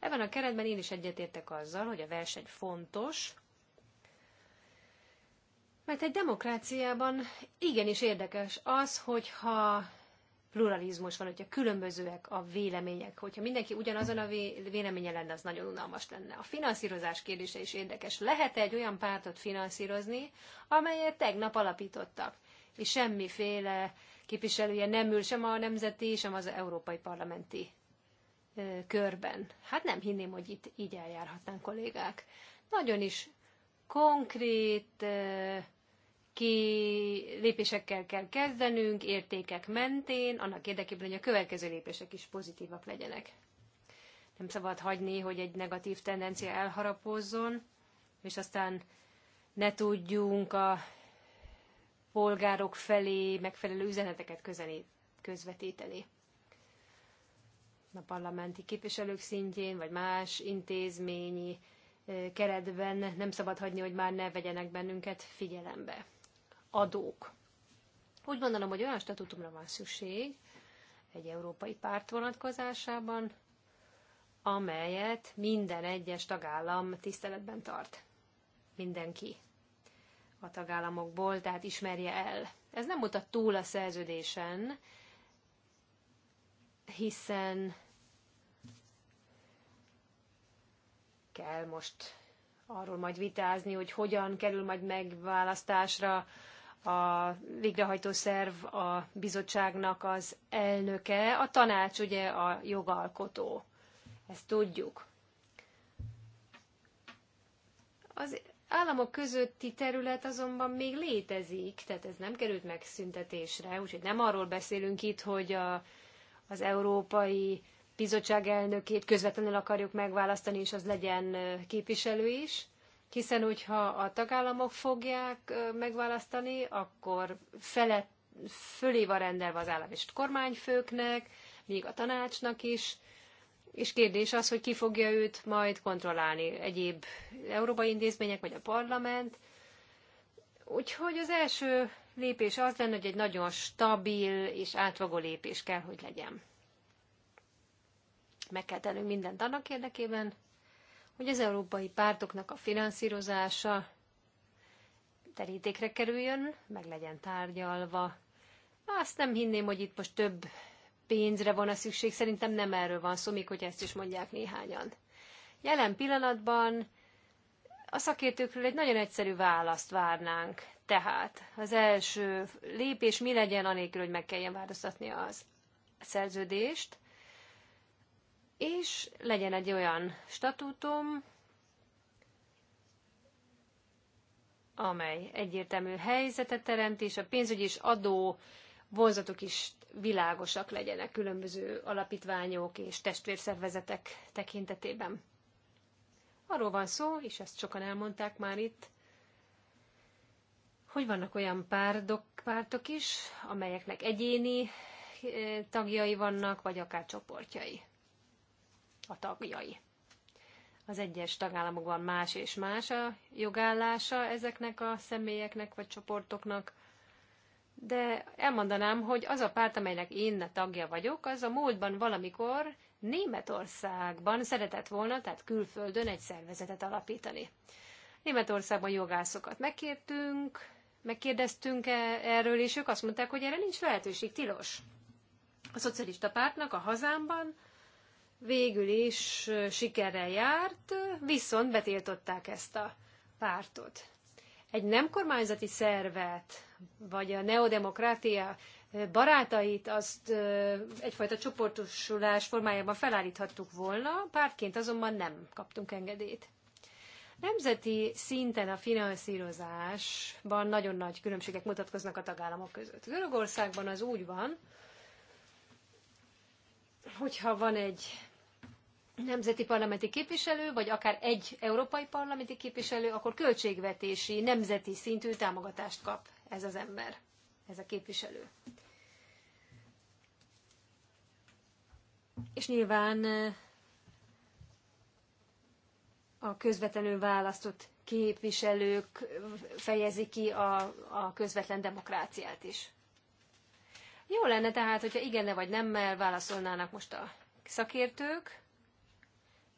Ebben a keretben én is egyetértek azzal, hogy a verseny fontos, mert egy demokráciában igenis érdekes az, hogyha pluralizmus van, hogyha különbözőek a vélemények, hogyha mindenki ugyanazon a véleménye lenne, az nagyon unalmas lenne. A finanszírozás kérdése is érdekes. lehet -e egy olyan pártot finanszírozni, amelyet tegnap alapítottak, és semmiféle képviselője nem ül sem a nemzeti, sem az európai parlamenti körben. Hát nem hinném, hogy itt így eljárhatnánk kollégák. Nagyon is konkrét ki lépésekkel kell kezdenünk, értékek mentén, annak érdekében, hogy a következő lépések is pozitívak legyenek. Nem szabad hagyni, hogy egy negatív tendencia elharapozzon, és aztán ne tudjunk a polgárok felé megfelelő üzeneteket közvetíteni a parlamenti képviselők szintjén, vagy más intézményi keretben nem szabad hagyni, hogy már ne vegyenek bennünket figyelembe. Adók. Úgy gondolom, hogy olyan statutumra van szükség egy európai párt vonatkozásában, amelyet minden egyes tagállam tiszteletben tart. Mindenki a tagállamokból, tehát ismerje el. Ez nem mutat túl a szerződésen, hiszen kell most arról majd vitázni, hogy hogyan kerül majd megválasztásra a végrehajtó szerv a bizottságnak az elnöke, a tanács ugye a jogalkotó. Ezt tudjuk. Az államok közötti terület azonban még létezik, tehát ez nem került megszüntetésre, úgyhogy nem arról beszélünk itt, hogy a az Európai Bizottság elnökét közvetlenül akarjuk megválasztani, és az legyen képviselő is, hiszen hogyha a tagállamok fogják megválasztani, akkor felett fölé van rendelve az állam és kormányfőknek, még a tanácsnak is, és kérdés az, hogy ki fogja őt majd kontrollálni, egyéb európai intézmények vagy a parlament. Úgyhogy az első lépés az lenne, hogy egy nagyon stabil és átvagó lépés kell, hogy legyen. Meg kell tennünk mindent annak érdekében, hogy az európai pártoknak a finanszírozása terítékre kerüljön, meg legyen tárgyalva. Azt nem hinném, hogy itt most több pénzre van a szükség, szerintem nem erről van szó, még hogy ezt is mondják néhányan. Jelen pillanatban a szakértőkről egy nagyon egyszerű választ várnánk. Tehát az első lépés mi legyen, anélkül, hogy meg kelljen változtatni az szerződést, és legyen egy olyan statútum, amely egyértelmű helyzetet teremt, és a pénzügyi és adó vonzatok is világosak legyenek különböző alapítványok és testvérszervezetek tekintetében. Arról van szó, és ezt sokan elmondták már itt, hogy vannak olyan párdok pártok is, amelyeknek egyéni eh, tagjai vannak, vagy akár csoportjai. A tagjai. Az egyes tagállamokban más és más a jogállása ezeknek a személyeknek vagy csoportoknak, de elmondanám, hogy az a párt, amelynek én tagja vagyok, az a múltban valamikor Németországban szeretett volna, tehát külföldön egy szervezetet alapítani. Németországban jogászokat megkértünk, megkérdeztünk erről, és ők azt mondták, hogy erre nincs lehetőség, tilos. A szocialista pártnak a hazámban végül is sikerrel járt, viszont betiltották ezt a pártot. Egy nem kormányzati szervet, vagy a neodemokrátia barátait, azt egyfajta csoportosulás formájában felállíthattuk volna, pártként azonban nem kaptunk engedélyt. Nemzeti szinten a finanszírozásban nagyon nagy különbségek mutatkoznak a tagállamok között. Görögországban az úgy van, hogyha van egy nemzeti parlamenti képviselő, vagy akár egy európai parlamenti képviselő, akkor költségvetési, nemzeti szintű támogatást kap ez az ember ez a képviselő. És nyilván eh, a közvetlenül választott képviselők fejezik ki a, a közvetlen demokráciát is. Jó lenne tehát, hogyha -e vagy nemmel válaszolnának most a szakértők,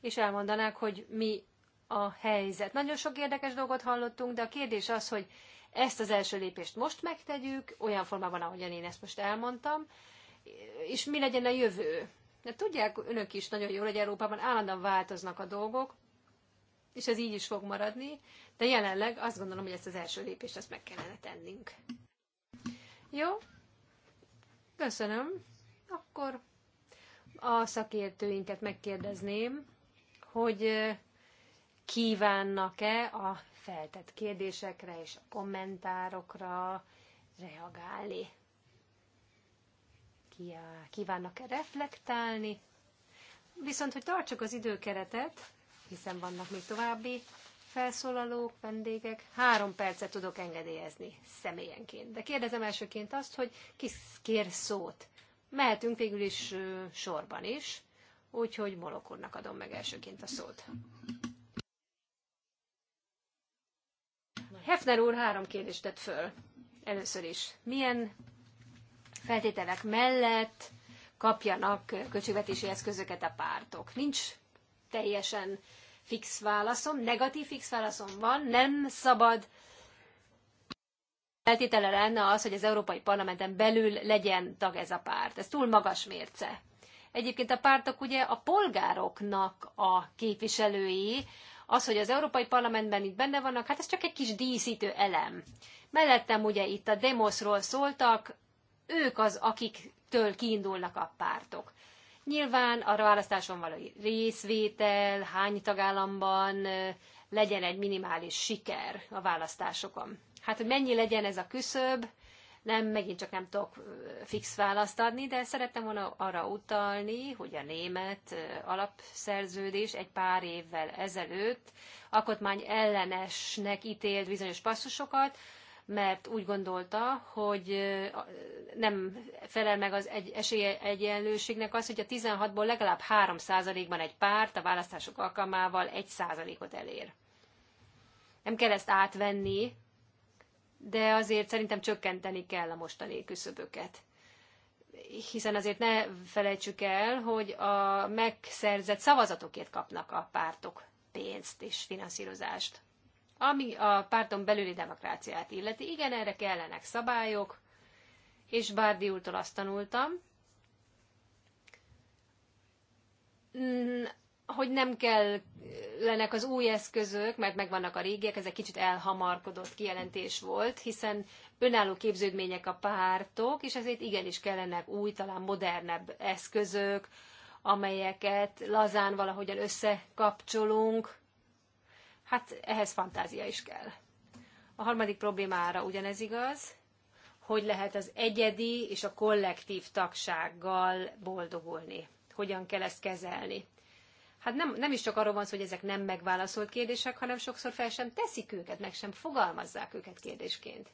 és elmondanák, hogy mi a helyzet. Nagyon sok érdekes dolgot hallottunk, de a kérdés az, hogy ezt az első lépést most megtegyük, olyan formában, ahogyan én ezt most elmondtam, és mi legyen a jövő. De tudják önök is nagyon jól, hogy Európában állandóan változnak a dolgok, és ez így is fog maradni, de jelenleg azt gondolom, hogy ezt az első lépést azt meg kellene tennünk. Jó, köszönöm. Akkor a szakértőinket megkérdezném, hogy eh, kívánnak-e a feltett kérdésekre és a kommentárokra reagálni. Kívánnak-e reflektálni? Viszont, hogy tartsuk az időkeretet, hiszen vannak még további felszólalók, vendégek, három percet tudok engedélyezni személyenként. De kérdezem elsőként azt, hogy ki kér szót. Mehetünk végül is sorban is, úgyhogy Molokornak adom meg elsőként a szót. Hefner úr három kérdést tett föl. Először is, milyen feltételek mellett kapjanak költségvetési eszközöket a pártok? Nincs teljesen fix válaszom, negatív fix válaszom van, nem szabad feltétele lenne az, hogy az Európai Parlamenten belül legyen tag ez a párt. Ez túl magas mérce. Egyébként a pártok ugye a polgároknak a képviselői, az, hogy az Európai Parlamentben itt benne vannak, hát ez csak egy kis díszítő elem. Mellettem ugye itt a demoszról szóltak, ők az, akiktől kiindulnak a pártok. Nyilván a választáson való részvétel, hány tagállamban legyen egy minimális siker a választásokon. Hát, hogy mennyi legyen ez a küszöb, nem, megint csak nem tudok fix választ adni, de szerettem volna arra utalni, hogy a német alapszerződés egy pár évvel ezelőtt alkotmány ellenesnek ítélt bizonyos passzusokat, mert úgy gondolta, hogy nem felel meg az egy, esélyegyenlőségnek az, hogy a 16-ból legalább 3%-ban egy párt a választások alkalmával 1%-ot elér. Nem kell ezt átvenni de azért szerintem csökkenteni kell a mostani küszöböket. Hiszen azért ne felejtsük el, hogy a megszerzett szavazatokért kapnak a pártok pénzt és finanszírozást. Ami a párton belüli demokráciát illeti, igen, erre kellenek szabályok, és Bárdi úrtól azt tanultam, hogy nem kell lennek az új eszközök, mert megvannak a régiek, ez egy kicsit elhamarkodott kijelentés volt, hiszen önálló képződmények a pártok, és ezért igenis kellenek új, talán modernebb eszközök, amelyeket lazán valahogyan összekapcsolunk. Hát ehhez fantázia is kell. A harmadik problémára ugyanez igaz, hogy lehet az egyedi és a kollektív tagsággal boldogulni. Hogyan kell ezt kezelni? hát nem, nem is csak arról van szó, hogy ezek nem megválaszolt kérdések, hanem sokszor fel sem teszik őket, meg sem fogalmazzák őket kérdésként.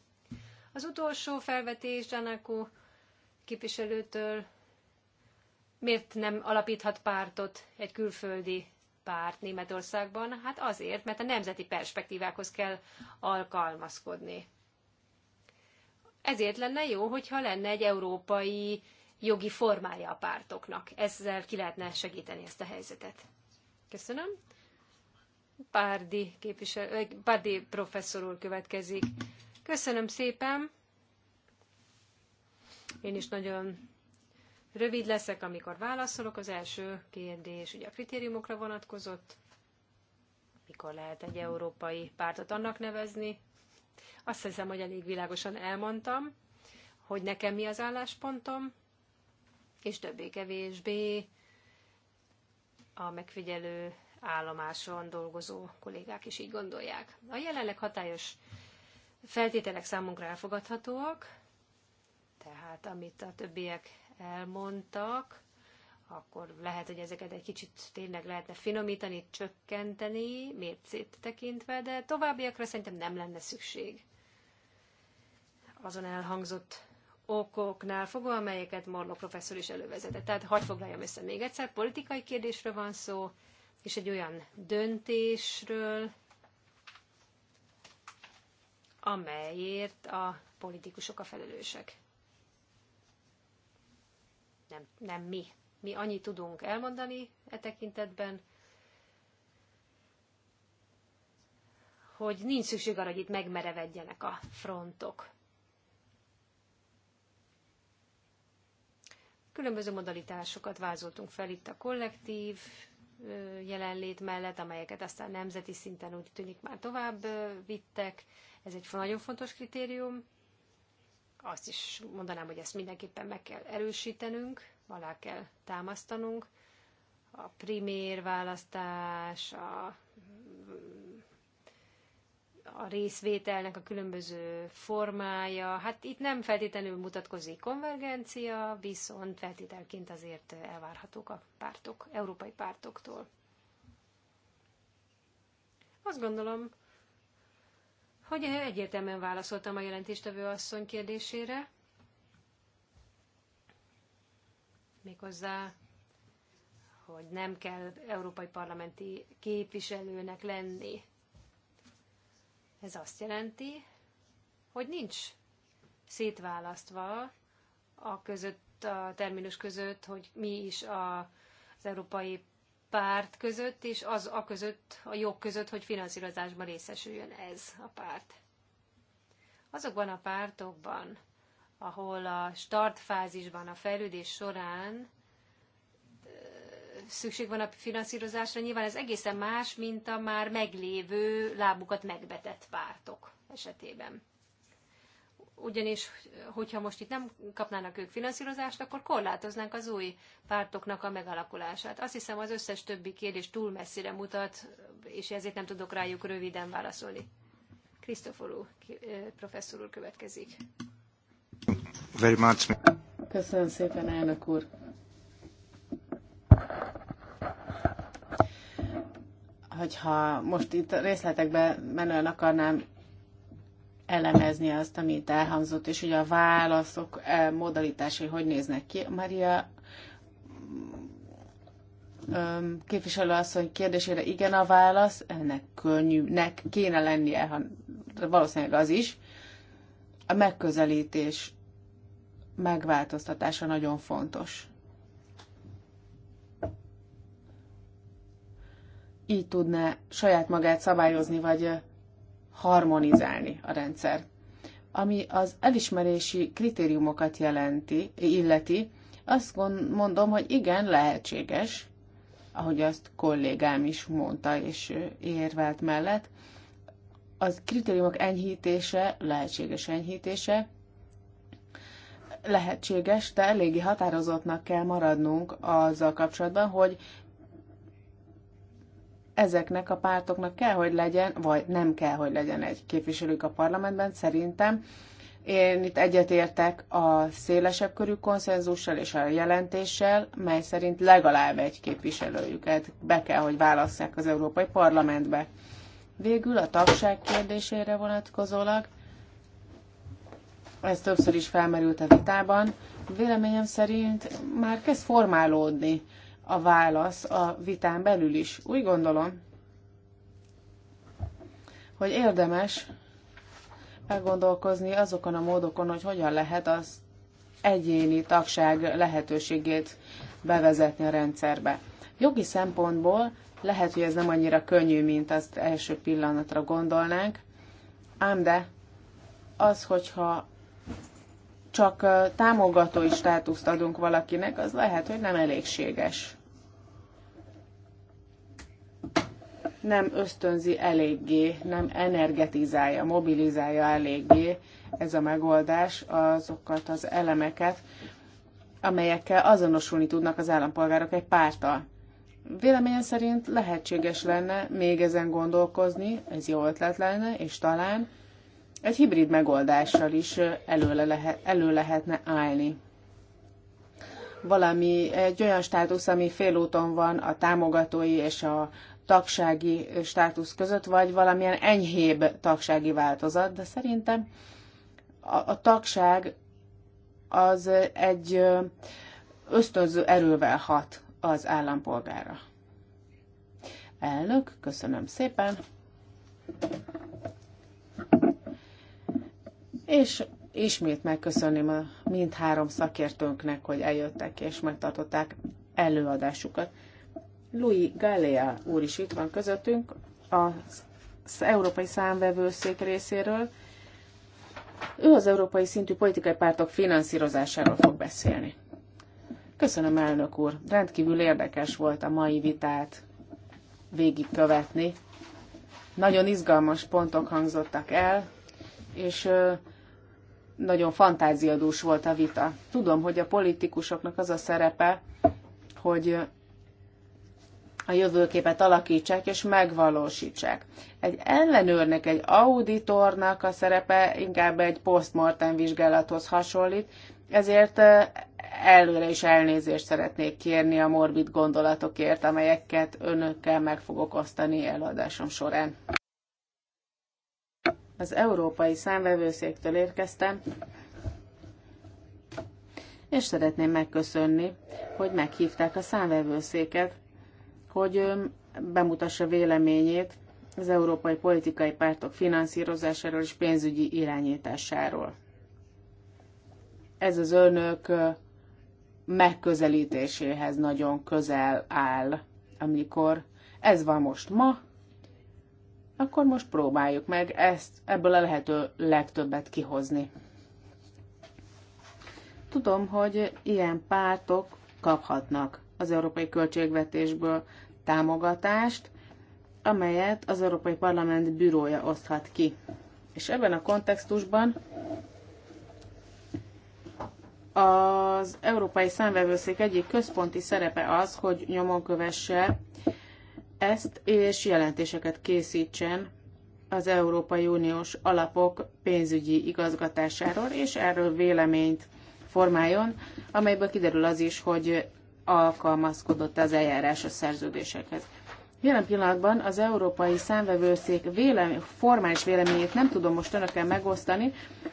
Az utolsó felvetés Giannaku képviselőtől, miért nem alapíthat pártot egy külföldi párt Németországban? Hát azért, mert a nemzeti perspektívákhoz kell alkalmazkodni. Ezért lenne jó, hogyha lenne egy európai jogi formája a pártoknak. Ezzel ki lehetne segíteni ezt a helyzetet. Köszönöm. Párdi, képviselő, Párdi professzor úr következik. Köszönöm szépen. Én is nagyon rövid leszek, amikor válaszolok. Az első kérdés ugye a kritériumokra vonatkozott. Mikor lehet egy európai pártot annak nevezni? Azt hiszem, hogy elég világosan elmondtam, hogy nekem mi az álláspontom, és többé-kevésbé a megfigyelő állomáson dolgozó kollégák is így gondolják. A jelenleg hatályos feltételek számunkra elfogadhatóak, tehát amit a többiek elmondtak, akkor lehet, hogy ezeket egy kicsit tényleg lehetne finomítani, csökkenteni, mércét tekintve, de továbbiakra szerintem nem lenne szükség. Azon elhangzott okoknál fogva, amelyeket Marló professzor is elővezetett. Tehát hagyd foglaljam össze még egyszer, politikai kérdésről van szó, és egy olyan döntésről, amelyért a politikusok a felelősek. Nem, nem mi. Mi annyit tudunk elmondani e tekintetben, hogy nincs szükség arra, hogy itt megmerevedjenek a frontok. Különböző modalitásokat vázoltunk fel itt a kollektív jelenlét mellett, amelyeket aztán nemzeti szinten úgy tűnik már tovább vittek. Ez egy nagyon fontos kritérium. Azt is mondanám, hogy ezt mindenképpen meg kell erősítenünk, alá kell támasztanunk. A primér választás, a a részvételnek a különböző formája. Hát itt nem feltétlenül mutatkozik konvergencia, viszont feltételként azért elvárhatók a pártok, európai pártoktól. Azt gondolom, hogy egyértelműen válaszoltam a jelentéstevő asszony kérdésére. Méghozzá, hogy nem kell európai parlamenti képviselőnek lenni ez azt jelenti, hogy nincs szétválasztva a között, a terminus között, hogy mi is a, az európai párt között, és az a között, a jog között, hogy finanszírozásban részesüljön ez a párt. Azokban a pártokban, ahol a startfázisban, a fejlődés során szükség van a finanszírozásra, nyilván ez egészen más, mint a már meglévő lábukat megbetett pártok esetében. Ugyanis, hogyha most itt nem kapnának ők finanszírozást, akkor korlátoznánk az új pártoknak a megalakulását. Azt hiszem, az összes többi kérdés túl messzire mutat, és ezért nem tudok rájuk röviden válaszolni. Krisztoforú eh, professzor úr következik. Very much. Köszönöm szépen, elnök úr. hogyha most itt részletekben menően akarnám elemezni azt, amit elhangzott, és ugye a válaszok eh, modalitásai hogy néznek ki. Maria képviselő asszony kérdésére igen a válasz, ennek könnyűnek kéne lennie, ha valószínűleg az is. A megközelítés megváltoztatása nagyon fontos. így tudná saját magát szabályozni, vagy harmonizálni a rendszer. Ami az elismerési kritériumokat jelenti, illeti, azt mondom, hogy igen, lehetséges, ahogy azt kollégám is mondta és érvelt mellett, az kritériumok enyhítése, lehetséges enyhítése, lehetséges, de eléggé határozottnak kell maradnunk azzal kapcsolatban, hogy ezeknek a pártoknak kell, hogy legyen, vagy nem kell, hogy legyen egy képviselők a parlamentben, szerintem. Én itt egyetértek a szélesebb körű konszenzussal és a jelentéssel, mely szerint legalább egy képviselőjüket be kell, hogy válasszák az Európai Parlamentbe. Végül a tagság kérdésére vonatkozólag, ez többször is felmerült a vitában, véleményem szerint már kezd formálódni a válasz a vitán belül is. Úgy gondolom, hogy érdemes meggondolkozni azokon a módokon, hogy hogyan lehet az egyéni tagság lehetőségét bevezetni a rendszerbe. Jogi szempontból lehet, hogy ez nem annyira könnyű, mint azt első pillanatra gondolnánk, ám de az, hogyha csak támogatói státuszt adunk valakinek, az lehet, hogy nem elégséges. nem ösztönzi eléggé, nem energetizálja, mobilizálja eléggé ez a megoldás azokat az elemeket, amelyekkel azonosulni tudnak az állampolgárok egy pártal. Véleményem szerint lehetséges lenne még ezen gondolkozni, ez jó ötlet lenne, és talán egy hibrid megoldással is elő, lehet, elő lehetne állni. Valami, egy olyan státusz, ami félúton van a támogatói és a tagsági státusz között, vagy valamilyen enyhébb tagsági változat, de szerintem a, a tagság az egy ösztönző erővel hat az állampolgára. Elnök, köszönöm szépen. És ismét megköszönném a mindhárom szakértőnknek, hogy eljöttek és megtartották előadásukat. Louis Galea úr is itt van közöttünk, az Európai Számvevőszék részéről. Ő az európai szintű politikai pártok finanszírozásáról fog beszélni. Köszönöm, elnök úr. Rendkívül érdekes volt a mai vitát végigkövetni. Nagyon izgalmas pontok hangzottak el, és nagyon fantáziadús volt a vita. Tudom, hogy a politikusoknak az a szerepe, hogy a jövőképet alakítsák és megvalósítsák. Egy ellenőrnek, egy auditornak a szerepe inkább egy postmortem vizsgálathoz hasonlít, ezért előre is elnézést szeretnék kérni a morbid gondolatokért, amelyeket önökkel meg fogok osztani előadásom során. Az Európai Számvevőszéktől érkeztem, és szeretném megköszönni, hogy meghívták a számvevőszéket, hogy bemutassa véleményét az európai politikai pártok finanszírozásáról és pénzügyi irányításáról. Ez az önök megközelítéséhez nagyon közel áll, amikor ez van most ma, akkor most próbáljuk meg ezt, ebből a lehető legtöbbet kihozni. Tudom, hogy ilyen pártok kaphatnak az európai költségvetésből támogatást, amelyet az Európai Parlament bürója oszthat ki. És ebben a kontextusban az Európai Számvevőszék egyik központi szerepe az, hogy nyomon kövesse ezt, és jelentéseket készítsen az Európai Uniós alapok pénzügyi igazgatásáról, és erről véleményt formáljon, amelyből kiderül az is, hogy alkalmazkodott az eljárásos szerződésekhez. Jelen pillanatban az Európai Számvevőszék vélem, formális véleményét nem tudom most önökkel megosztani,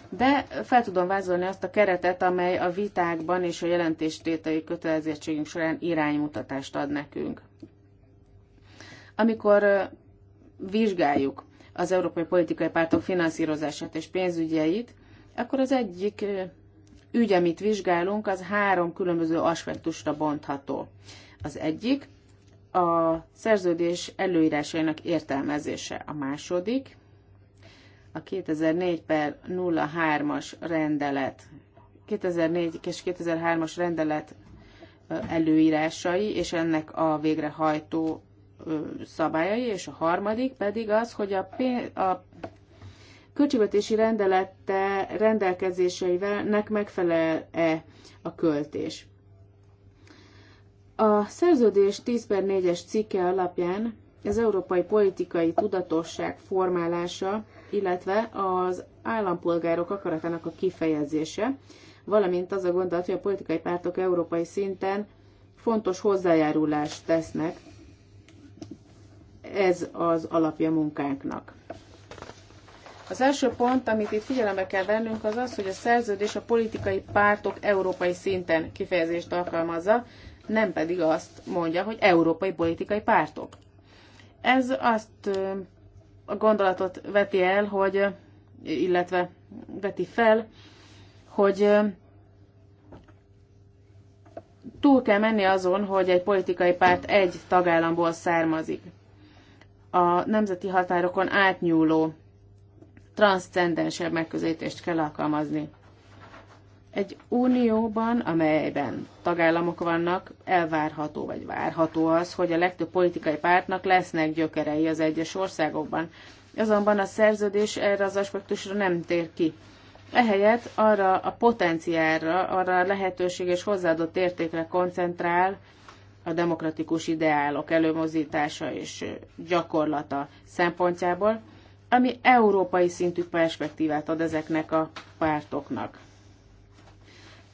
de fel tudom vázolni azt a keretet, amely a vitákban és a jelentéstételi kötelezettségünk során iránymutatást ad nekünk. Amikor vizsgáljuk az európai politikai pártok finanszírozását és pénzügyeit, akkor az egyik ügy, amit vizsgálunk, az három különböző aspektusra bontható. Az egyik a szerződés előírásainak értelmezése. A második a 2004 per 03-as rendelet, 2004 és 2003-as rendelet előírásai, és ennek a végrehajtó szabályai, és a harmadik pedig az, hogy a, a költségvetési rendelette rendelkezéseivelnek megfelel-e a költés. A szerződés 10 per 4-es cikke alapján az európai politikai tudatosság formálása, illetve az állampolgárok akaratának a kifejezése, valamint az a gondolat, hogy a politikai pártok európai szinten fontos hozzájárulást tesznek ez az alapja munkánknak. Az első pont, amit itt figyelembe kell vennünk, az az, hogy a szerződés a politikai pártok európai szinten kifejezést alkalmazza, nem pedig azt mondja, hogy európai politikai pártok. Ez azt a gondolatot veti el, hogy, illetve veti fel, hogy túl kell menni azon, hogy egy politikai párt egy tagállamból származik. A nemzeti határokon átnyúló transzcendensebb megközelítést kell alkalmazni. Egy unióban, amelyben tagállamok vannak, elvárható vagy várható az, hogy a legtöbb politikai pártnak lesznek gyökerei az egyes országokban. Azonban a szerződés erre az aspektusra nem tér ki. Ehelyett arra a potenciálra, arra a lehetőség és hozzáadott értékre koncentrál a demokratikus ideálok előmozítása és gyakorlata szempontjából, ami európai szintű perspektívát ad ezeknek a pártoknak.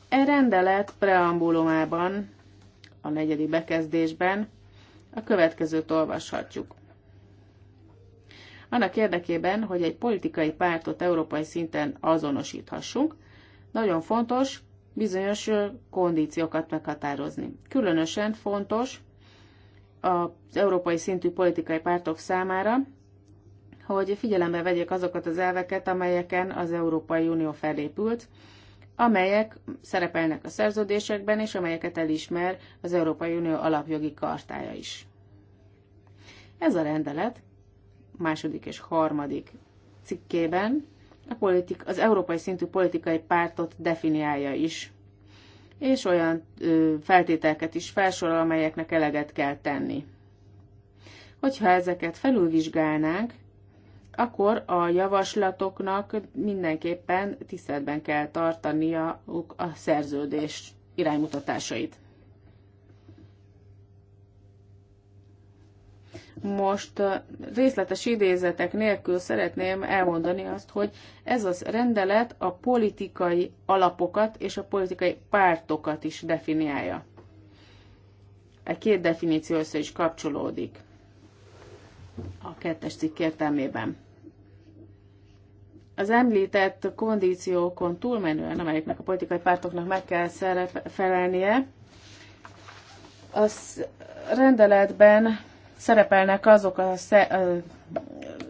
E rendelet preambulumában, a negyedik bekezdésben a következőt olvashatjuk. Annak érdekében, hogy egy politikai pártot európai szinten azonosíthassunk, nagyon fontos bizonyos kondíciókat meghatározni. Különösen fontos az európai szintű politikai pártok számára, hogy figyelembe vegyék azokat az elveket, amelyeken az Európai Unió felépült, amelyek szerepelnek a szerződésekben, és amelyeket elismer az Európai Unió alapjogi kartája is. Ez a rendelet második és harmadik cikkében a politik, az európai szintű politikai pártot definiálja is, és olyan ö, feltételeket is felsorol, amelyeknek eleget kell tenni. Hogyha ezeket felülvizsgálnánk, akkor a javaslatoknak mindenképpen tiszteletben kell tartania a szerződés iránymutatásait. Most részletes idézetek nélkül szeretném elmondani azt, hogy ez az rendelet a politikai alapokat és a politikai pártokat is definiálja. E két definíció össze is kapcsolódik a kettes cikk értelmében. Az említett kondíciókon túlmenően, amelyeknek a politikai pártoknak meg kell felelnie, az rendeletben szerepelnek azok a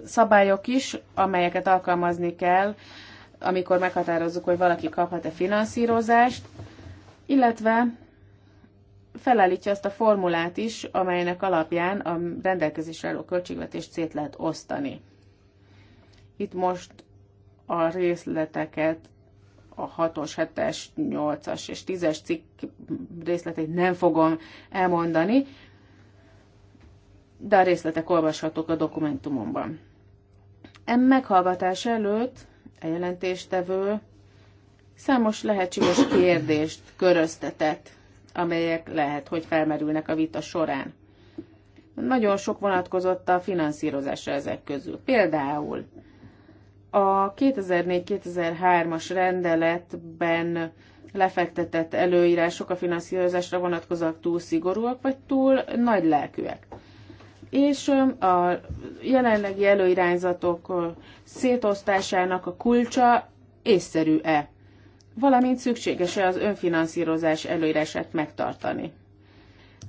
szabályok is, amelyeket alkalmazni kell, amikor meghatározzuk, hogy valaki kaphat-e finanszírozást, illetve felállítja azt a formulát is, amelynek alapján a rendelkezésre álló költségvetést szét lehet osztani. Itt most a részleteket a 6-os, 7-es, 8-as és 10-es cikk részleteit nem fogom elmondani, de a részletek olvashatók a dokumentumomban. Em meghallgatás előtt a jelentéstevő számos lehetséges kérdést köröztetett amelyek lehet, hogy felmerülnek a vita során. Nagyon sok vonatkozott a finanszírozásra ezek közül. Például a 2004-2003-as rendeletben lefektetett előírások a finanszírozásra vonatkozóak túl szigorúak, vagy túl nagy lelkűek. És a jelenlegi előirányzatok szétosztásának a kulcsa észszerű-e? valamint szükséges-e az önfinanszírozás előírását megtartani.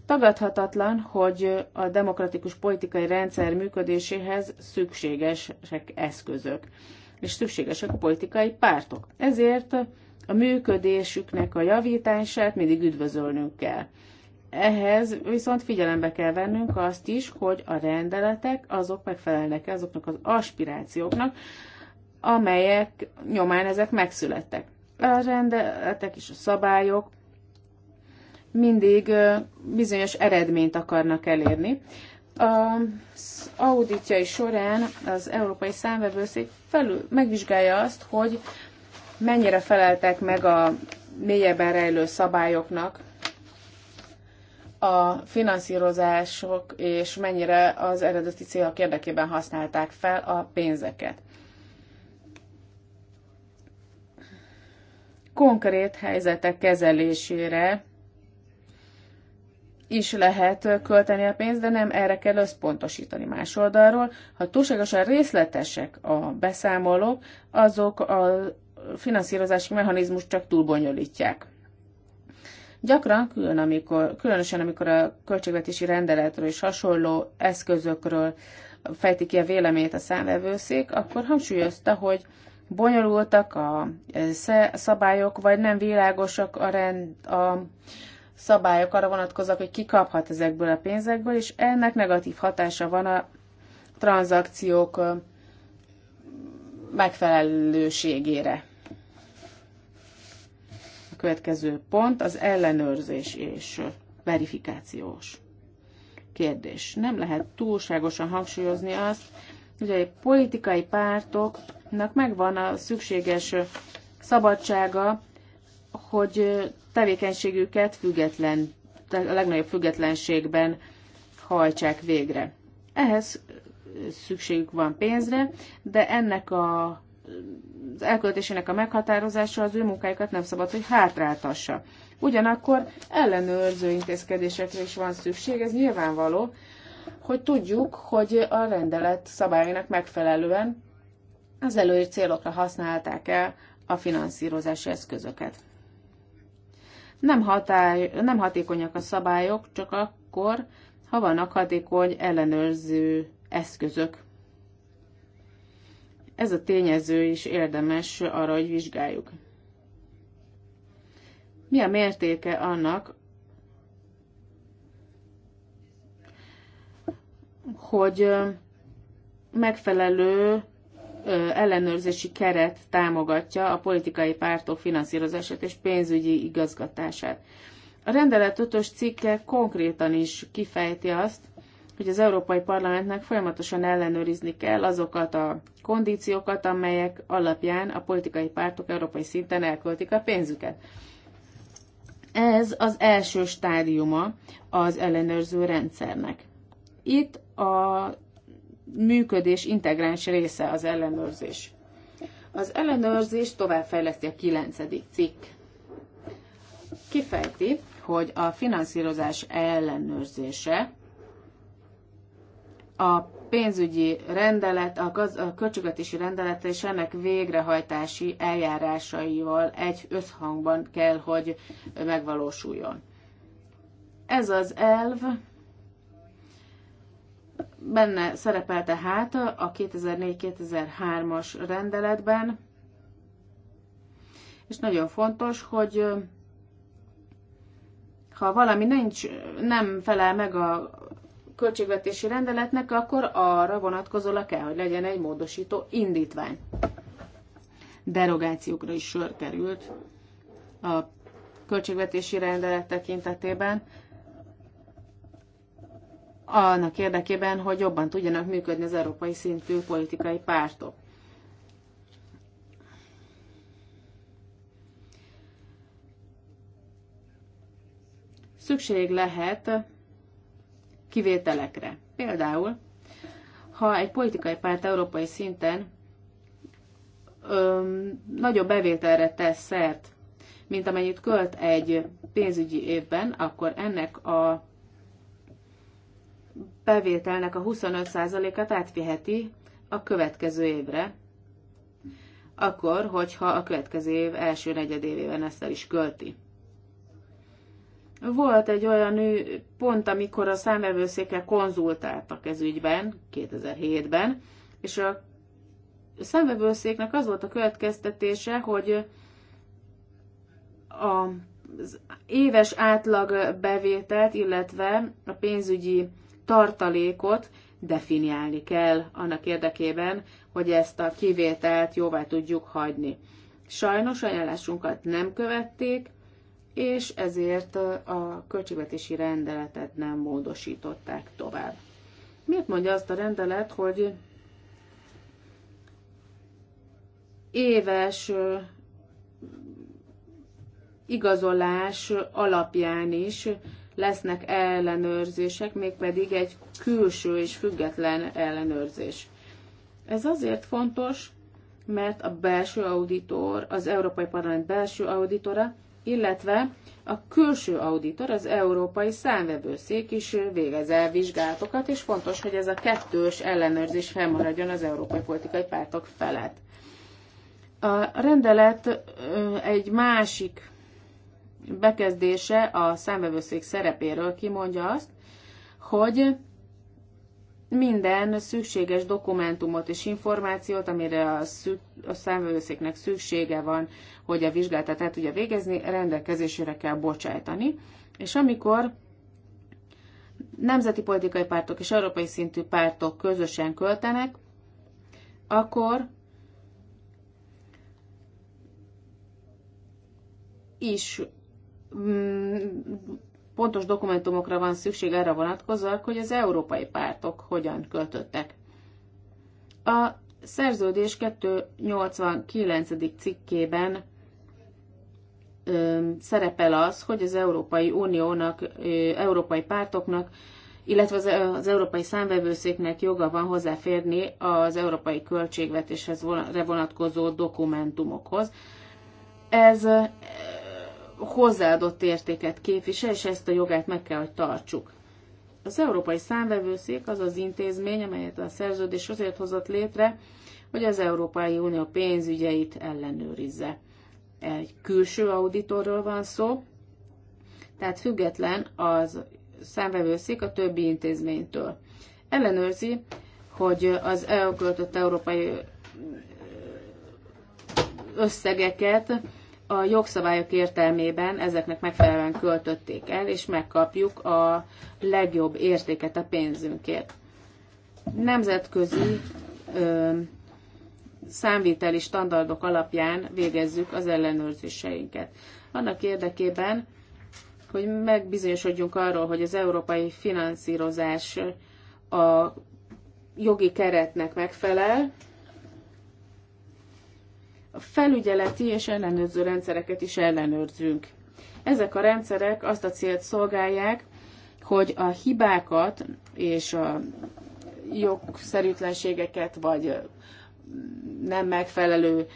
Tagadhatatlan, hogy a demokratikus politikai rendszer működéséhez szükségesek eszközök, és szükségesek a politikai pártok. Ezért a működésüknek a javítását mindig üdvözölnünk kell. Ehhez viszont figyelembe kell vennünk azt is, hogy a rendeletek azok megfelelnek azoknak az aspirációknak, amelyek nyomán ezek megszülettek a rendeletek és a szabályok mindig bizonyos eredményt akarnak elérni. Az auditjai során az Európai Számvevőszék felül megvizsgálja azt, hogy mennyire feleltek meg a mélyebben rejlő szabályoknak, a finanszírozások, és mennyire az eredeti célok érdekében használták fel a pénzeket. konkrét helyzetek kezelésére is lehet költeni a pénzt, de nem erre kell összpontosítani más oldalról. Ha túlságosan részletesek a beszámolók, azok a finanszírozási mechanizmus csak túlbonyolítják. Gyakran, külön, amikor, különösen amikor a költségvetési rendeletről és hasonló eszközökről fejti ki a véleményét a számvevőszék, akkor hangsúlyozta, hogy bonyolultak a e, szabályok, vagy nem világosak a, rend, a szabályok arra vonatkoznak, hogy ki kaphat ezekből a pénzekből, és ennek negatív hatása van a tranzakciók e, megfelelőségére. A következő pont az ellenőrzés és verifikációs kérdés. Nem lehet túlságosan hangsúlyozni azt, hogy a politikai pártok alapnak megvan a szükséges szabadsága, hogy tevékenységüket független, a legnagyobb függetlenségben hajtsák végre. Ehhez szükségük van pénzre, de ennek a, az elköltésének a meghatározása az ő munkáikat nem szabad, hogy hátráltassa. Ugyanakkor ellenőrző intézkedésekre is van szükség, ez nyilvánvaló, hogy tudjuk, hogy a rendelet szabályainak megfelelően az előírt célokra használták el a finanszírozási eszközöket. Nem, hatály, nem hatékonyak a szabályok, csak akkor, ha vannak hatékony ellenőrző eszközök. Ez a tényező is érdemes arra, hogy vizsgáljuk. Mi a mértéke annak, hogy megfelelő ellenőrzési keret támogatja a politikai pártok finanszírozását és pénzügyi igazgatását. A rendelet ötös cikke konkrétan is kifejti azt, hogy az Európai Parlamentnek folyamatosan ellenőrizni kell azokat a kondíciókat, amelyek alapján a politikai pártok európai szinten elköltik a pénzüket. Ez az első stádiuma az ellenőrző rendszernek. Itt a működés integráns része az ellenőrzés. Az ellenőrzés továbbfejleszti a 9. cikk. Kifejti, hogy a finanszírozás ellenőrzése a pénzügyi rendelet, a, gaz, a költségvetési rendelet és ennek végrehajtási eljárásaival egy összhangban kell, hogy megvalósuljon. Ez az elv Benne szerepel tehát a 2004-2003-as rendeletben, és nagyon fontos, hogy ha valami nincs, nem felel meg a költségvetési rendeletnek, akkor arra vonatkozóla kell, hogy legyen egy módosító indítvány. Derogációkra is sör került a költségvetési rendelet tekintetében, annak érdekében, hogy jobban tudjanak működni az európai szintű politikai pártok. Szükség lehet kivételekre. Például, ha egy politikai párt európai szinten öm, nagyobb bevételre tesz szert, mint amennyit költ egy pénzügyi évben, akkor ennek a bevételnek a 25%-át átviheti a következő évre, akkor, hogyha a következő év első negyedévében ezt el is költi. Volt egy olyan pont, amikor a számvevőszékkel konzultáltak ez ügyben, 2007-ben, és a számvevőszéknek az volt a következtetése, hogy az éves átlag bevételt, illetve a pénzügyi tartalékot definiálni kell annak érdekében, hogy ezt a kivételt jóvá tudjuk hagyni. Sajnos ajánlásunkat nem követték, és ezért a költségvetési rendeletet nem módosították tovább. Miért mondja azt a rendelet, hogy éves igazolás alapján is lesznek ellenőrzések, mégpedig egy külső és független ellenőrzés. Ez azért fontos, mert a belső auditor, az Európai Parlament belső auditora, illetve a külső auditor, az Európai Számvevőszék is végez el vizsgálatokat, és fontos, hogy ez a kettős ellenőrzés felmaradjon az európai politikai pártok felett. A rendelet egy másik bekezdése a számvevőszék szerepéről kimondja azt, hogy minden szükséges dokumentumot és információt, amire a, szük, a számvevőszéknek szüksége van, hogy a vizsgálatát el tudja végezni, rendelkezésére kell bocsájtani. És amikor nemzeti politikai pártok és európai szintű pártok közösen költenek, akkor is Mm, pontos dokumentumokra van szükség erre vonatkozóak, hogy az európai pártok hogyan költöttek. A szerződés 289. cikkében ö, szerepel az, hogy az Európai Uniónak, ö, európai pártoknak, illetve az, az Európai Számvevőszéknek joga van hozzáférni az európai költségvetéshez vonatkozó dokumentumokhoz. Ez hozzáadott értéket képvisel, és ezt a jogát meg kell, hogy tartsuk. Az Európai Számvevőszék az az intézmény, amelyet a szerződés azért hozott létre, hogy az Európai Unió pénzügyeit ellenőrizze. Egy külső auditorról van szó, tehát független az számvevőszék a többi intézménytől. Ellenőrzi, hogy az elköltött európai összegeket a jogszabályok értelmében ezeknek megfelelően költötték el, és megkapjuk a legjobb értéket a pénzünkért. Nemzetközi ö, számviteli standardok alapján végezzük az ellenőrzéseinket. Annak érdekében, hogy megbizonyosodjunk arról, hogy az európai finanszírozás a jogi keretnek megfelel, felügyeleti és ellenőrző rendszereket is ellenőrzünk. Ezek a rendszerek azt a célt szolgálják, hogy a hibákat és a jogszerűtlenségeket vagy nem megfelelő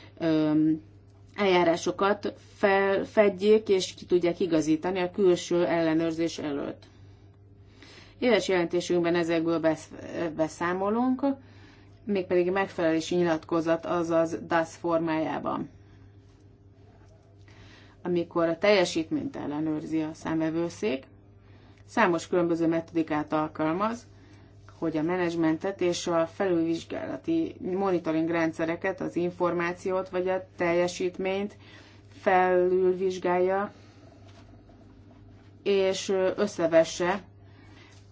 eljárásokat felfedjék és ki tudják igazítani a külső ellenőrzés előtt. Éves jelentésünkben ezekből beszámolunk, mégpedig megfelelési nyilatkozat, azaz DAS formájában. Amikor a teljesítményt ellenőrzi a számvevőszék, számos különböző metodikát alkalmaz, hogy a menedzsmentet és a felülvizsgálati monitoring rendszereket, az információt vagy a teljesítményt felülvizsgálja, és összevesse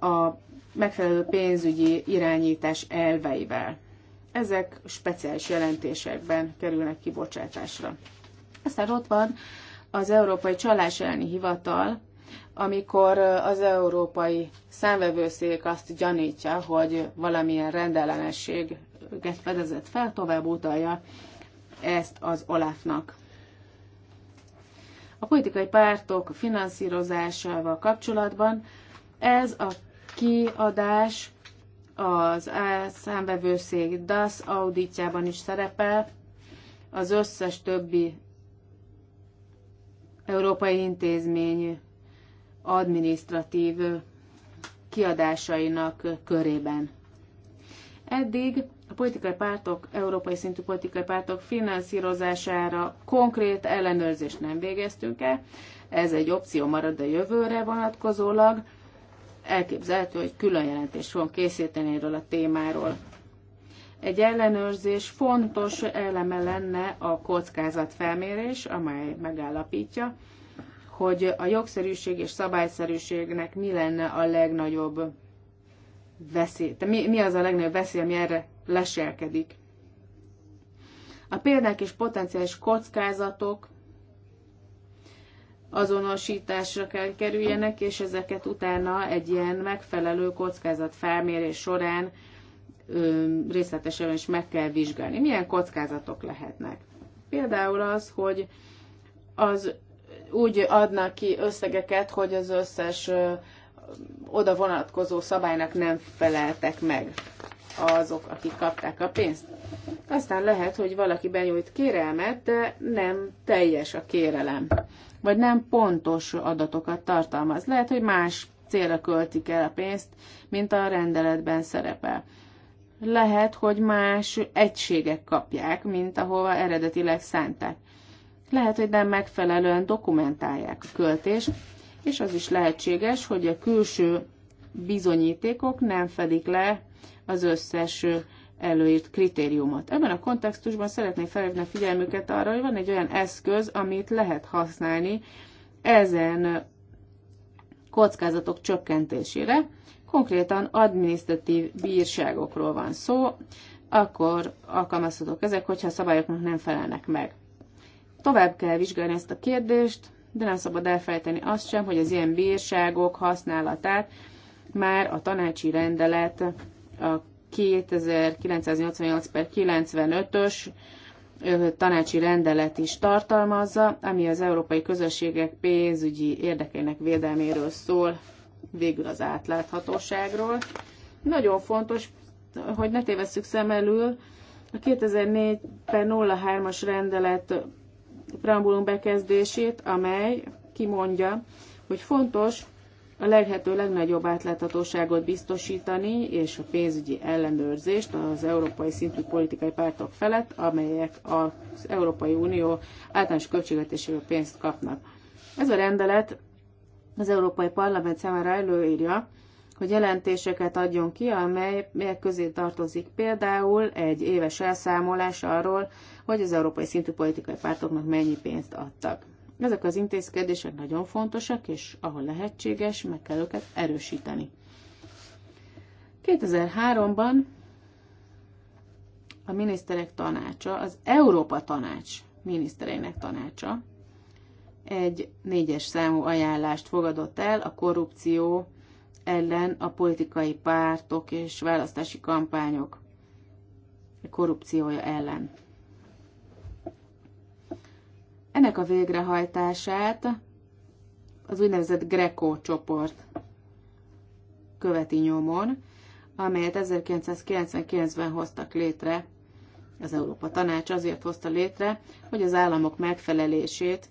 a megfelelő pénzügyi irányítás elveivel. Ezek speciális jelentésekben kerülnek kibocsátásra. Aztán ott van az Európai Csalás elleni Hivatal, amikor az Európai Számvevőszék azt gyanítja, hogy valamilyen rendellenességet fedezett fel, tovább utalja ezt az Olafnak. A politikai pártok finanszírozásával kapcsolatban ez a kiadás az számbevőszék DAS auditjában is szerepel, az összes többi európai intézmény adminisztratív kiadásainak körében. Eddig a politikai pártok, európai szintű politikai pártok finanszírozására konkrét ellenőrzést nem végeztünk el. Ez egy opció marad a jövőre vonatkozólag, elképzelhető, hogy külön jelentést fogunk készíteni erről a témáról. Egy ellenőrzés fontos eleme lenne a kockázatfelmérés, amely megállapítja, hogy a jogszerűség és szabályszerűségnek mi lenne a legnagyobb veszély. tehát mi, mi az a legnagyobb veszély, ami erre leselkedik? A példák és potenciális kockázatok azonosításra kell kerüljenek, és ezeket utána egy ilyen megfelelő felmérés során részletesen is meg kell vizsgálni. Milyen kockázatok lehetnek? Például az, hogy az úgy adnak ki összegeket, hogy az összes ö, oda vonatkozó szabálynak nem feleltek meg azok, akik kapták a pénzt. Aztán lehet, hogy valaki benyújt kérelmet, de nem teljes a kérelem vagy nem pontos adatokat tartalmaz. Lehet, hogy más célra költik el a pénzt, mint a rendeletben szerepel. Lehet, hogy más egységek kapják, mint ahova eredetileg szánták. Lehet, hogy nem megfelelően dokumentálják a költést, és az is lehetséges, hogy a külső bizonyítékok nem fedik le az összes előírt kritériumot. Ebben a kontextusban szeretném felhívni a figyelmüket arra, hogy van egy olyan eszköz, amit lehet használni ezen kockázatok csökkentésére. Konkrétan adminisztratív bírságokról van szó, akkor alkalmazhatók ezek, hogyha a szabályoknak nem felelnek meg. Tovább kell vizsgálni ezt a kérdést, de nem szabad elfelejteni azt sem, hogy az ilyen bírságok használatát már a tanácsi rendelet a 2988 per 95-ös tanácsi rendelet is tartalmazza, ami az európai közösségek pénzügyi érdekeinek védelméről szól, végül az átláthatóságról. Nagyon fontos, hogy ne tévesszük szem elől, a 2004 per 03-as rendelet preambulum bekezdését, amely kimondja, hogy fontos, a lehető legnagyobb átláthatóságot biztosítani, és a pénzügyi ellenőrzést az európai szintű politikai pártok felett, amelyek az Európai Unió általános költségvetéséből pénzt kapnak. Ez a rendelet az Európai Parlament számára előírja, hogy jelentéseket adjon ki, amelyek közé tartozik például egy éves elszámolás arról, hogy az európai szintű politikai pártoknak mennyi pénzt adtak. Ezek az intézkedések nagyon fontosak, és ahol lehetséges, meg kell őket erősíteni. 2003-ban a miniszterek tanácsa, az Európa tanács minisztereinek tanácsa egy négyes számú ajánlást fogadott el a korrupció ellen a politikai pártok és választási kampányok korrupciója ellen. Ennek a végrehajtását az úgynevezett Greco csoport követi nyomon, amelyet 1999-ben hoztak létre, az Európa Tanács azért hozta létre, hogy az államok megfelelését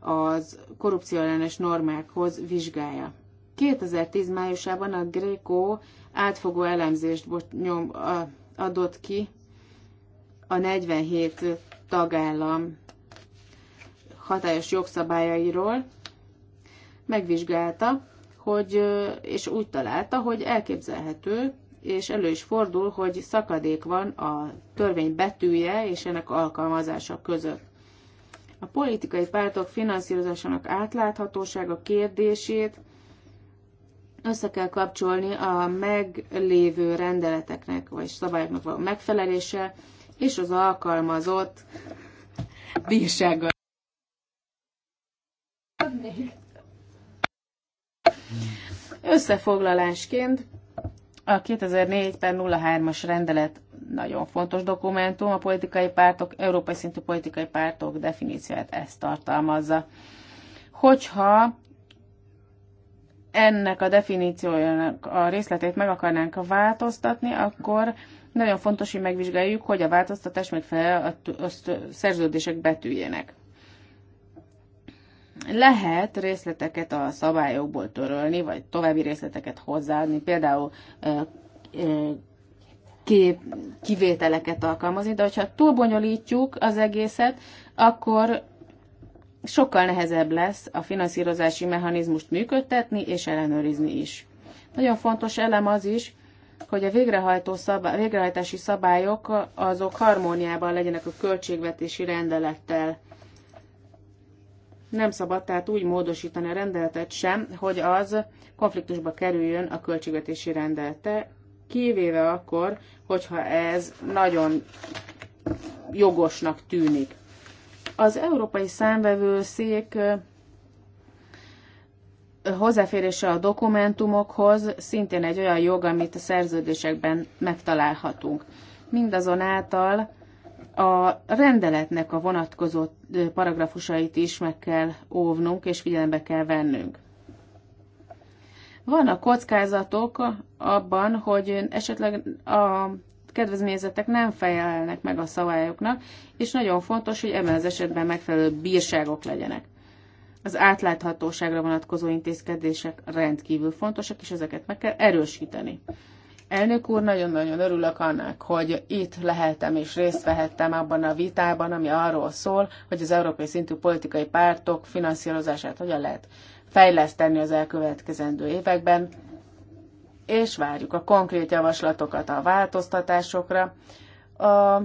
az korrupcióellenes normákhoz vizsgálja. 2010 májusában a Greco átfogó elemzést nyom, adott ki a 47 tagállam hatályos jogszabályairól, megvizsgálta, hogy, és úgy találta, hogy elképzelhető, és elő is fordul, hogy szakadék van a törvény betűje és ennek alkalmazása között. A politikai pártok finanszírozásának átláthatósága kérdését össze kell kapcsolni a meglévő rendeleteknek vagy szabályoknak való megfelelése és az alkalmazott bírsággal. Összefoglalásként a 2004-ben 03-as rendelet nagyon fontos dokumentum, a politikai pártok, európai szintű politikai pártok definícióját ezt tartalmazza. Hogyha ennek a definíciójának a részletét meg akarnánk változtatni, akkor nagyon fontos, hogy megvizsgáljuk, hogy a változtatás megfelel a szerződések betűjének lehet részleteket a szabályokból törölni, vagy további részleteket hozzáadni, például kép, kivételeket alkalmazni, de hogyha túl bonyolítjuk az egészet, akkor sokkal nehezebb lesz a finanszírozási mechanizmust működtetni és ellenőrizni is. Nagyon fontos elem az is, hogy a végrehajtó szabály, végrehajtási szabályok azok harmóniában legyenek a költségvetési rendelettel nem szabad tehát úgy módosítani a rendeletet sem, hogy az konfliktusba kerüljön a költségvetési rendelete, kivéve akkor, hogyha ez nagyon jogosnak tűnik. Az Európai Számvevőszék hozzáférése a dokumentumokhoz szintén egy olyan jog, amit a szerződésekben megtalálhatunk. Mindazonáltal a rendeletnek a vonatkozó paragrafusait is meg kell óvnunk és figyelembe kell vennünk. Vannak kockázatok abban, hogy esetleg a kedvezményezetek nem felelnek meg a szabályoknak, és nagyon fontos, hogy ebben az esetben megfelelő bírságok legyenek. Az átláthatóságra vonatkozó intézkedések rendkívül fontosak, és ezeket meg kell erősíteni. Elnök úr, nagyon-nagyon örülök annak, hogy itt lehettem és részt vehettem abban a vitában, ami arról szól, hogy az európai szintű politikai pártok finanszírozását hogyan lehet fejleszteni az elkövetkezendő években, és várjuk a konkrét javaslatokat a változtatásokra. A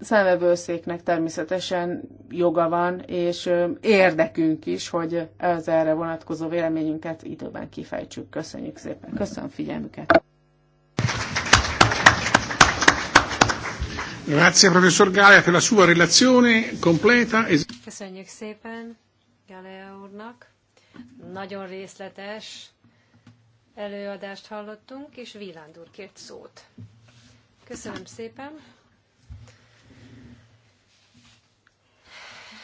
szemvevőszéknek természetesen joga van, és érdekünk is, hogy az erre vonatkozó véleményünket időben kifejtsük. Köszönjük szépen. Köszönöm figyelmüket. Grazie professor Galea per la sua relazione completa. E- Köszönjük szépen Galea úrnak. Nagyon részletes előadást hallottunk, és Víland úr kért szót. Köszönöm szépen.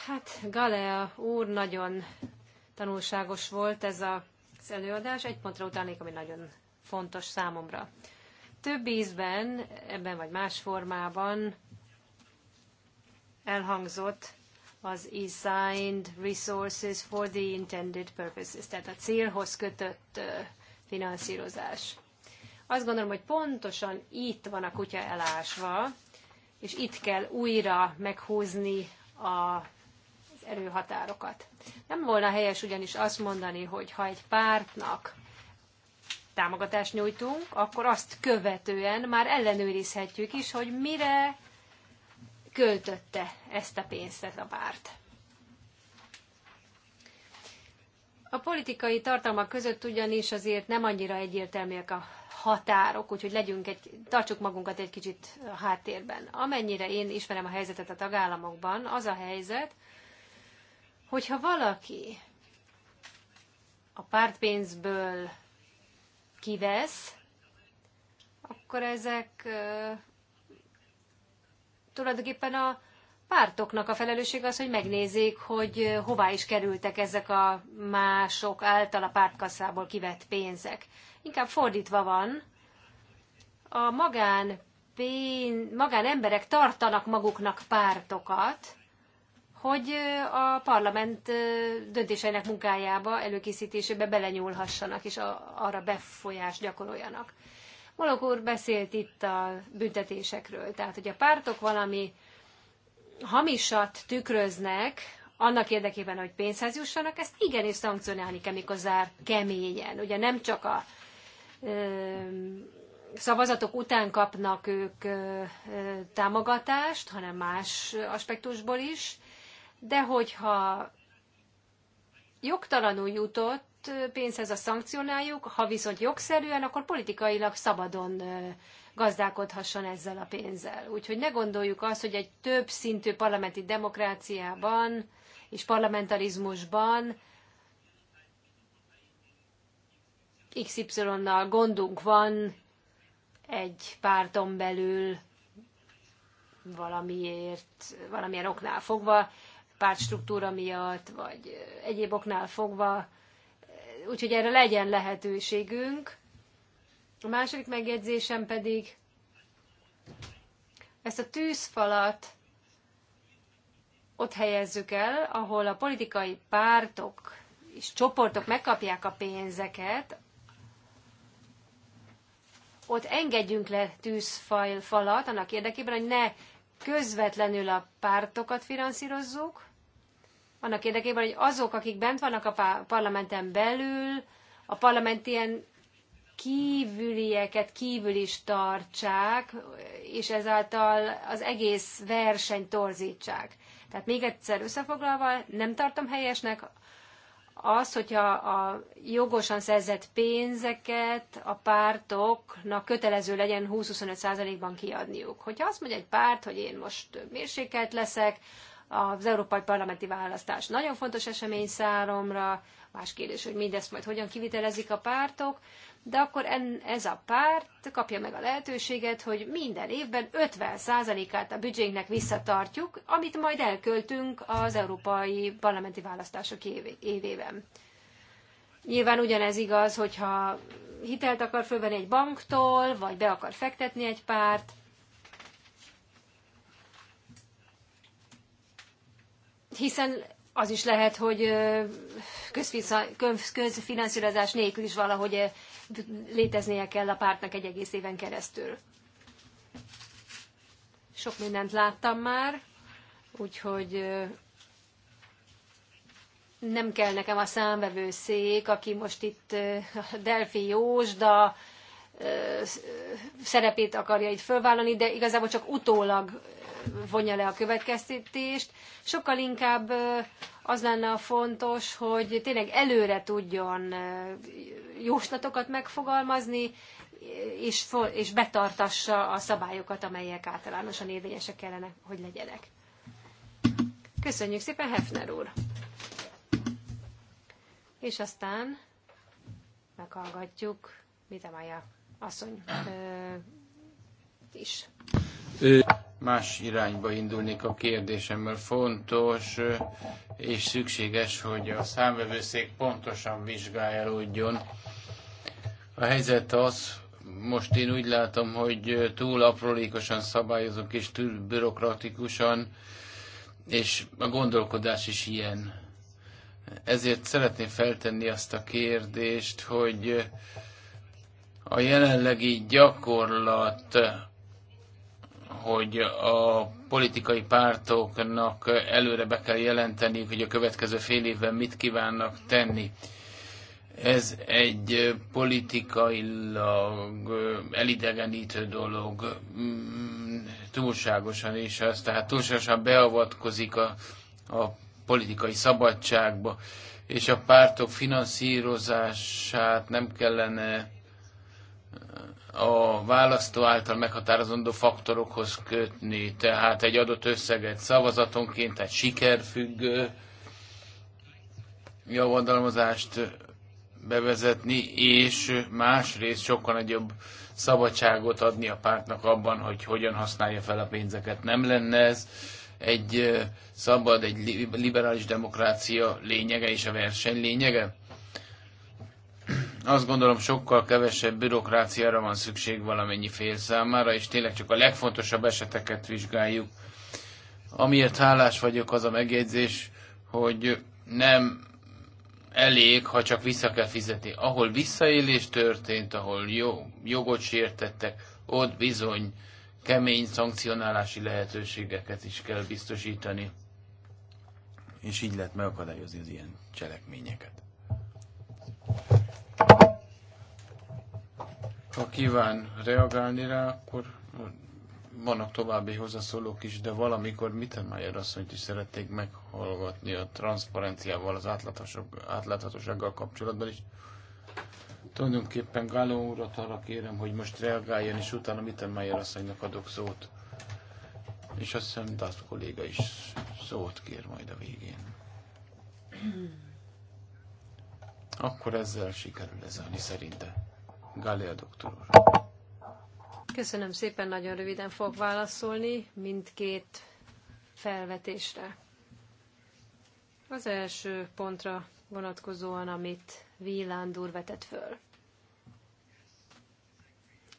Hát Galea úr nagyon tanulságos volt ez az előadás. Egy pontra utalnék, ami nagyon fontos számomra több ízben, ebben vagy más formában elhangzott az assigned resources for the intended purposes, tehát a célhoz kötött finanszírozás. Azt gondolom, hogy pontosan itt van a kutya elásva, és itt kell újra meghúzni a erőhatárokat. Nem volna helyes ugyanis azt mondani, hogy ha egy pártnak támogatást nyújtunk, akkor azt követően már ellenőrizhetjük is, hogy mire költötte ezt a pénzt ez a párt. A politikai tartalmak között ugyanis azért nem annyira egyértelműek a határok, úgyhogy legyünk egy, tartsuk magunkat egy kicsit a háttérben. Amennyire én ismerem a helyzetet a tagállamokban, az a helyzet, hogyha valaki a pártpénzből kivesz, akkor ezek tulajdonképpen a pártoknak a felelősség az, hogy megnézzék, hogy hová is kerültek ezek a mások által a pártkasszából kivett pénzek. Inkább fordítva van, a magán, pén, magán emberek tartanak maguknak pártokat, hogy a parlament döntéseinek munkájába, előkészítésébe belenyúlhassanak, és a, arra befolyást gyakoroljanak. Malok úr beszélt itt a büntetésekről, tehát hogy a pártok valami hamisat tükröznek, annak érdekében, hogy pénzhez jussanak, ezt igenis szankcionálni kell, miközár keményen. Ugye nem csak a ö, szavazatok után kapnak ők ö, ö, támogatást, hanem más aspektusból is, de hogyha jogtalanul jutott pénzhez a szankcionáljuk, ha viszont jogszerűen, akkor politikailag szabadon gazdálkodhasson ezzel a pénzzel. Úgyhogy ne gondoljuk azt, hogy egy több szintű parlamenti demokráciában és parlamentarizmusban XY-nal gondunk van egy párton belül valamiért, valamilyen oknál fogva, pártstruktúra miatt, vagy egyéb oknál fogva. Úgyhogy erre legyen lehetőségünk. A második megjegyzésem pedig ezt a tűzfalat ott helyezzük el, ahol a politikai pártok és csoportok megkapják a pénzeket, ott engedjünk le tűzfalat, falat annak érdekében, hogy ne közvetlenül a pártokat finanszírozzuk, annak érdekében, hogy azok, akik bent vannak a parlamenten belül, a parlament ilyen kívülieket kívül is tartsák, és ezáltal az egész verseny torzítsák. Tehát még egyszer összefoglalva, nem tartom helyesnek az, hogyha a jogosan szerzett pénzeket a pártoknak kötelező legyen 20-25%-ban kiadniuk. Hogyha azt mondja egy párt, hogy én most mérsékelt leszek, az európai parlamenti választás nagyon fontos esemény számomra, más kérdés, hogy mindezt majd hogyan kivitelezik a pártok, de akkor en, ez a párt kapja meg a lehetőséget, hogy minden évben 50%-át a büdzsénknek visszatartjuk, amit majd elköltünk az európai parlamenti választások évében. Nyilván ugyanez igaz, hogyha hitelt akar fölvenni egy banktól, vagy be akar fektetni egy párt, hiszen az is lehet, hogy közfinanszírozás nélkül is valahogy léteznie kell a pártnak egy egész éven keresztül. Sok mindent láttam már, úgyhogy nem kell nekem a számvevőszék, aki most itt Delfi Jósda szerepét akarja itt fölvállalni, de igazából csak utólag vonja le a következtetést. Sokkal inkább az lenne a fontos, hogy tényleg előre tudjon jóslatokat megfogalmazni, és, és betartassa a szabályokat, amelyek általánosan érvényesek kellene, hogy legyenek. Köszönjük szépen, Hefner úr! És aztán meghallgatjuk Mitemája asszony ö, is más irányba indulnék a kérdésemmel. Fontos eh, és szükséges, hogy a számvevőszék pontosan vizsgálódjon. A helyzet az, most én úgy látom, hogy eh, túl aprólékosan szabályozunk, és túl bürokratikusan, és a gondolkodás is ilyen. Ezért szeretném feltenni azt a kérdést, hogy eh, a jelenlegi gyakorlat hogy a politikai pártoknak előre be kell jelenteni, hogy a következő fél évben mit kívánnak tenni. Ez egy politikailag elidegenítő dolog, mm, túlságosan is az, tehát túlságosan beavatkozik a, a politikai szabadságba, és a pártok finanszírozását nem kellene a választó által meghatározandó faktorokhoz kötni, tehát egy adott összeget szavazatonként, tehát sikerfüggő javadalmazást bevezetni, és másrészt sokkal nagyobb szabadságot adni a pártnak abban, hogy hogyan használja fel a pénzeket. Nem lenne ez egy szabad, egy liberális demokrácia lényege és a verseny lényege? Azt gondolom, sokkal kevesebb bürokráciára van szükség valamennyi fél számára, és tényleg csak a legfontosabb eseteket vizsgáljuk. Amiért hálás vagyok, az a megjegyzés, hogy nem elég, ha csak vissza kell fizetni. Ahol visszaélés történt, ahol jó, jogot sértettek, ott bizony kemény szankcionálási lehetőségeket is kell biztosítani. És így lehet megakadályozni az ilyen cselekményeket. Ha kíván reagálni rá, akkor vannak további hozzászólók is, de valamikor Mittermeier asszonyt is szerették meghallgatni a transzparenciával, az átláthatósággal kapcsolatban is. Tulajdonképpen Gáló urat arra kérem, hogy most reagáljon, és utána Mittermeier asszonynak adok szót. És azt hiszem, Dász kolléga is szót kér majd a végén. Akkor ezzel sikerül ez a szerintem. Galea doktor úr. Köszönöm szépen, nagyon röviden fog válaszolni mindkét felvetésre. Az első pontra vonatkozóan, amit Víland úr vetett föl.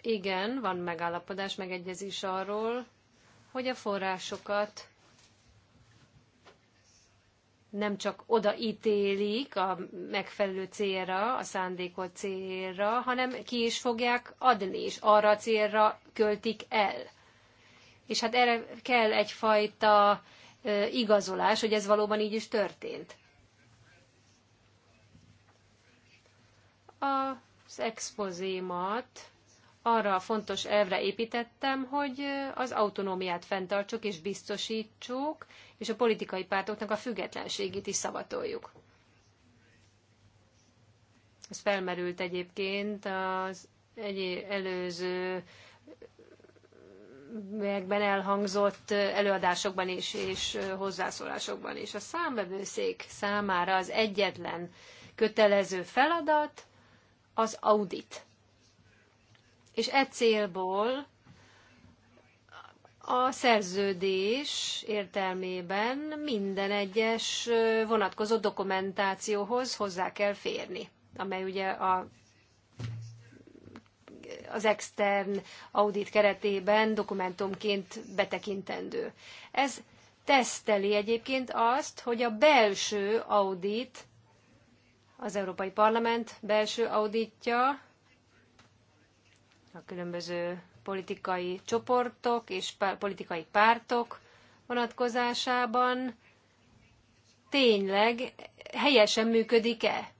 Igen, van megállapodás, megegyezés arról, hogy a forrásokat nem csak odaítélik a megfelelő célra, a szándékolt célra, hanem ki is fogják adni, és arra a célra költik el. És hát erre kell egyfajta igazolás, hogy ez valóban így is történt. Az expozémat arra a fontos elvre építettem, hogy az autonómiát fenntartsuk és biztosítsuk, és a politikai pártoknak a függetlenségét is szavatoljuk. Ez felmerült egyébként az egy előző megben elhangzott előadásokban is, és hozzászólásokban is. A számbevőszék számára az egyetlen kötelező feladat az audit és e célból a szerződés értelmében minden egyes vonatkozó dokumentációhoz hozzá kell férni, amely ugye a, az extern audit keretében dokumentumként betekintendő. Ez teszteli egyébként azt, hogy a belső audit, az Európai Parlament belső auditja a különböző politikai csoportok és politikai pártok vonatkozásában tényleg helyesen működik-e?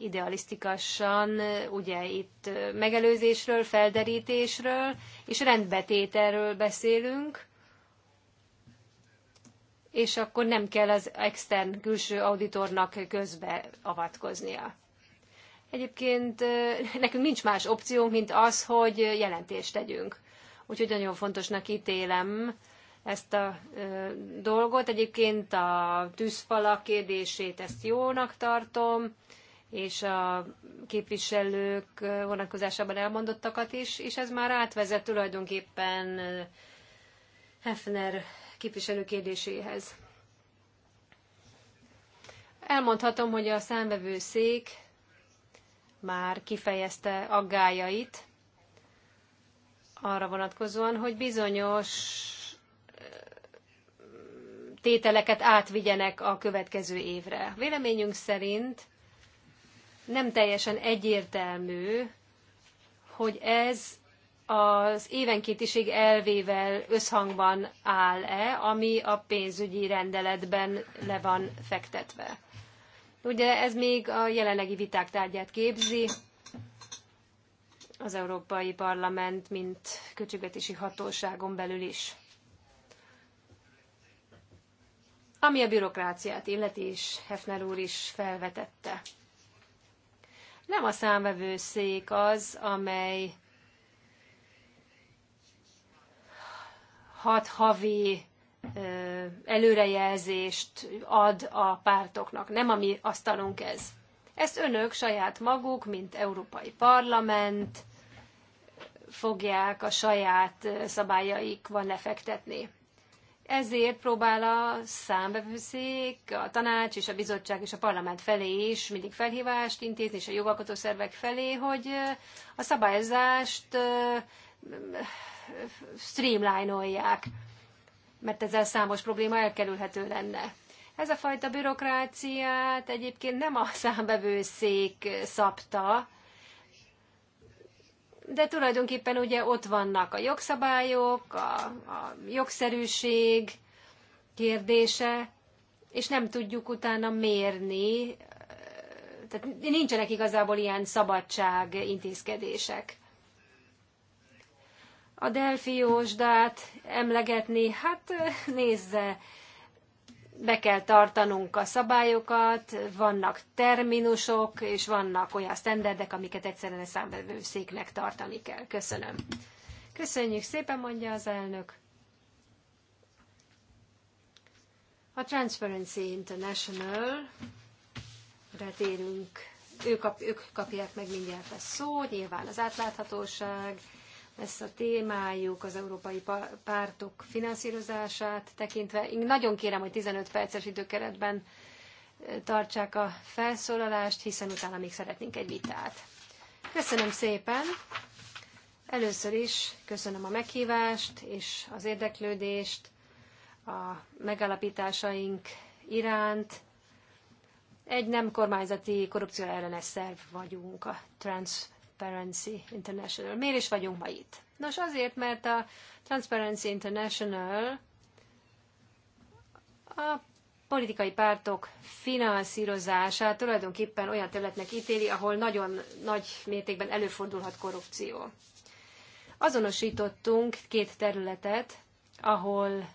idealisztikassan, ugye itt megelőzésről, felderítésről és rendbetételről beszélünk, és akkor nem kell az extern külső auditornak közbe avatkoznia. Egyébként nekünk nincs más opciónk, mint az, hogy jelentést tegyünk. Úgyhogy nagyon fontosnak ítélem ezt a dolgot. Egyébként a tűzfalak kérdését ezt jónak tartom, és a képviselők vonatkozásában elmondottakat is, és ez már átvezet tulajdonképpen Hefner képviselő kérdéséhez. Elmondhatom, hogy a számvevőszék már kifejezte aggájait arra vonatkozóan, hogy bizonyos eh, tételeket átvigyenek a következő évre. Véleményünk szerint nem teljesen egyértelmű, hogy ez az évenkéntiség elvével összhangban áll-e, ami a pénzügyi rendeletben le van fektetve. Ugye ez még a jelenlegi viták tárgyát képzi, az Európai Parlament, mint költségvetési hatóságon belül is. Ami a bürokráciát illeti is, Hefner úr is felvetette. Nem a számvevőszék az, amely hat havi előrejelzést ad a pártoknak. Nem a mi asztalunk ez. Ezt önök saját maguk, mint Európai Parlament fogják a saját szabályaikban lefektetni. Ezért próbál a számbevőszék, a tanács és a bizottság és a parlament felé is mindig felhívást intézni, és a jogalkotó szervek felé, hogy a szabályozást streamline-olják mert ezzel számos probléma elkerülhető lenne. Ez a fajta bürokráciát egyébként nem a számbevőszék szabta, de tulajdonképpen ugye ott vannak a jogszabályok, a, a jogszerűség kérdése, és nem tudjuk utána mérni, tehát nincsenek igazából ilyen szabadság intézkedések a Delfi Jósdát emlegetni, hát eh, nézze, be kell tartanunk a szabályokat, vannak terminusok, és vannak olyan standardek, amiket egyszerűen a számvevőszéknek tartani kell. Köszönöm. Köszönjük szépen, mondja az elnök. A Transparency International retélünk, ők, kap, ők kapják meg mindjárt a szót, nyilván az átláthatóság, ezt a témájuk, az európai pártok finanszírozását tekintve. Én nagyon kérem, hogy 15 perces időkeretben tartsák a felszólalást, hiszen utána még szeretnénk egy vitát. Köszönöm szépen! Először is köszönöm a meghívást és az érdeklődést a megalapításaink iránt. Egy nem kormányzati korrupció ellenes szerv vagyunk, a Trans Transparency International. Miért is vagyunk ma itt? Nos, azért, mert a Transparency International a politikai pártok finanszírozása tulajdonképpen olyan területnek ítéli, ahol nagyon nagy mértékben előfordulhat korrupció. Azonosítottunk két területet, ahol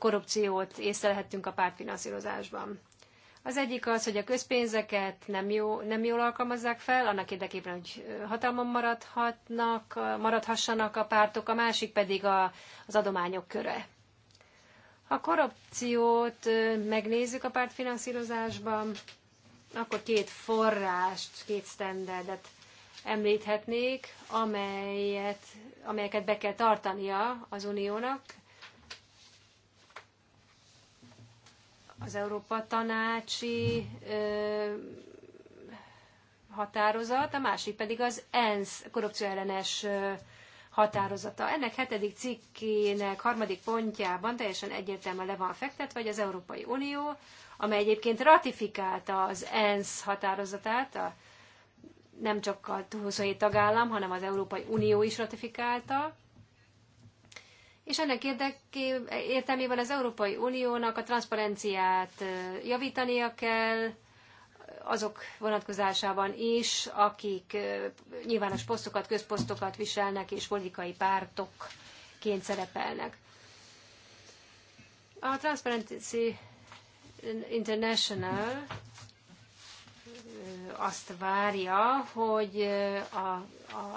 korrupciót észlelhettünk a pártfinanszírozásban. Az egyik az, hogy a közpénzeket nem, jó, nem jól alkalmazzák fel, annak érdekében, hogy hatalmon maradhatnak, maradhassanak a pártok, a másik pedig a, az adományok köre. Ha korrupciót megnézzük a pártfinanszírozásban, akkor két forrást, két standardet említhetnék, amelyet, amelyeket be kell tartania az uniónak, az Európa Tanácsi ö, határozat, a másik pedig az ENSZ korrupcióellenes határozata. Ennek hetedik cikkének harmadik pontjában teljesen egyértelműen le van fektetve, hogy az Európai Unió, amely egyébként ratifikálta az ENSZ határozatát, a, nem csak a 27 tagállam, hanem az Európai Unió is ratifikálta, és ennek érdeké, értelmében az Európai Uniónak a transzparenciát javítania kell, azok vonatkozásában is, akik nyilvános posztokat, közposztokat viselnek és politikai pártokként szerepelnek. A Transparency International azt várja, hogy a,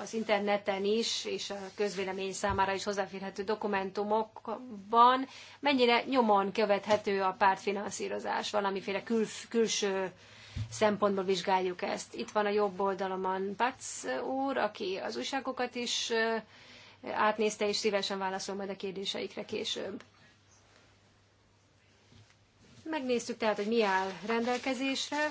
az interneten is, és a közvélemény számára is hozzáférhető dokumentumokban mennyire nyomon követhető a pártfinanszírozás, valamiféle kül, külső szempontból vizsgáljuk ezt. Itt van a jobb oldalomon Pac úr, aki az újságokat is átnézte, és szívesen válaszol majd a kérdéseikre később. Megnéztük tehát, hogy mi áll rendelkezésre,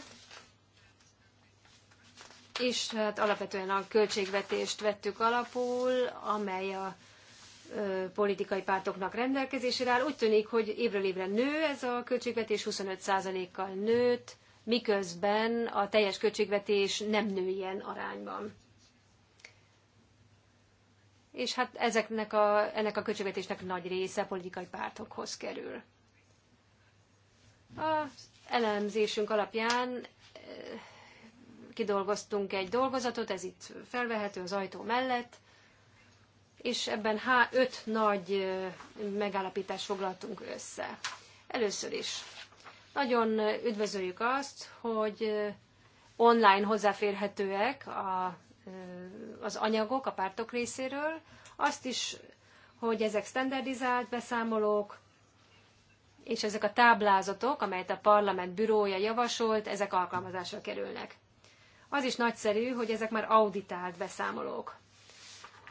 és hát alapvetően a költségvetést vettük alapul, amely a ö, politikai pártoknak rendelkezésére áll. Úgy tűnik, hogy évről évre nő ez a költségvetés, 25%-kal nőtt, miközben a teljes költségvetés nem nő ilyen arányban. És hát ezeknek a, ennek a költségvetésnek nagy része politikai pártokhoz kerül. A elemzésünk alapján kidolgoztunk egy dolgozatot, ez itt felvehető az ajtó mellett, és ebben há, 5 nagy megállapítást foglaltunk össze. Először is. Nagyon üdvözöljük azt, hogy online hozzáférhetőek a, az anyagok a pártok részéről, azt is, hogy ezek standardizált beszámolók, és ezek a táblázatok, amelyet a parlament bürója javasolt, ezek alkalmazásra kerülnek. Az is nagyszerű, hogy ezek már auditált beszámolók.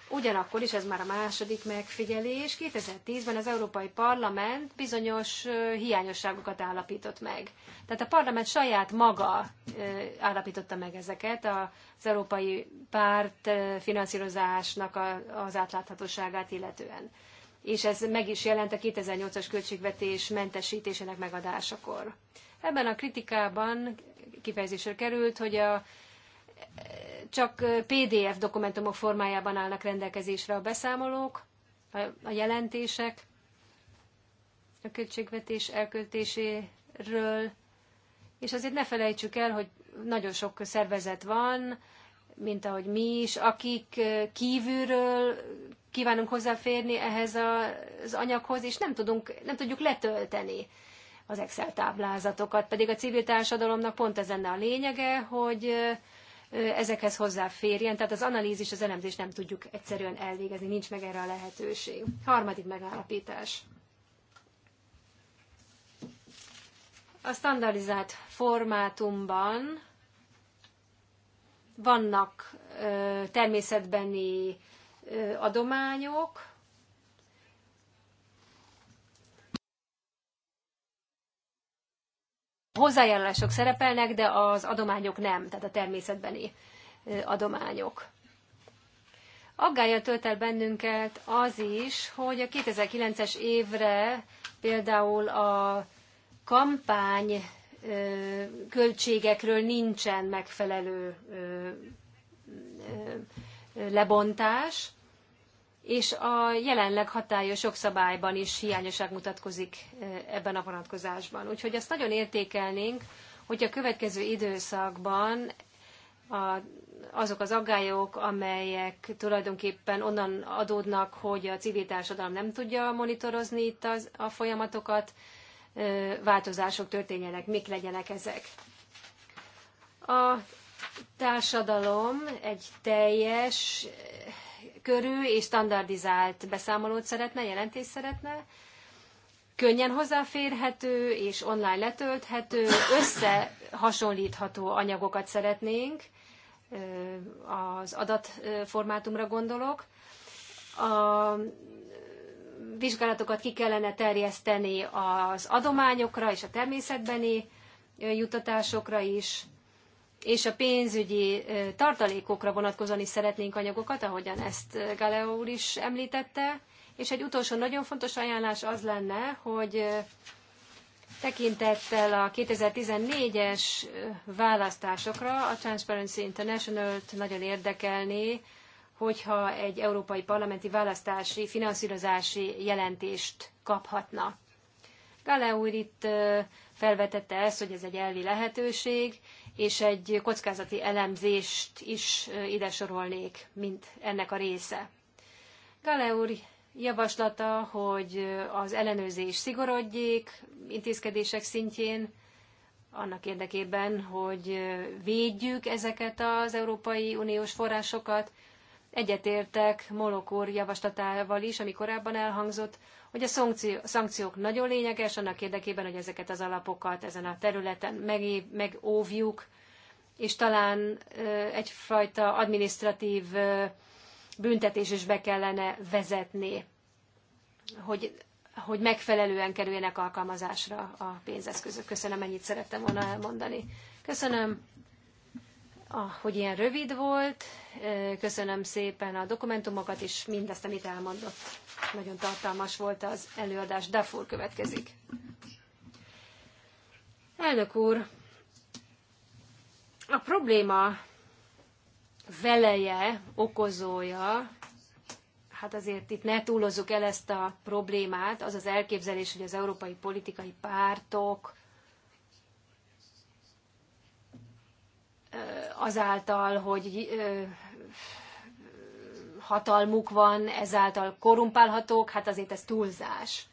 Ugyanakkor is ez már a második megfigyelés. 2010-ben az Európai Parlament bizonyos hiányosságokat állapított meg. Tehát a parlament saját maga állapította meg ezeket, az európai párt finanszírozásnak az átláthatóságát illetően. És ez meg is jelent a 2008-as költségvetés mentesítésének megadásakor. Ebben a kritikában kifejezésre került, hogy a csak PDF dokumentumok formájában állnak rendelkezésre a beszámolók, a jelentések a költségvetés elköltéséről, és azért ne felejtsük el, hogy nagyon sok szervezet van, mint ahogy mi is, akik kívülről kívánunk hozzáférni ehhez az anyaghoz, és nem, tudunk, nem tudjuk letölteni az Excel táblázatokat. Pedig a civil társadalomnak pont ez lenne a lényege, hogy ezekhez hozzáférjen, tehát az analízis, az elemzés nem tudjuk egyszerűen elvégezni, nincs meg erre a lehetőség. Harmadik megállapítás. A standardizált formátumban vannak természetbeni adományok, hozzájárulások szerepelnek, de az adományok nem, tehát a természetbeni adományok. Aggája tölt el bennünket az is, hogy a 2009-es évre például a kampány költségekről nincsen megfelelő lebontás, és a jelenleg hatályos jogszabályban is hiányosság mutatkozik ebben a vonatkozásban. Úgyhogy azt nagyon értékelnénk, hogy a következő időszakban a, azok az aggályok, amelyek tulajdonképpen onnan adódnak, hogy a civil társadalom nem tudja monitorozni itt az, a folyamatokat, változások történjenek, mik legyenek ezek. A társadalom egy teljes körű és standardizált beszámolót szeretne, jelentést szeretne, könnyen hozzáférhető és online letölthető, összehasonlítható anyagokat szeretnénk, az adatformátumra gondolok. A vizsgálatokat ki kellene terjeszteni az adományokra és a természetbeni jutatásokra is, és a pénzügyi tartalékokra vonatkozóan is szeretnénk anyagokat, ahogyan ezt Galeo úr is említette. És egy utolsó nagyon fontos ajánlás az lenne, hogy tekintettel a 2014-es választásokra a Transparency International-t nagyon érdekelné, hogyha egy európai parlamenti választási finanszírozási jelentést kaphatna. Gale úr itt felvetette ezt, hogy ez egy elvi lehetőség, és egy kockázati elemzést is ide sorolnék, mint ennek a része. Gale úr javaslata, hogy az ellenőrzés szigorodjék intézkedések szintjén, annak érdekében, hogy védjük ezeket az Európai Uniós forrásokat, Egyetértek Molokor javaslatával is, ami korábban elhangzott, hogy a szankciók nagyon lényeges, annak érdekében, hogy ezeket az alapokat ezen a területen megóvjuk, és talán egyfajta administratív büntetés is be kellene vezetni, hogy, hogy megfelelően kerüljenek alkalmazásra a pénzeszközök. Köszönöm, ennyit szerettem volna elmondani. Köszönöm. Ah, hogy ilyen rövid volt. Köszönöm szépen a dokumentumokat, is mindazt, amit elmondott. Nagyon tartalmas volt az előadás. Dafur következik. Elnök úr, a probléma veleje, okozója, hát azért itt ne túlozzuk el ezt a problémát, az az elképzelés, hogy az európai politikai pártok azáltal, hogy hatalmuk van, ezáltal korumpálhatók, hát azért ez túlzás.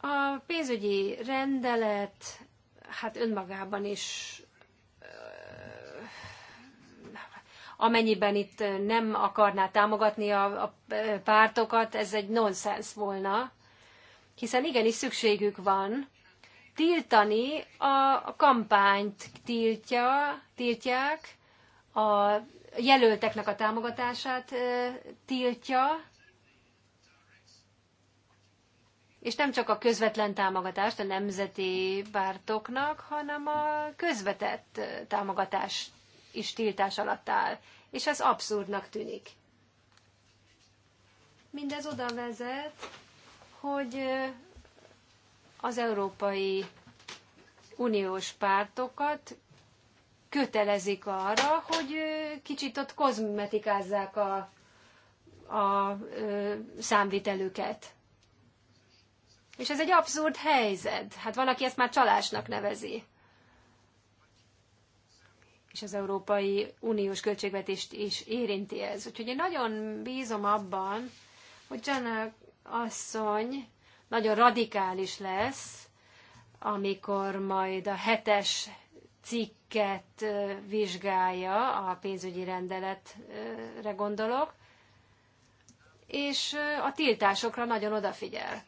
A pénzügyi rendelet, hát önmagában is, amennyiben itt nem akarná támogatni a, a pártokat, ez egy nonsens volna, hiszen igenis szükségük van tiltani, a kampányt tiltja, tiltják, a jelölteknek a támogatását tiltja, és nem csak a közvetlen támogatást a nemzeti pártoknak, hanem a közvetett támogatás is tiltás alatt áll. És ez abszurdnak tűnik. Mindez oda vezet, hogy az Európai Uniós pártokat kötelezik arra, hogy kicsit ott kozmetikázzák a, a számvitelüket. És ez egy abszurd helyzet. Hát van, aki ezt már csalásnak nevezi. És az Európai Uniós költségvetést is érinti ez. Úgyhogy én nagyon bízom abban, hogy Jana asszony nagyon radikális lesz, amikor majd a hetes cikket vizsgálja, a pénzügyi rendeletre gondolok, és a tiltásokra nagyon odafigyel.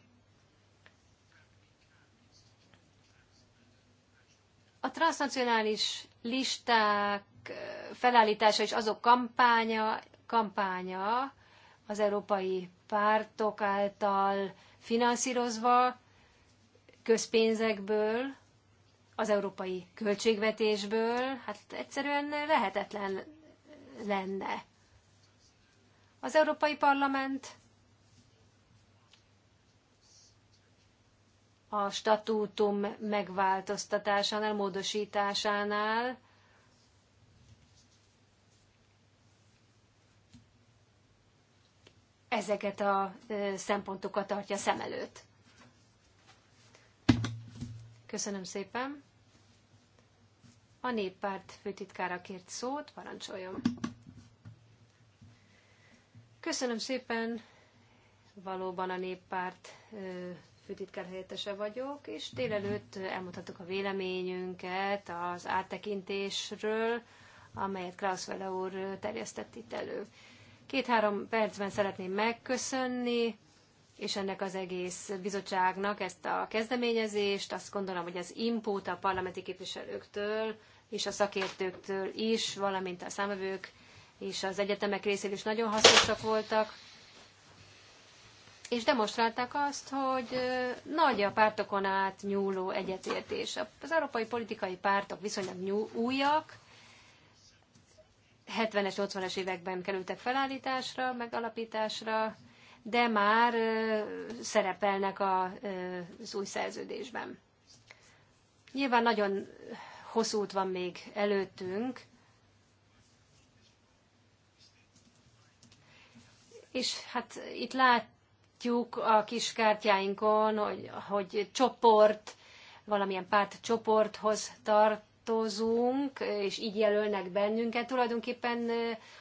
A transnacionális listák felállítása és azok kampánya, kampánya az európai pártok által finanszírozva közpénzekből, az európai költségvetésből, hát egyszerűen lehetetlen lenne. Az Európai Parlament a statútum megváltoztatásánál, módosításánál ezeket a szempontokat tartja szem előtt. Köszönöm szépen. A néppárt főtitkára kért szót, parancsoljon. Köszönöm szépen, valóban a néppárt főtitkár helyettese vagyok, és délelőtt elmutattuk a véleményünket az áttekintésről, amelyet Klaus Vele úr terjesztett itt elő. Két-három percben szeretném megköszönni, és ennek az egész bizottságnak ezt a kezdeményezést. Azt gondolom, hogy az input a parlamenti képviselőktől és a szakértőktől is, valamint a számövők és az egyetemek részéről is nagyon hasznosak voltak és demonstrálták azt, hogy nagy a pártokon át nyúló egyetértés. Az európai politikai pártok viszonylag újak, 70-es, 80-es években kerültek felállításra, megalapításra, de már szerepelnek a, az új szerződésben. Nyilván nagyon hosszú út van még előttünk, és hát itt látjuk a kis kártyáinkon, hogy, hogy csoport, valamilyen párt csoporthoz tart, tartozunk, és így jelölnek bennünket, tulajdonképpen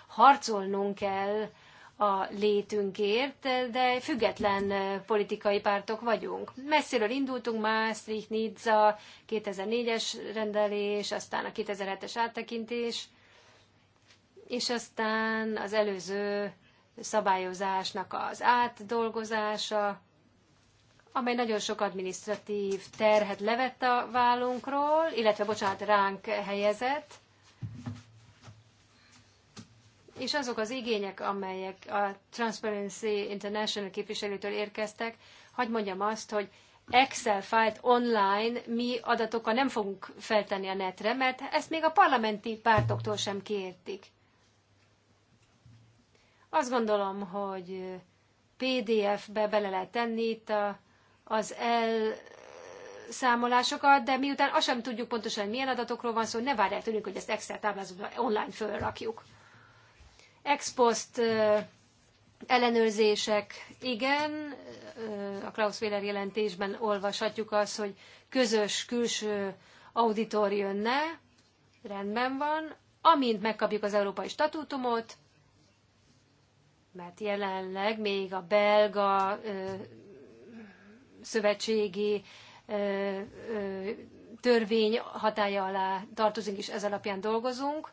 harcolnunk kell a létünkért, de független politikai pártok vagyunk. Messziről indultunk, Maastricht, Nizza, 2004-es rendelés, aztán a 2007-es áttekintés, és aztán az előző szabályozásnak az átdolgozása, amely nagyon sok administratív terhet levett a vállunkról, illetve, bocsánat, ránk helyezett, és azok az igények, amelyek a Transparency International képviselőtől érkeztek, hagyd mondjam azt, hogy Excel fájlt online mi adatokkal nem fogunk feltenni a netre, mert ezt még a parlamenti pártoktól sem kértik. Azt gondolom, hogy PDF-be bele lehet tenni itt a az elszámolásokat, de miután azt sem tudjuk pontosan, milyen adatokról van szó, ne várják tőlünk, hogy ezt Excel táblázatban online fölrakjuk. Ex post ellenőrzések, igen, a Klaus Wheeler jelentésben olvashatjuk azt, hogy közös külső auditor jönne, rendben van, amint megkapjuk az európai statútumot, mert jelenleg még a belga szövetségi törvény hatája alá tartozunk és ez alapján dolgozunk.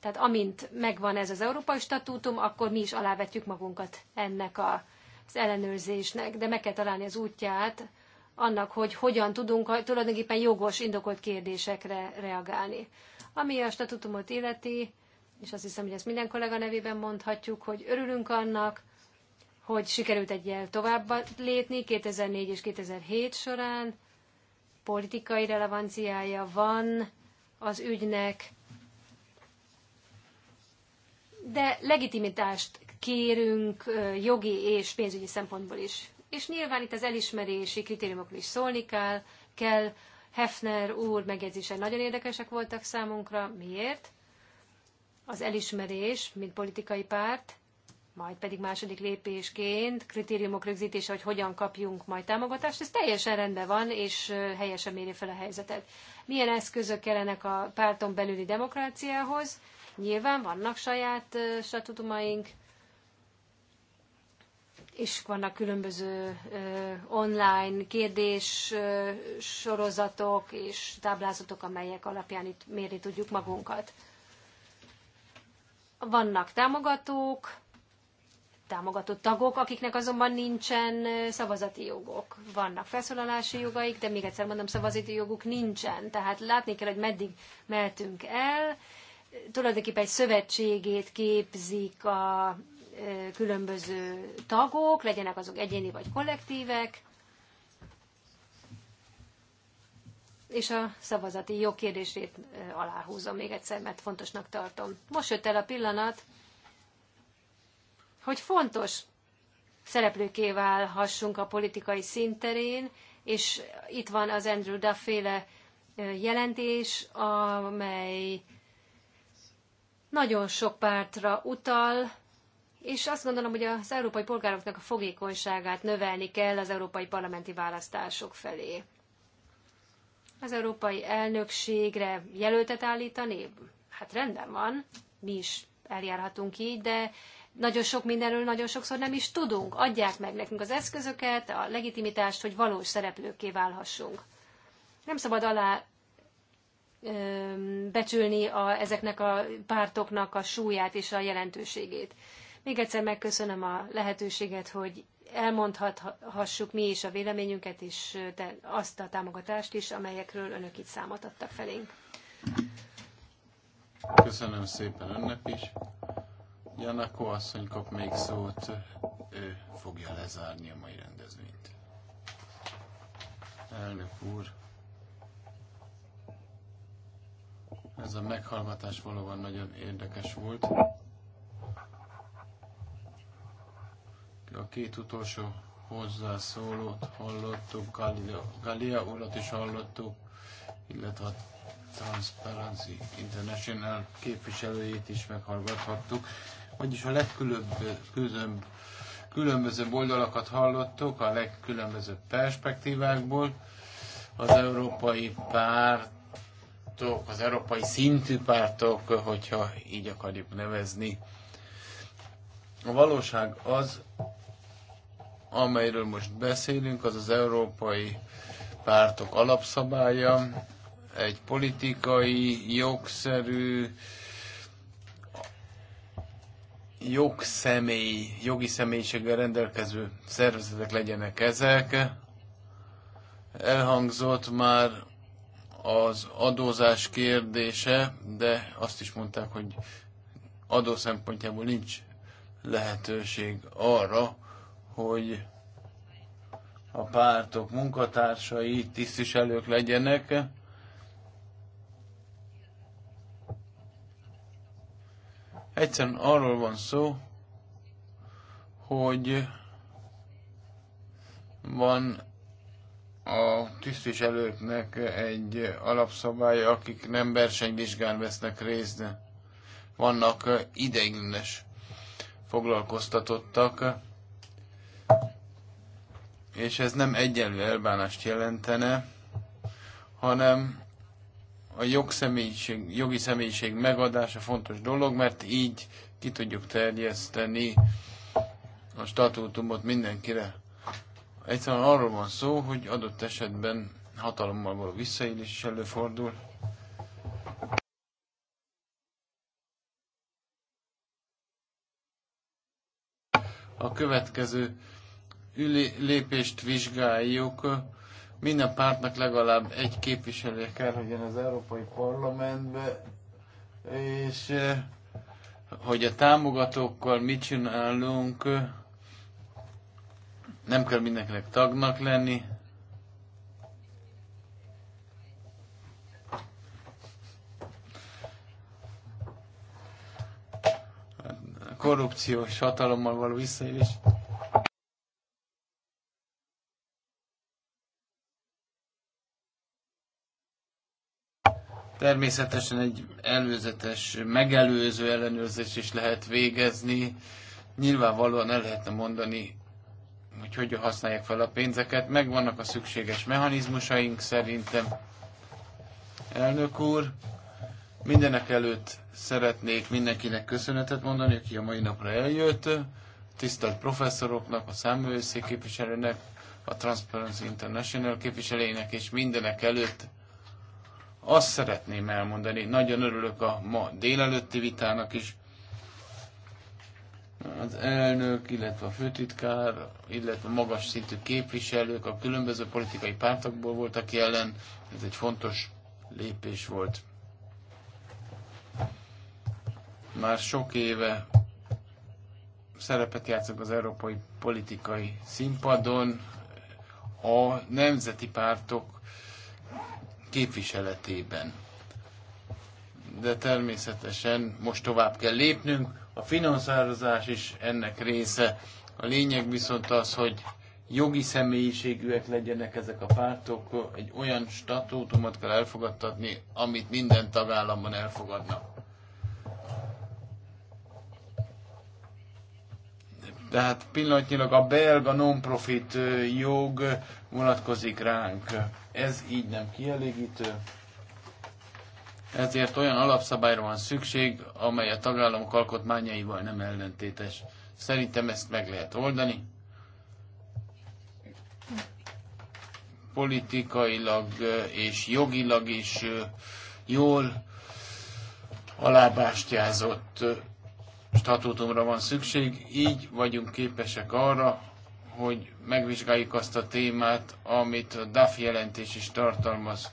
Tehát amint megvan ez az európai statútum, akkor mi is alávetjük magunkat ennek a, az ellenőrzésnek, de meg kell találni az útját annak, hogy hogyan tudunk tulajdonképpen jogos, indokolt kérdésekre reagálni. Ami a statutumot illeti, és azt hiszem, hogy ezt minden kollega nevében mondhatjuk, hogy örülünk annak, hogy sikerült egyel tovább lépni 2004 és 2007 során, politikai relevanciája van az ügynek, de legitimitást kérünk jogi és pénzügyi szempontból is. És nyilván itt az elismerési kritériumokról is szólni kell, kell Hefner úr megjegyzése nagyon érdekesek voltak számunkra. Miért? Az elismerés, mint politikai párt, majd pedig második lépésként kritériumok rögzítése, hogy hogyan kapjunk majd támogatást, ez teljesen rendben van, és helyesen méri fel a helyzetet. Milyen eszközök kellenek a párton belüli demokráciához? Nyilván vannak saját statutumaink, és vannak különböző online kérdés sorozatok és táblázatok, amelyek alapján itt mérni tudjuk magunkat. Vannak támogatók, támogatott tagok, akiknek azonban nincsen szavazati jogok. Vannak felszólalási jogaik, de még egyszer mondom, szavazati joguk nincsen. Tehát látni kell, hogy meddig mehetünk el. Tulajdonképpen egy szövetségét képzik a különböző tagok, legyenek azok egyéni vagy kollektívek. és a szavazati jogkérdését aláhúzom még egyszer, mert fontosnak tartom. Most jött el a pillanat, hogy fontos szereplőké válhassunk a politikai szinterén, és itt van az Andrew Duff féle jelentés, amely nagyon sok pártra utal, és azt gondolom, hogy az európai polgároknak a fogékonyságát növelni kell az európai parlamenti választások felé. Az európai elnökségre jelöltet állítani? Hát rendben van, mi is eljárhatunk így, de nagyon sok mindenről nagyon sokszor nem is tudunk. Adják meg nekünk az eszközöket, a legitimitást, hogy valós szereplőkké válhassunk. Nem szabad alá becsülni a, ezeknek a pártoknak a súlyát és a jelentőségét. Még egyszer megköszönöm a lehetőséget, hogy elmondhathassuk mi is a véleményünket, és azt a támogatást is, amelyekről önök itt számot adtak felénk. Köszönöm szépen önnek is. Janako asszony kap még szót, ő fogja lezárni a mai rendezvényt. Elnök úr, ez a meghallgatás valóban nagyon érdekes volt. A két utolsó hozzászólót hallottuk, Galia, Galia urat is hallottuk, illetve a Transparency International képviselőjét is meghallgathattuk vagyis a legkülönbözőbb különböző oldalakat hallottuk, a legkülönbözőbb perspektívákból. Az európai pártok, az európai szintű pártok, hogyha így akarjuk nevezni. A valóság az, amelyről most beszélünk, az az európai pártok alapszabálya, egy politikai, jogszerű, jogszemély, jogi személyiséggel rendelkező szervezetek legyenek ezek. Elhangzott már az adózás kérdése, de azt is mondták, hogy adó szempontjából nincs lehetőség arra, hogy a pártok munkatársai, tisztviselők legyenek. Egyszerűen arról van szó, hogy van a tisztviselőknek egy alapszabálya, akik nem versenyvizsgán vesznek részt, vannak ideiglenes foglalkoztatottak, és ez nem egyenlő elbánást jelentene, hanem a jogszemélyiség, jogi személyiség megadása fontos dolog, mert így ki tudjuk terjeszteni a statútumot mindenkire. Egyszerűen arról van szó, hogy adott esetben hatalommal való visszaélés is előfordul. A következő lépést vizsgáljuk minden pártnak legalább egy képviselője kell, hogy jön az Európai Parlamentbe, és eh, hogy a támogatókkal mit csinálunk, nem kell mindenkinek tagnak lenni. Korrupciós hatalommal való visszaélés. Természetesen egy előzetes, megelőző ellenőrzés is lehet végezni. Nyilvánvalóan el lehetne mondani, hogy hogyan használják fel a pénzeket. Megvannak a szükséges mechanizmusaink szerintem. Elnök úr, mindenek előtt szeretnék mindenkinek köszönetet mondani, aki a mai napra eljött, tisztelt professzoroknak, a számvevőszék képviselőnek, a Transparency International képviselőjének, és mindenek előtt azt szeretném elmondani, nagyon örülök a ma délelőtti vitának is. Az elnök, illetve a főtitkár, illetve magas szintű képviselők a különböző politikai pártokból voltak jelen. Ez egy fontos lépés volt. Már sok éve szerepet játszok az európai politikai színpadon. A nemzeti pártok képviseletében. De természetesen most tovább kell lépnünk, a finanszírozás is ennek része. A lényeg viszont az, hogy jogi személyiségűek legyenek ezek a pártok, egy olyan statútumot kell elfogadtatni, amit minden tagállamban elfogadnak. Tehát pillanatnyilag a belga non-profit jog vonatkozik ránk ez így nem kielégítő, ezért olyan alapszabályra van szükség, amely a tagállamok alkotmányaival nem ellentétes. Szerintem ezt meg lehet oldani. Politikailag eh, és jogilag is eh, jól alábástyázott eh, statútumra van szükség, így vagyunk képesek arra, hogy megvizsgáljuk azt a témát, amit a DAF jelentés is tartalmaz.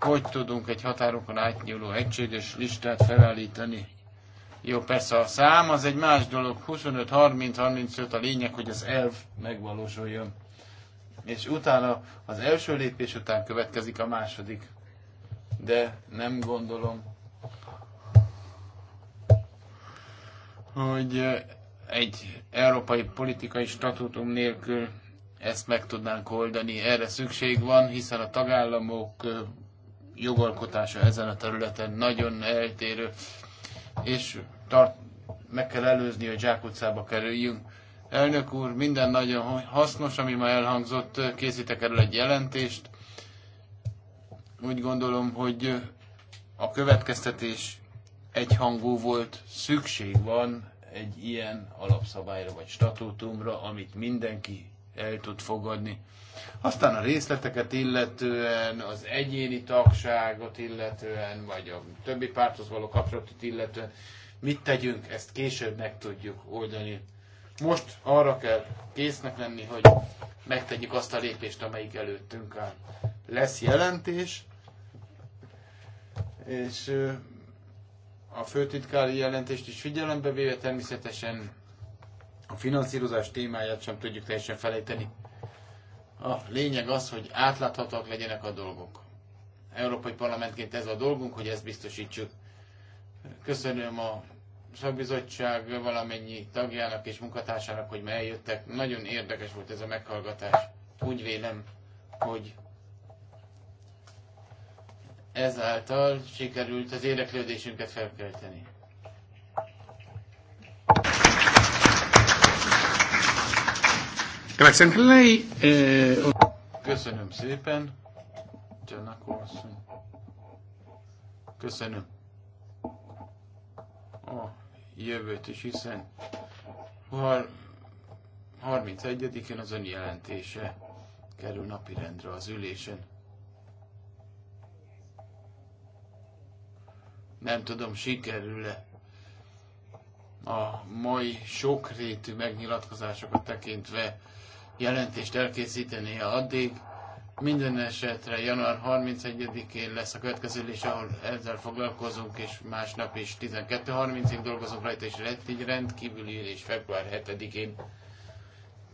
Hogy tudunk egy határokon átnyúló egységes listát felállítani? Jó, persze a szám az egy más dolog, 25-30-35 a lényeg, hogy az elv megvalósuljon. És utána az első lépés után következik a második. De nem gondolom, hogy egy európai politikai statútum nélkül ezt meg tudnánk oldani. Erre szükség van, hiszen a tagállamok jogalkotása ezen a területen nagyon eltérő, és tart, meg kell előzni, hogy zsákutcába kerüljünk. Elnök úr, minden nagyon hasznos, ami ma elhangzott, készítek erről egy jelentést. Úgy gondolom, hogy a következtetés egyhangú volt, szükség van egy ilyen alapszabályra vagy statútumra, amit mindenki el tud fogadni. Aztán a részleteket illetően, az egyéni tagságot illetően, vagy a többi párthoz való kapcsolatot illetően, mit tegyünk, ezt később meg tudjuk oldani. Most arra kell késznek lenni, hogy megtegyük azt a lépést, amelyik előttünk áll. Lesz jelentés, és a főtitkári jelentést is figyelembe véve természetesen a finanszírozás témáját sem tudjuk teljesen felejteni. A lényeg az, hogy átláthatóak legyenek a dolgok. Európai Parlamentként ez a dolgunk, hogy ezt biztosítsuk. Köszönöm a szakbizottság valamennyi tagjának és munkatársának, hogy eljöttek. Nagyon érdekes volt ez a meghallgatás. Úgy vélem, hogy ezáltal sikerült az érdeklődésünket felkelteni. Eh, Köszönöm szépen, Köszönöm. A jövőt is, hiszen 31-én az ön jelentése kerül napirendre az ülésen. Nem tudom, sikerül-e a mai sokrétű megnyilatkozásokat tekintve jelentést elkészíteni addig. Minden esetre január 31-én lesz a következő lés, ahol ezzel foglalkozunk, és másnap is 12.30-ig dolgozunk rajta, és lett egy rendkívüli ülés február 7-én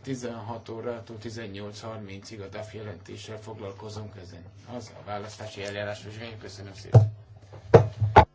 16 órától 18.30-ig a DAF jelentéssel foglalkozunk ezen. Az a választási eljárás vizsgálja. Köszönöm szépen.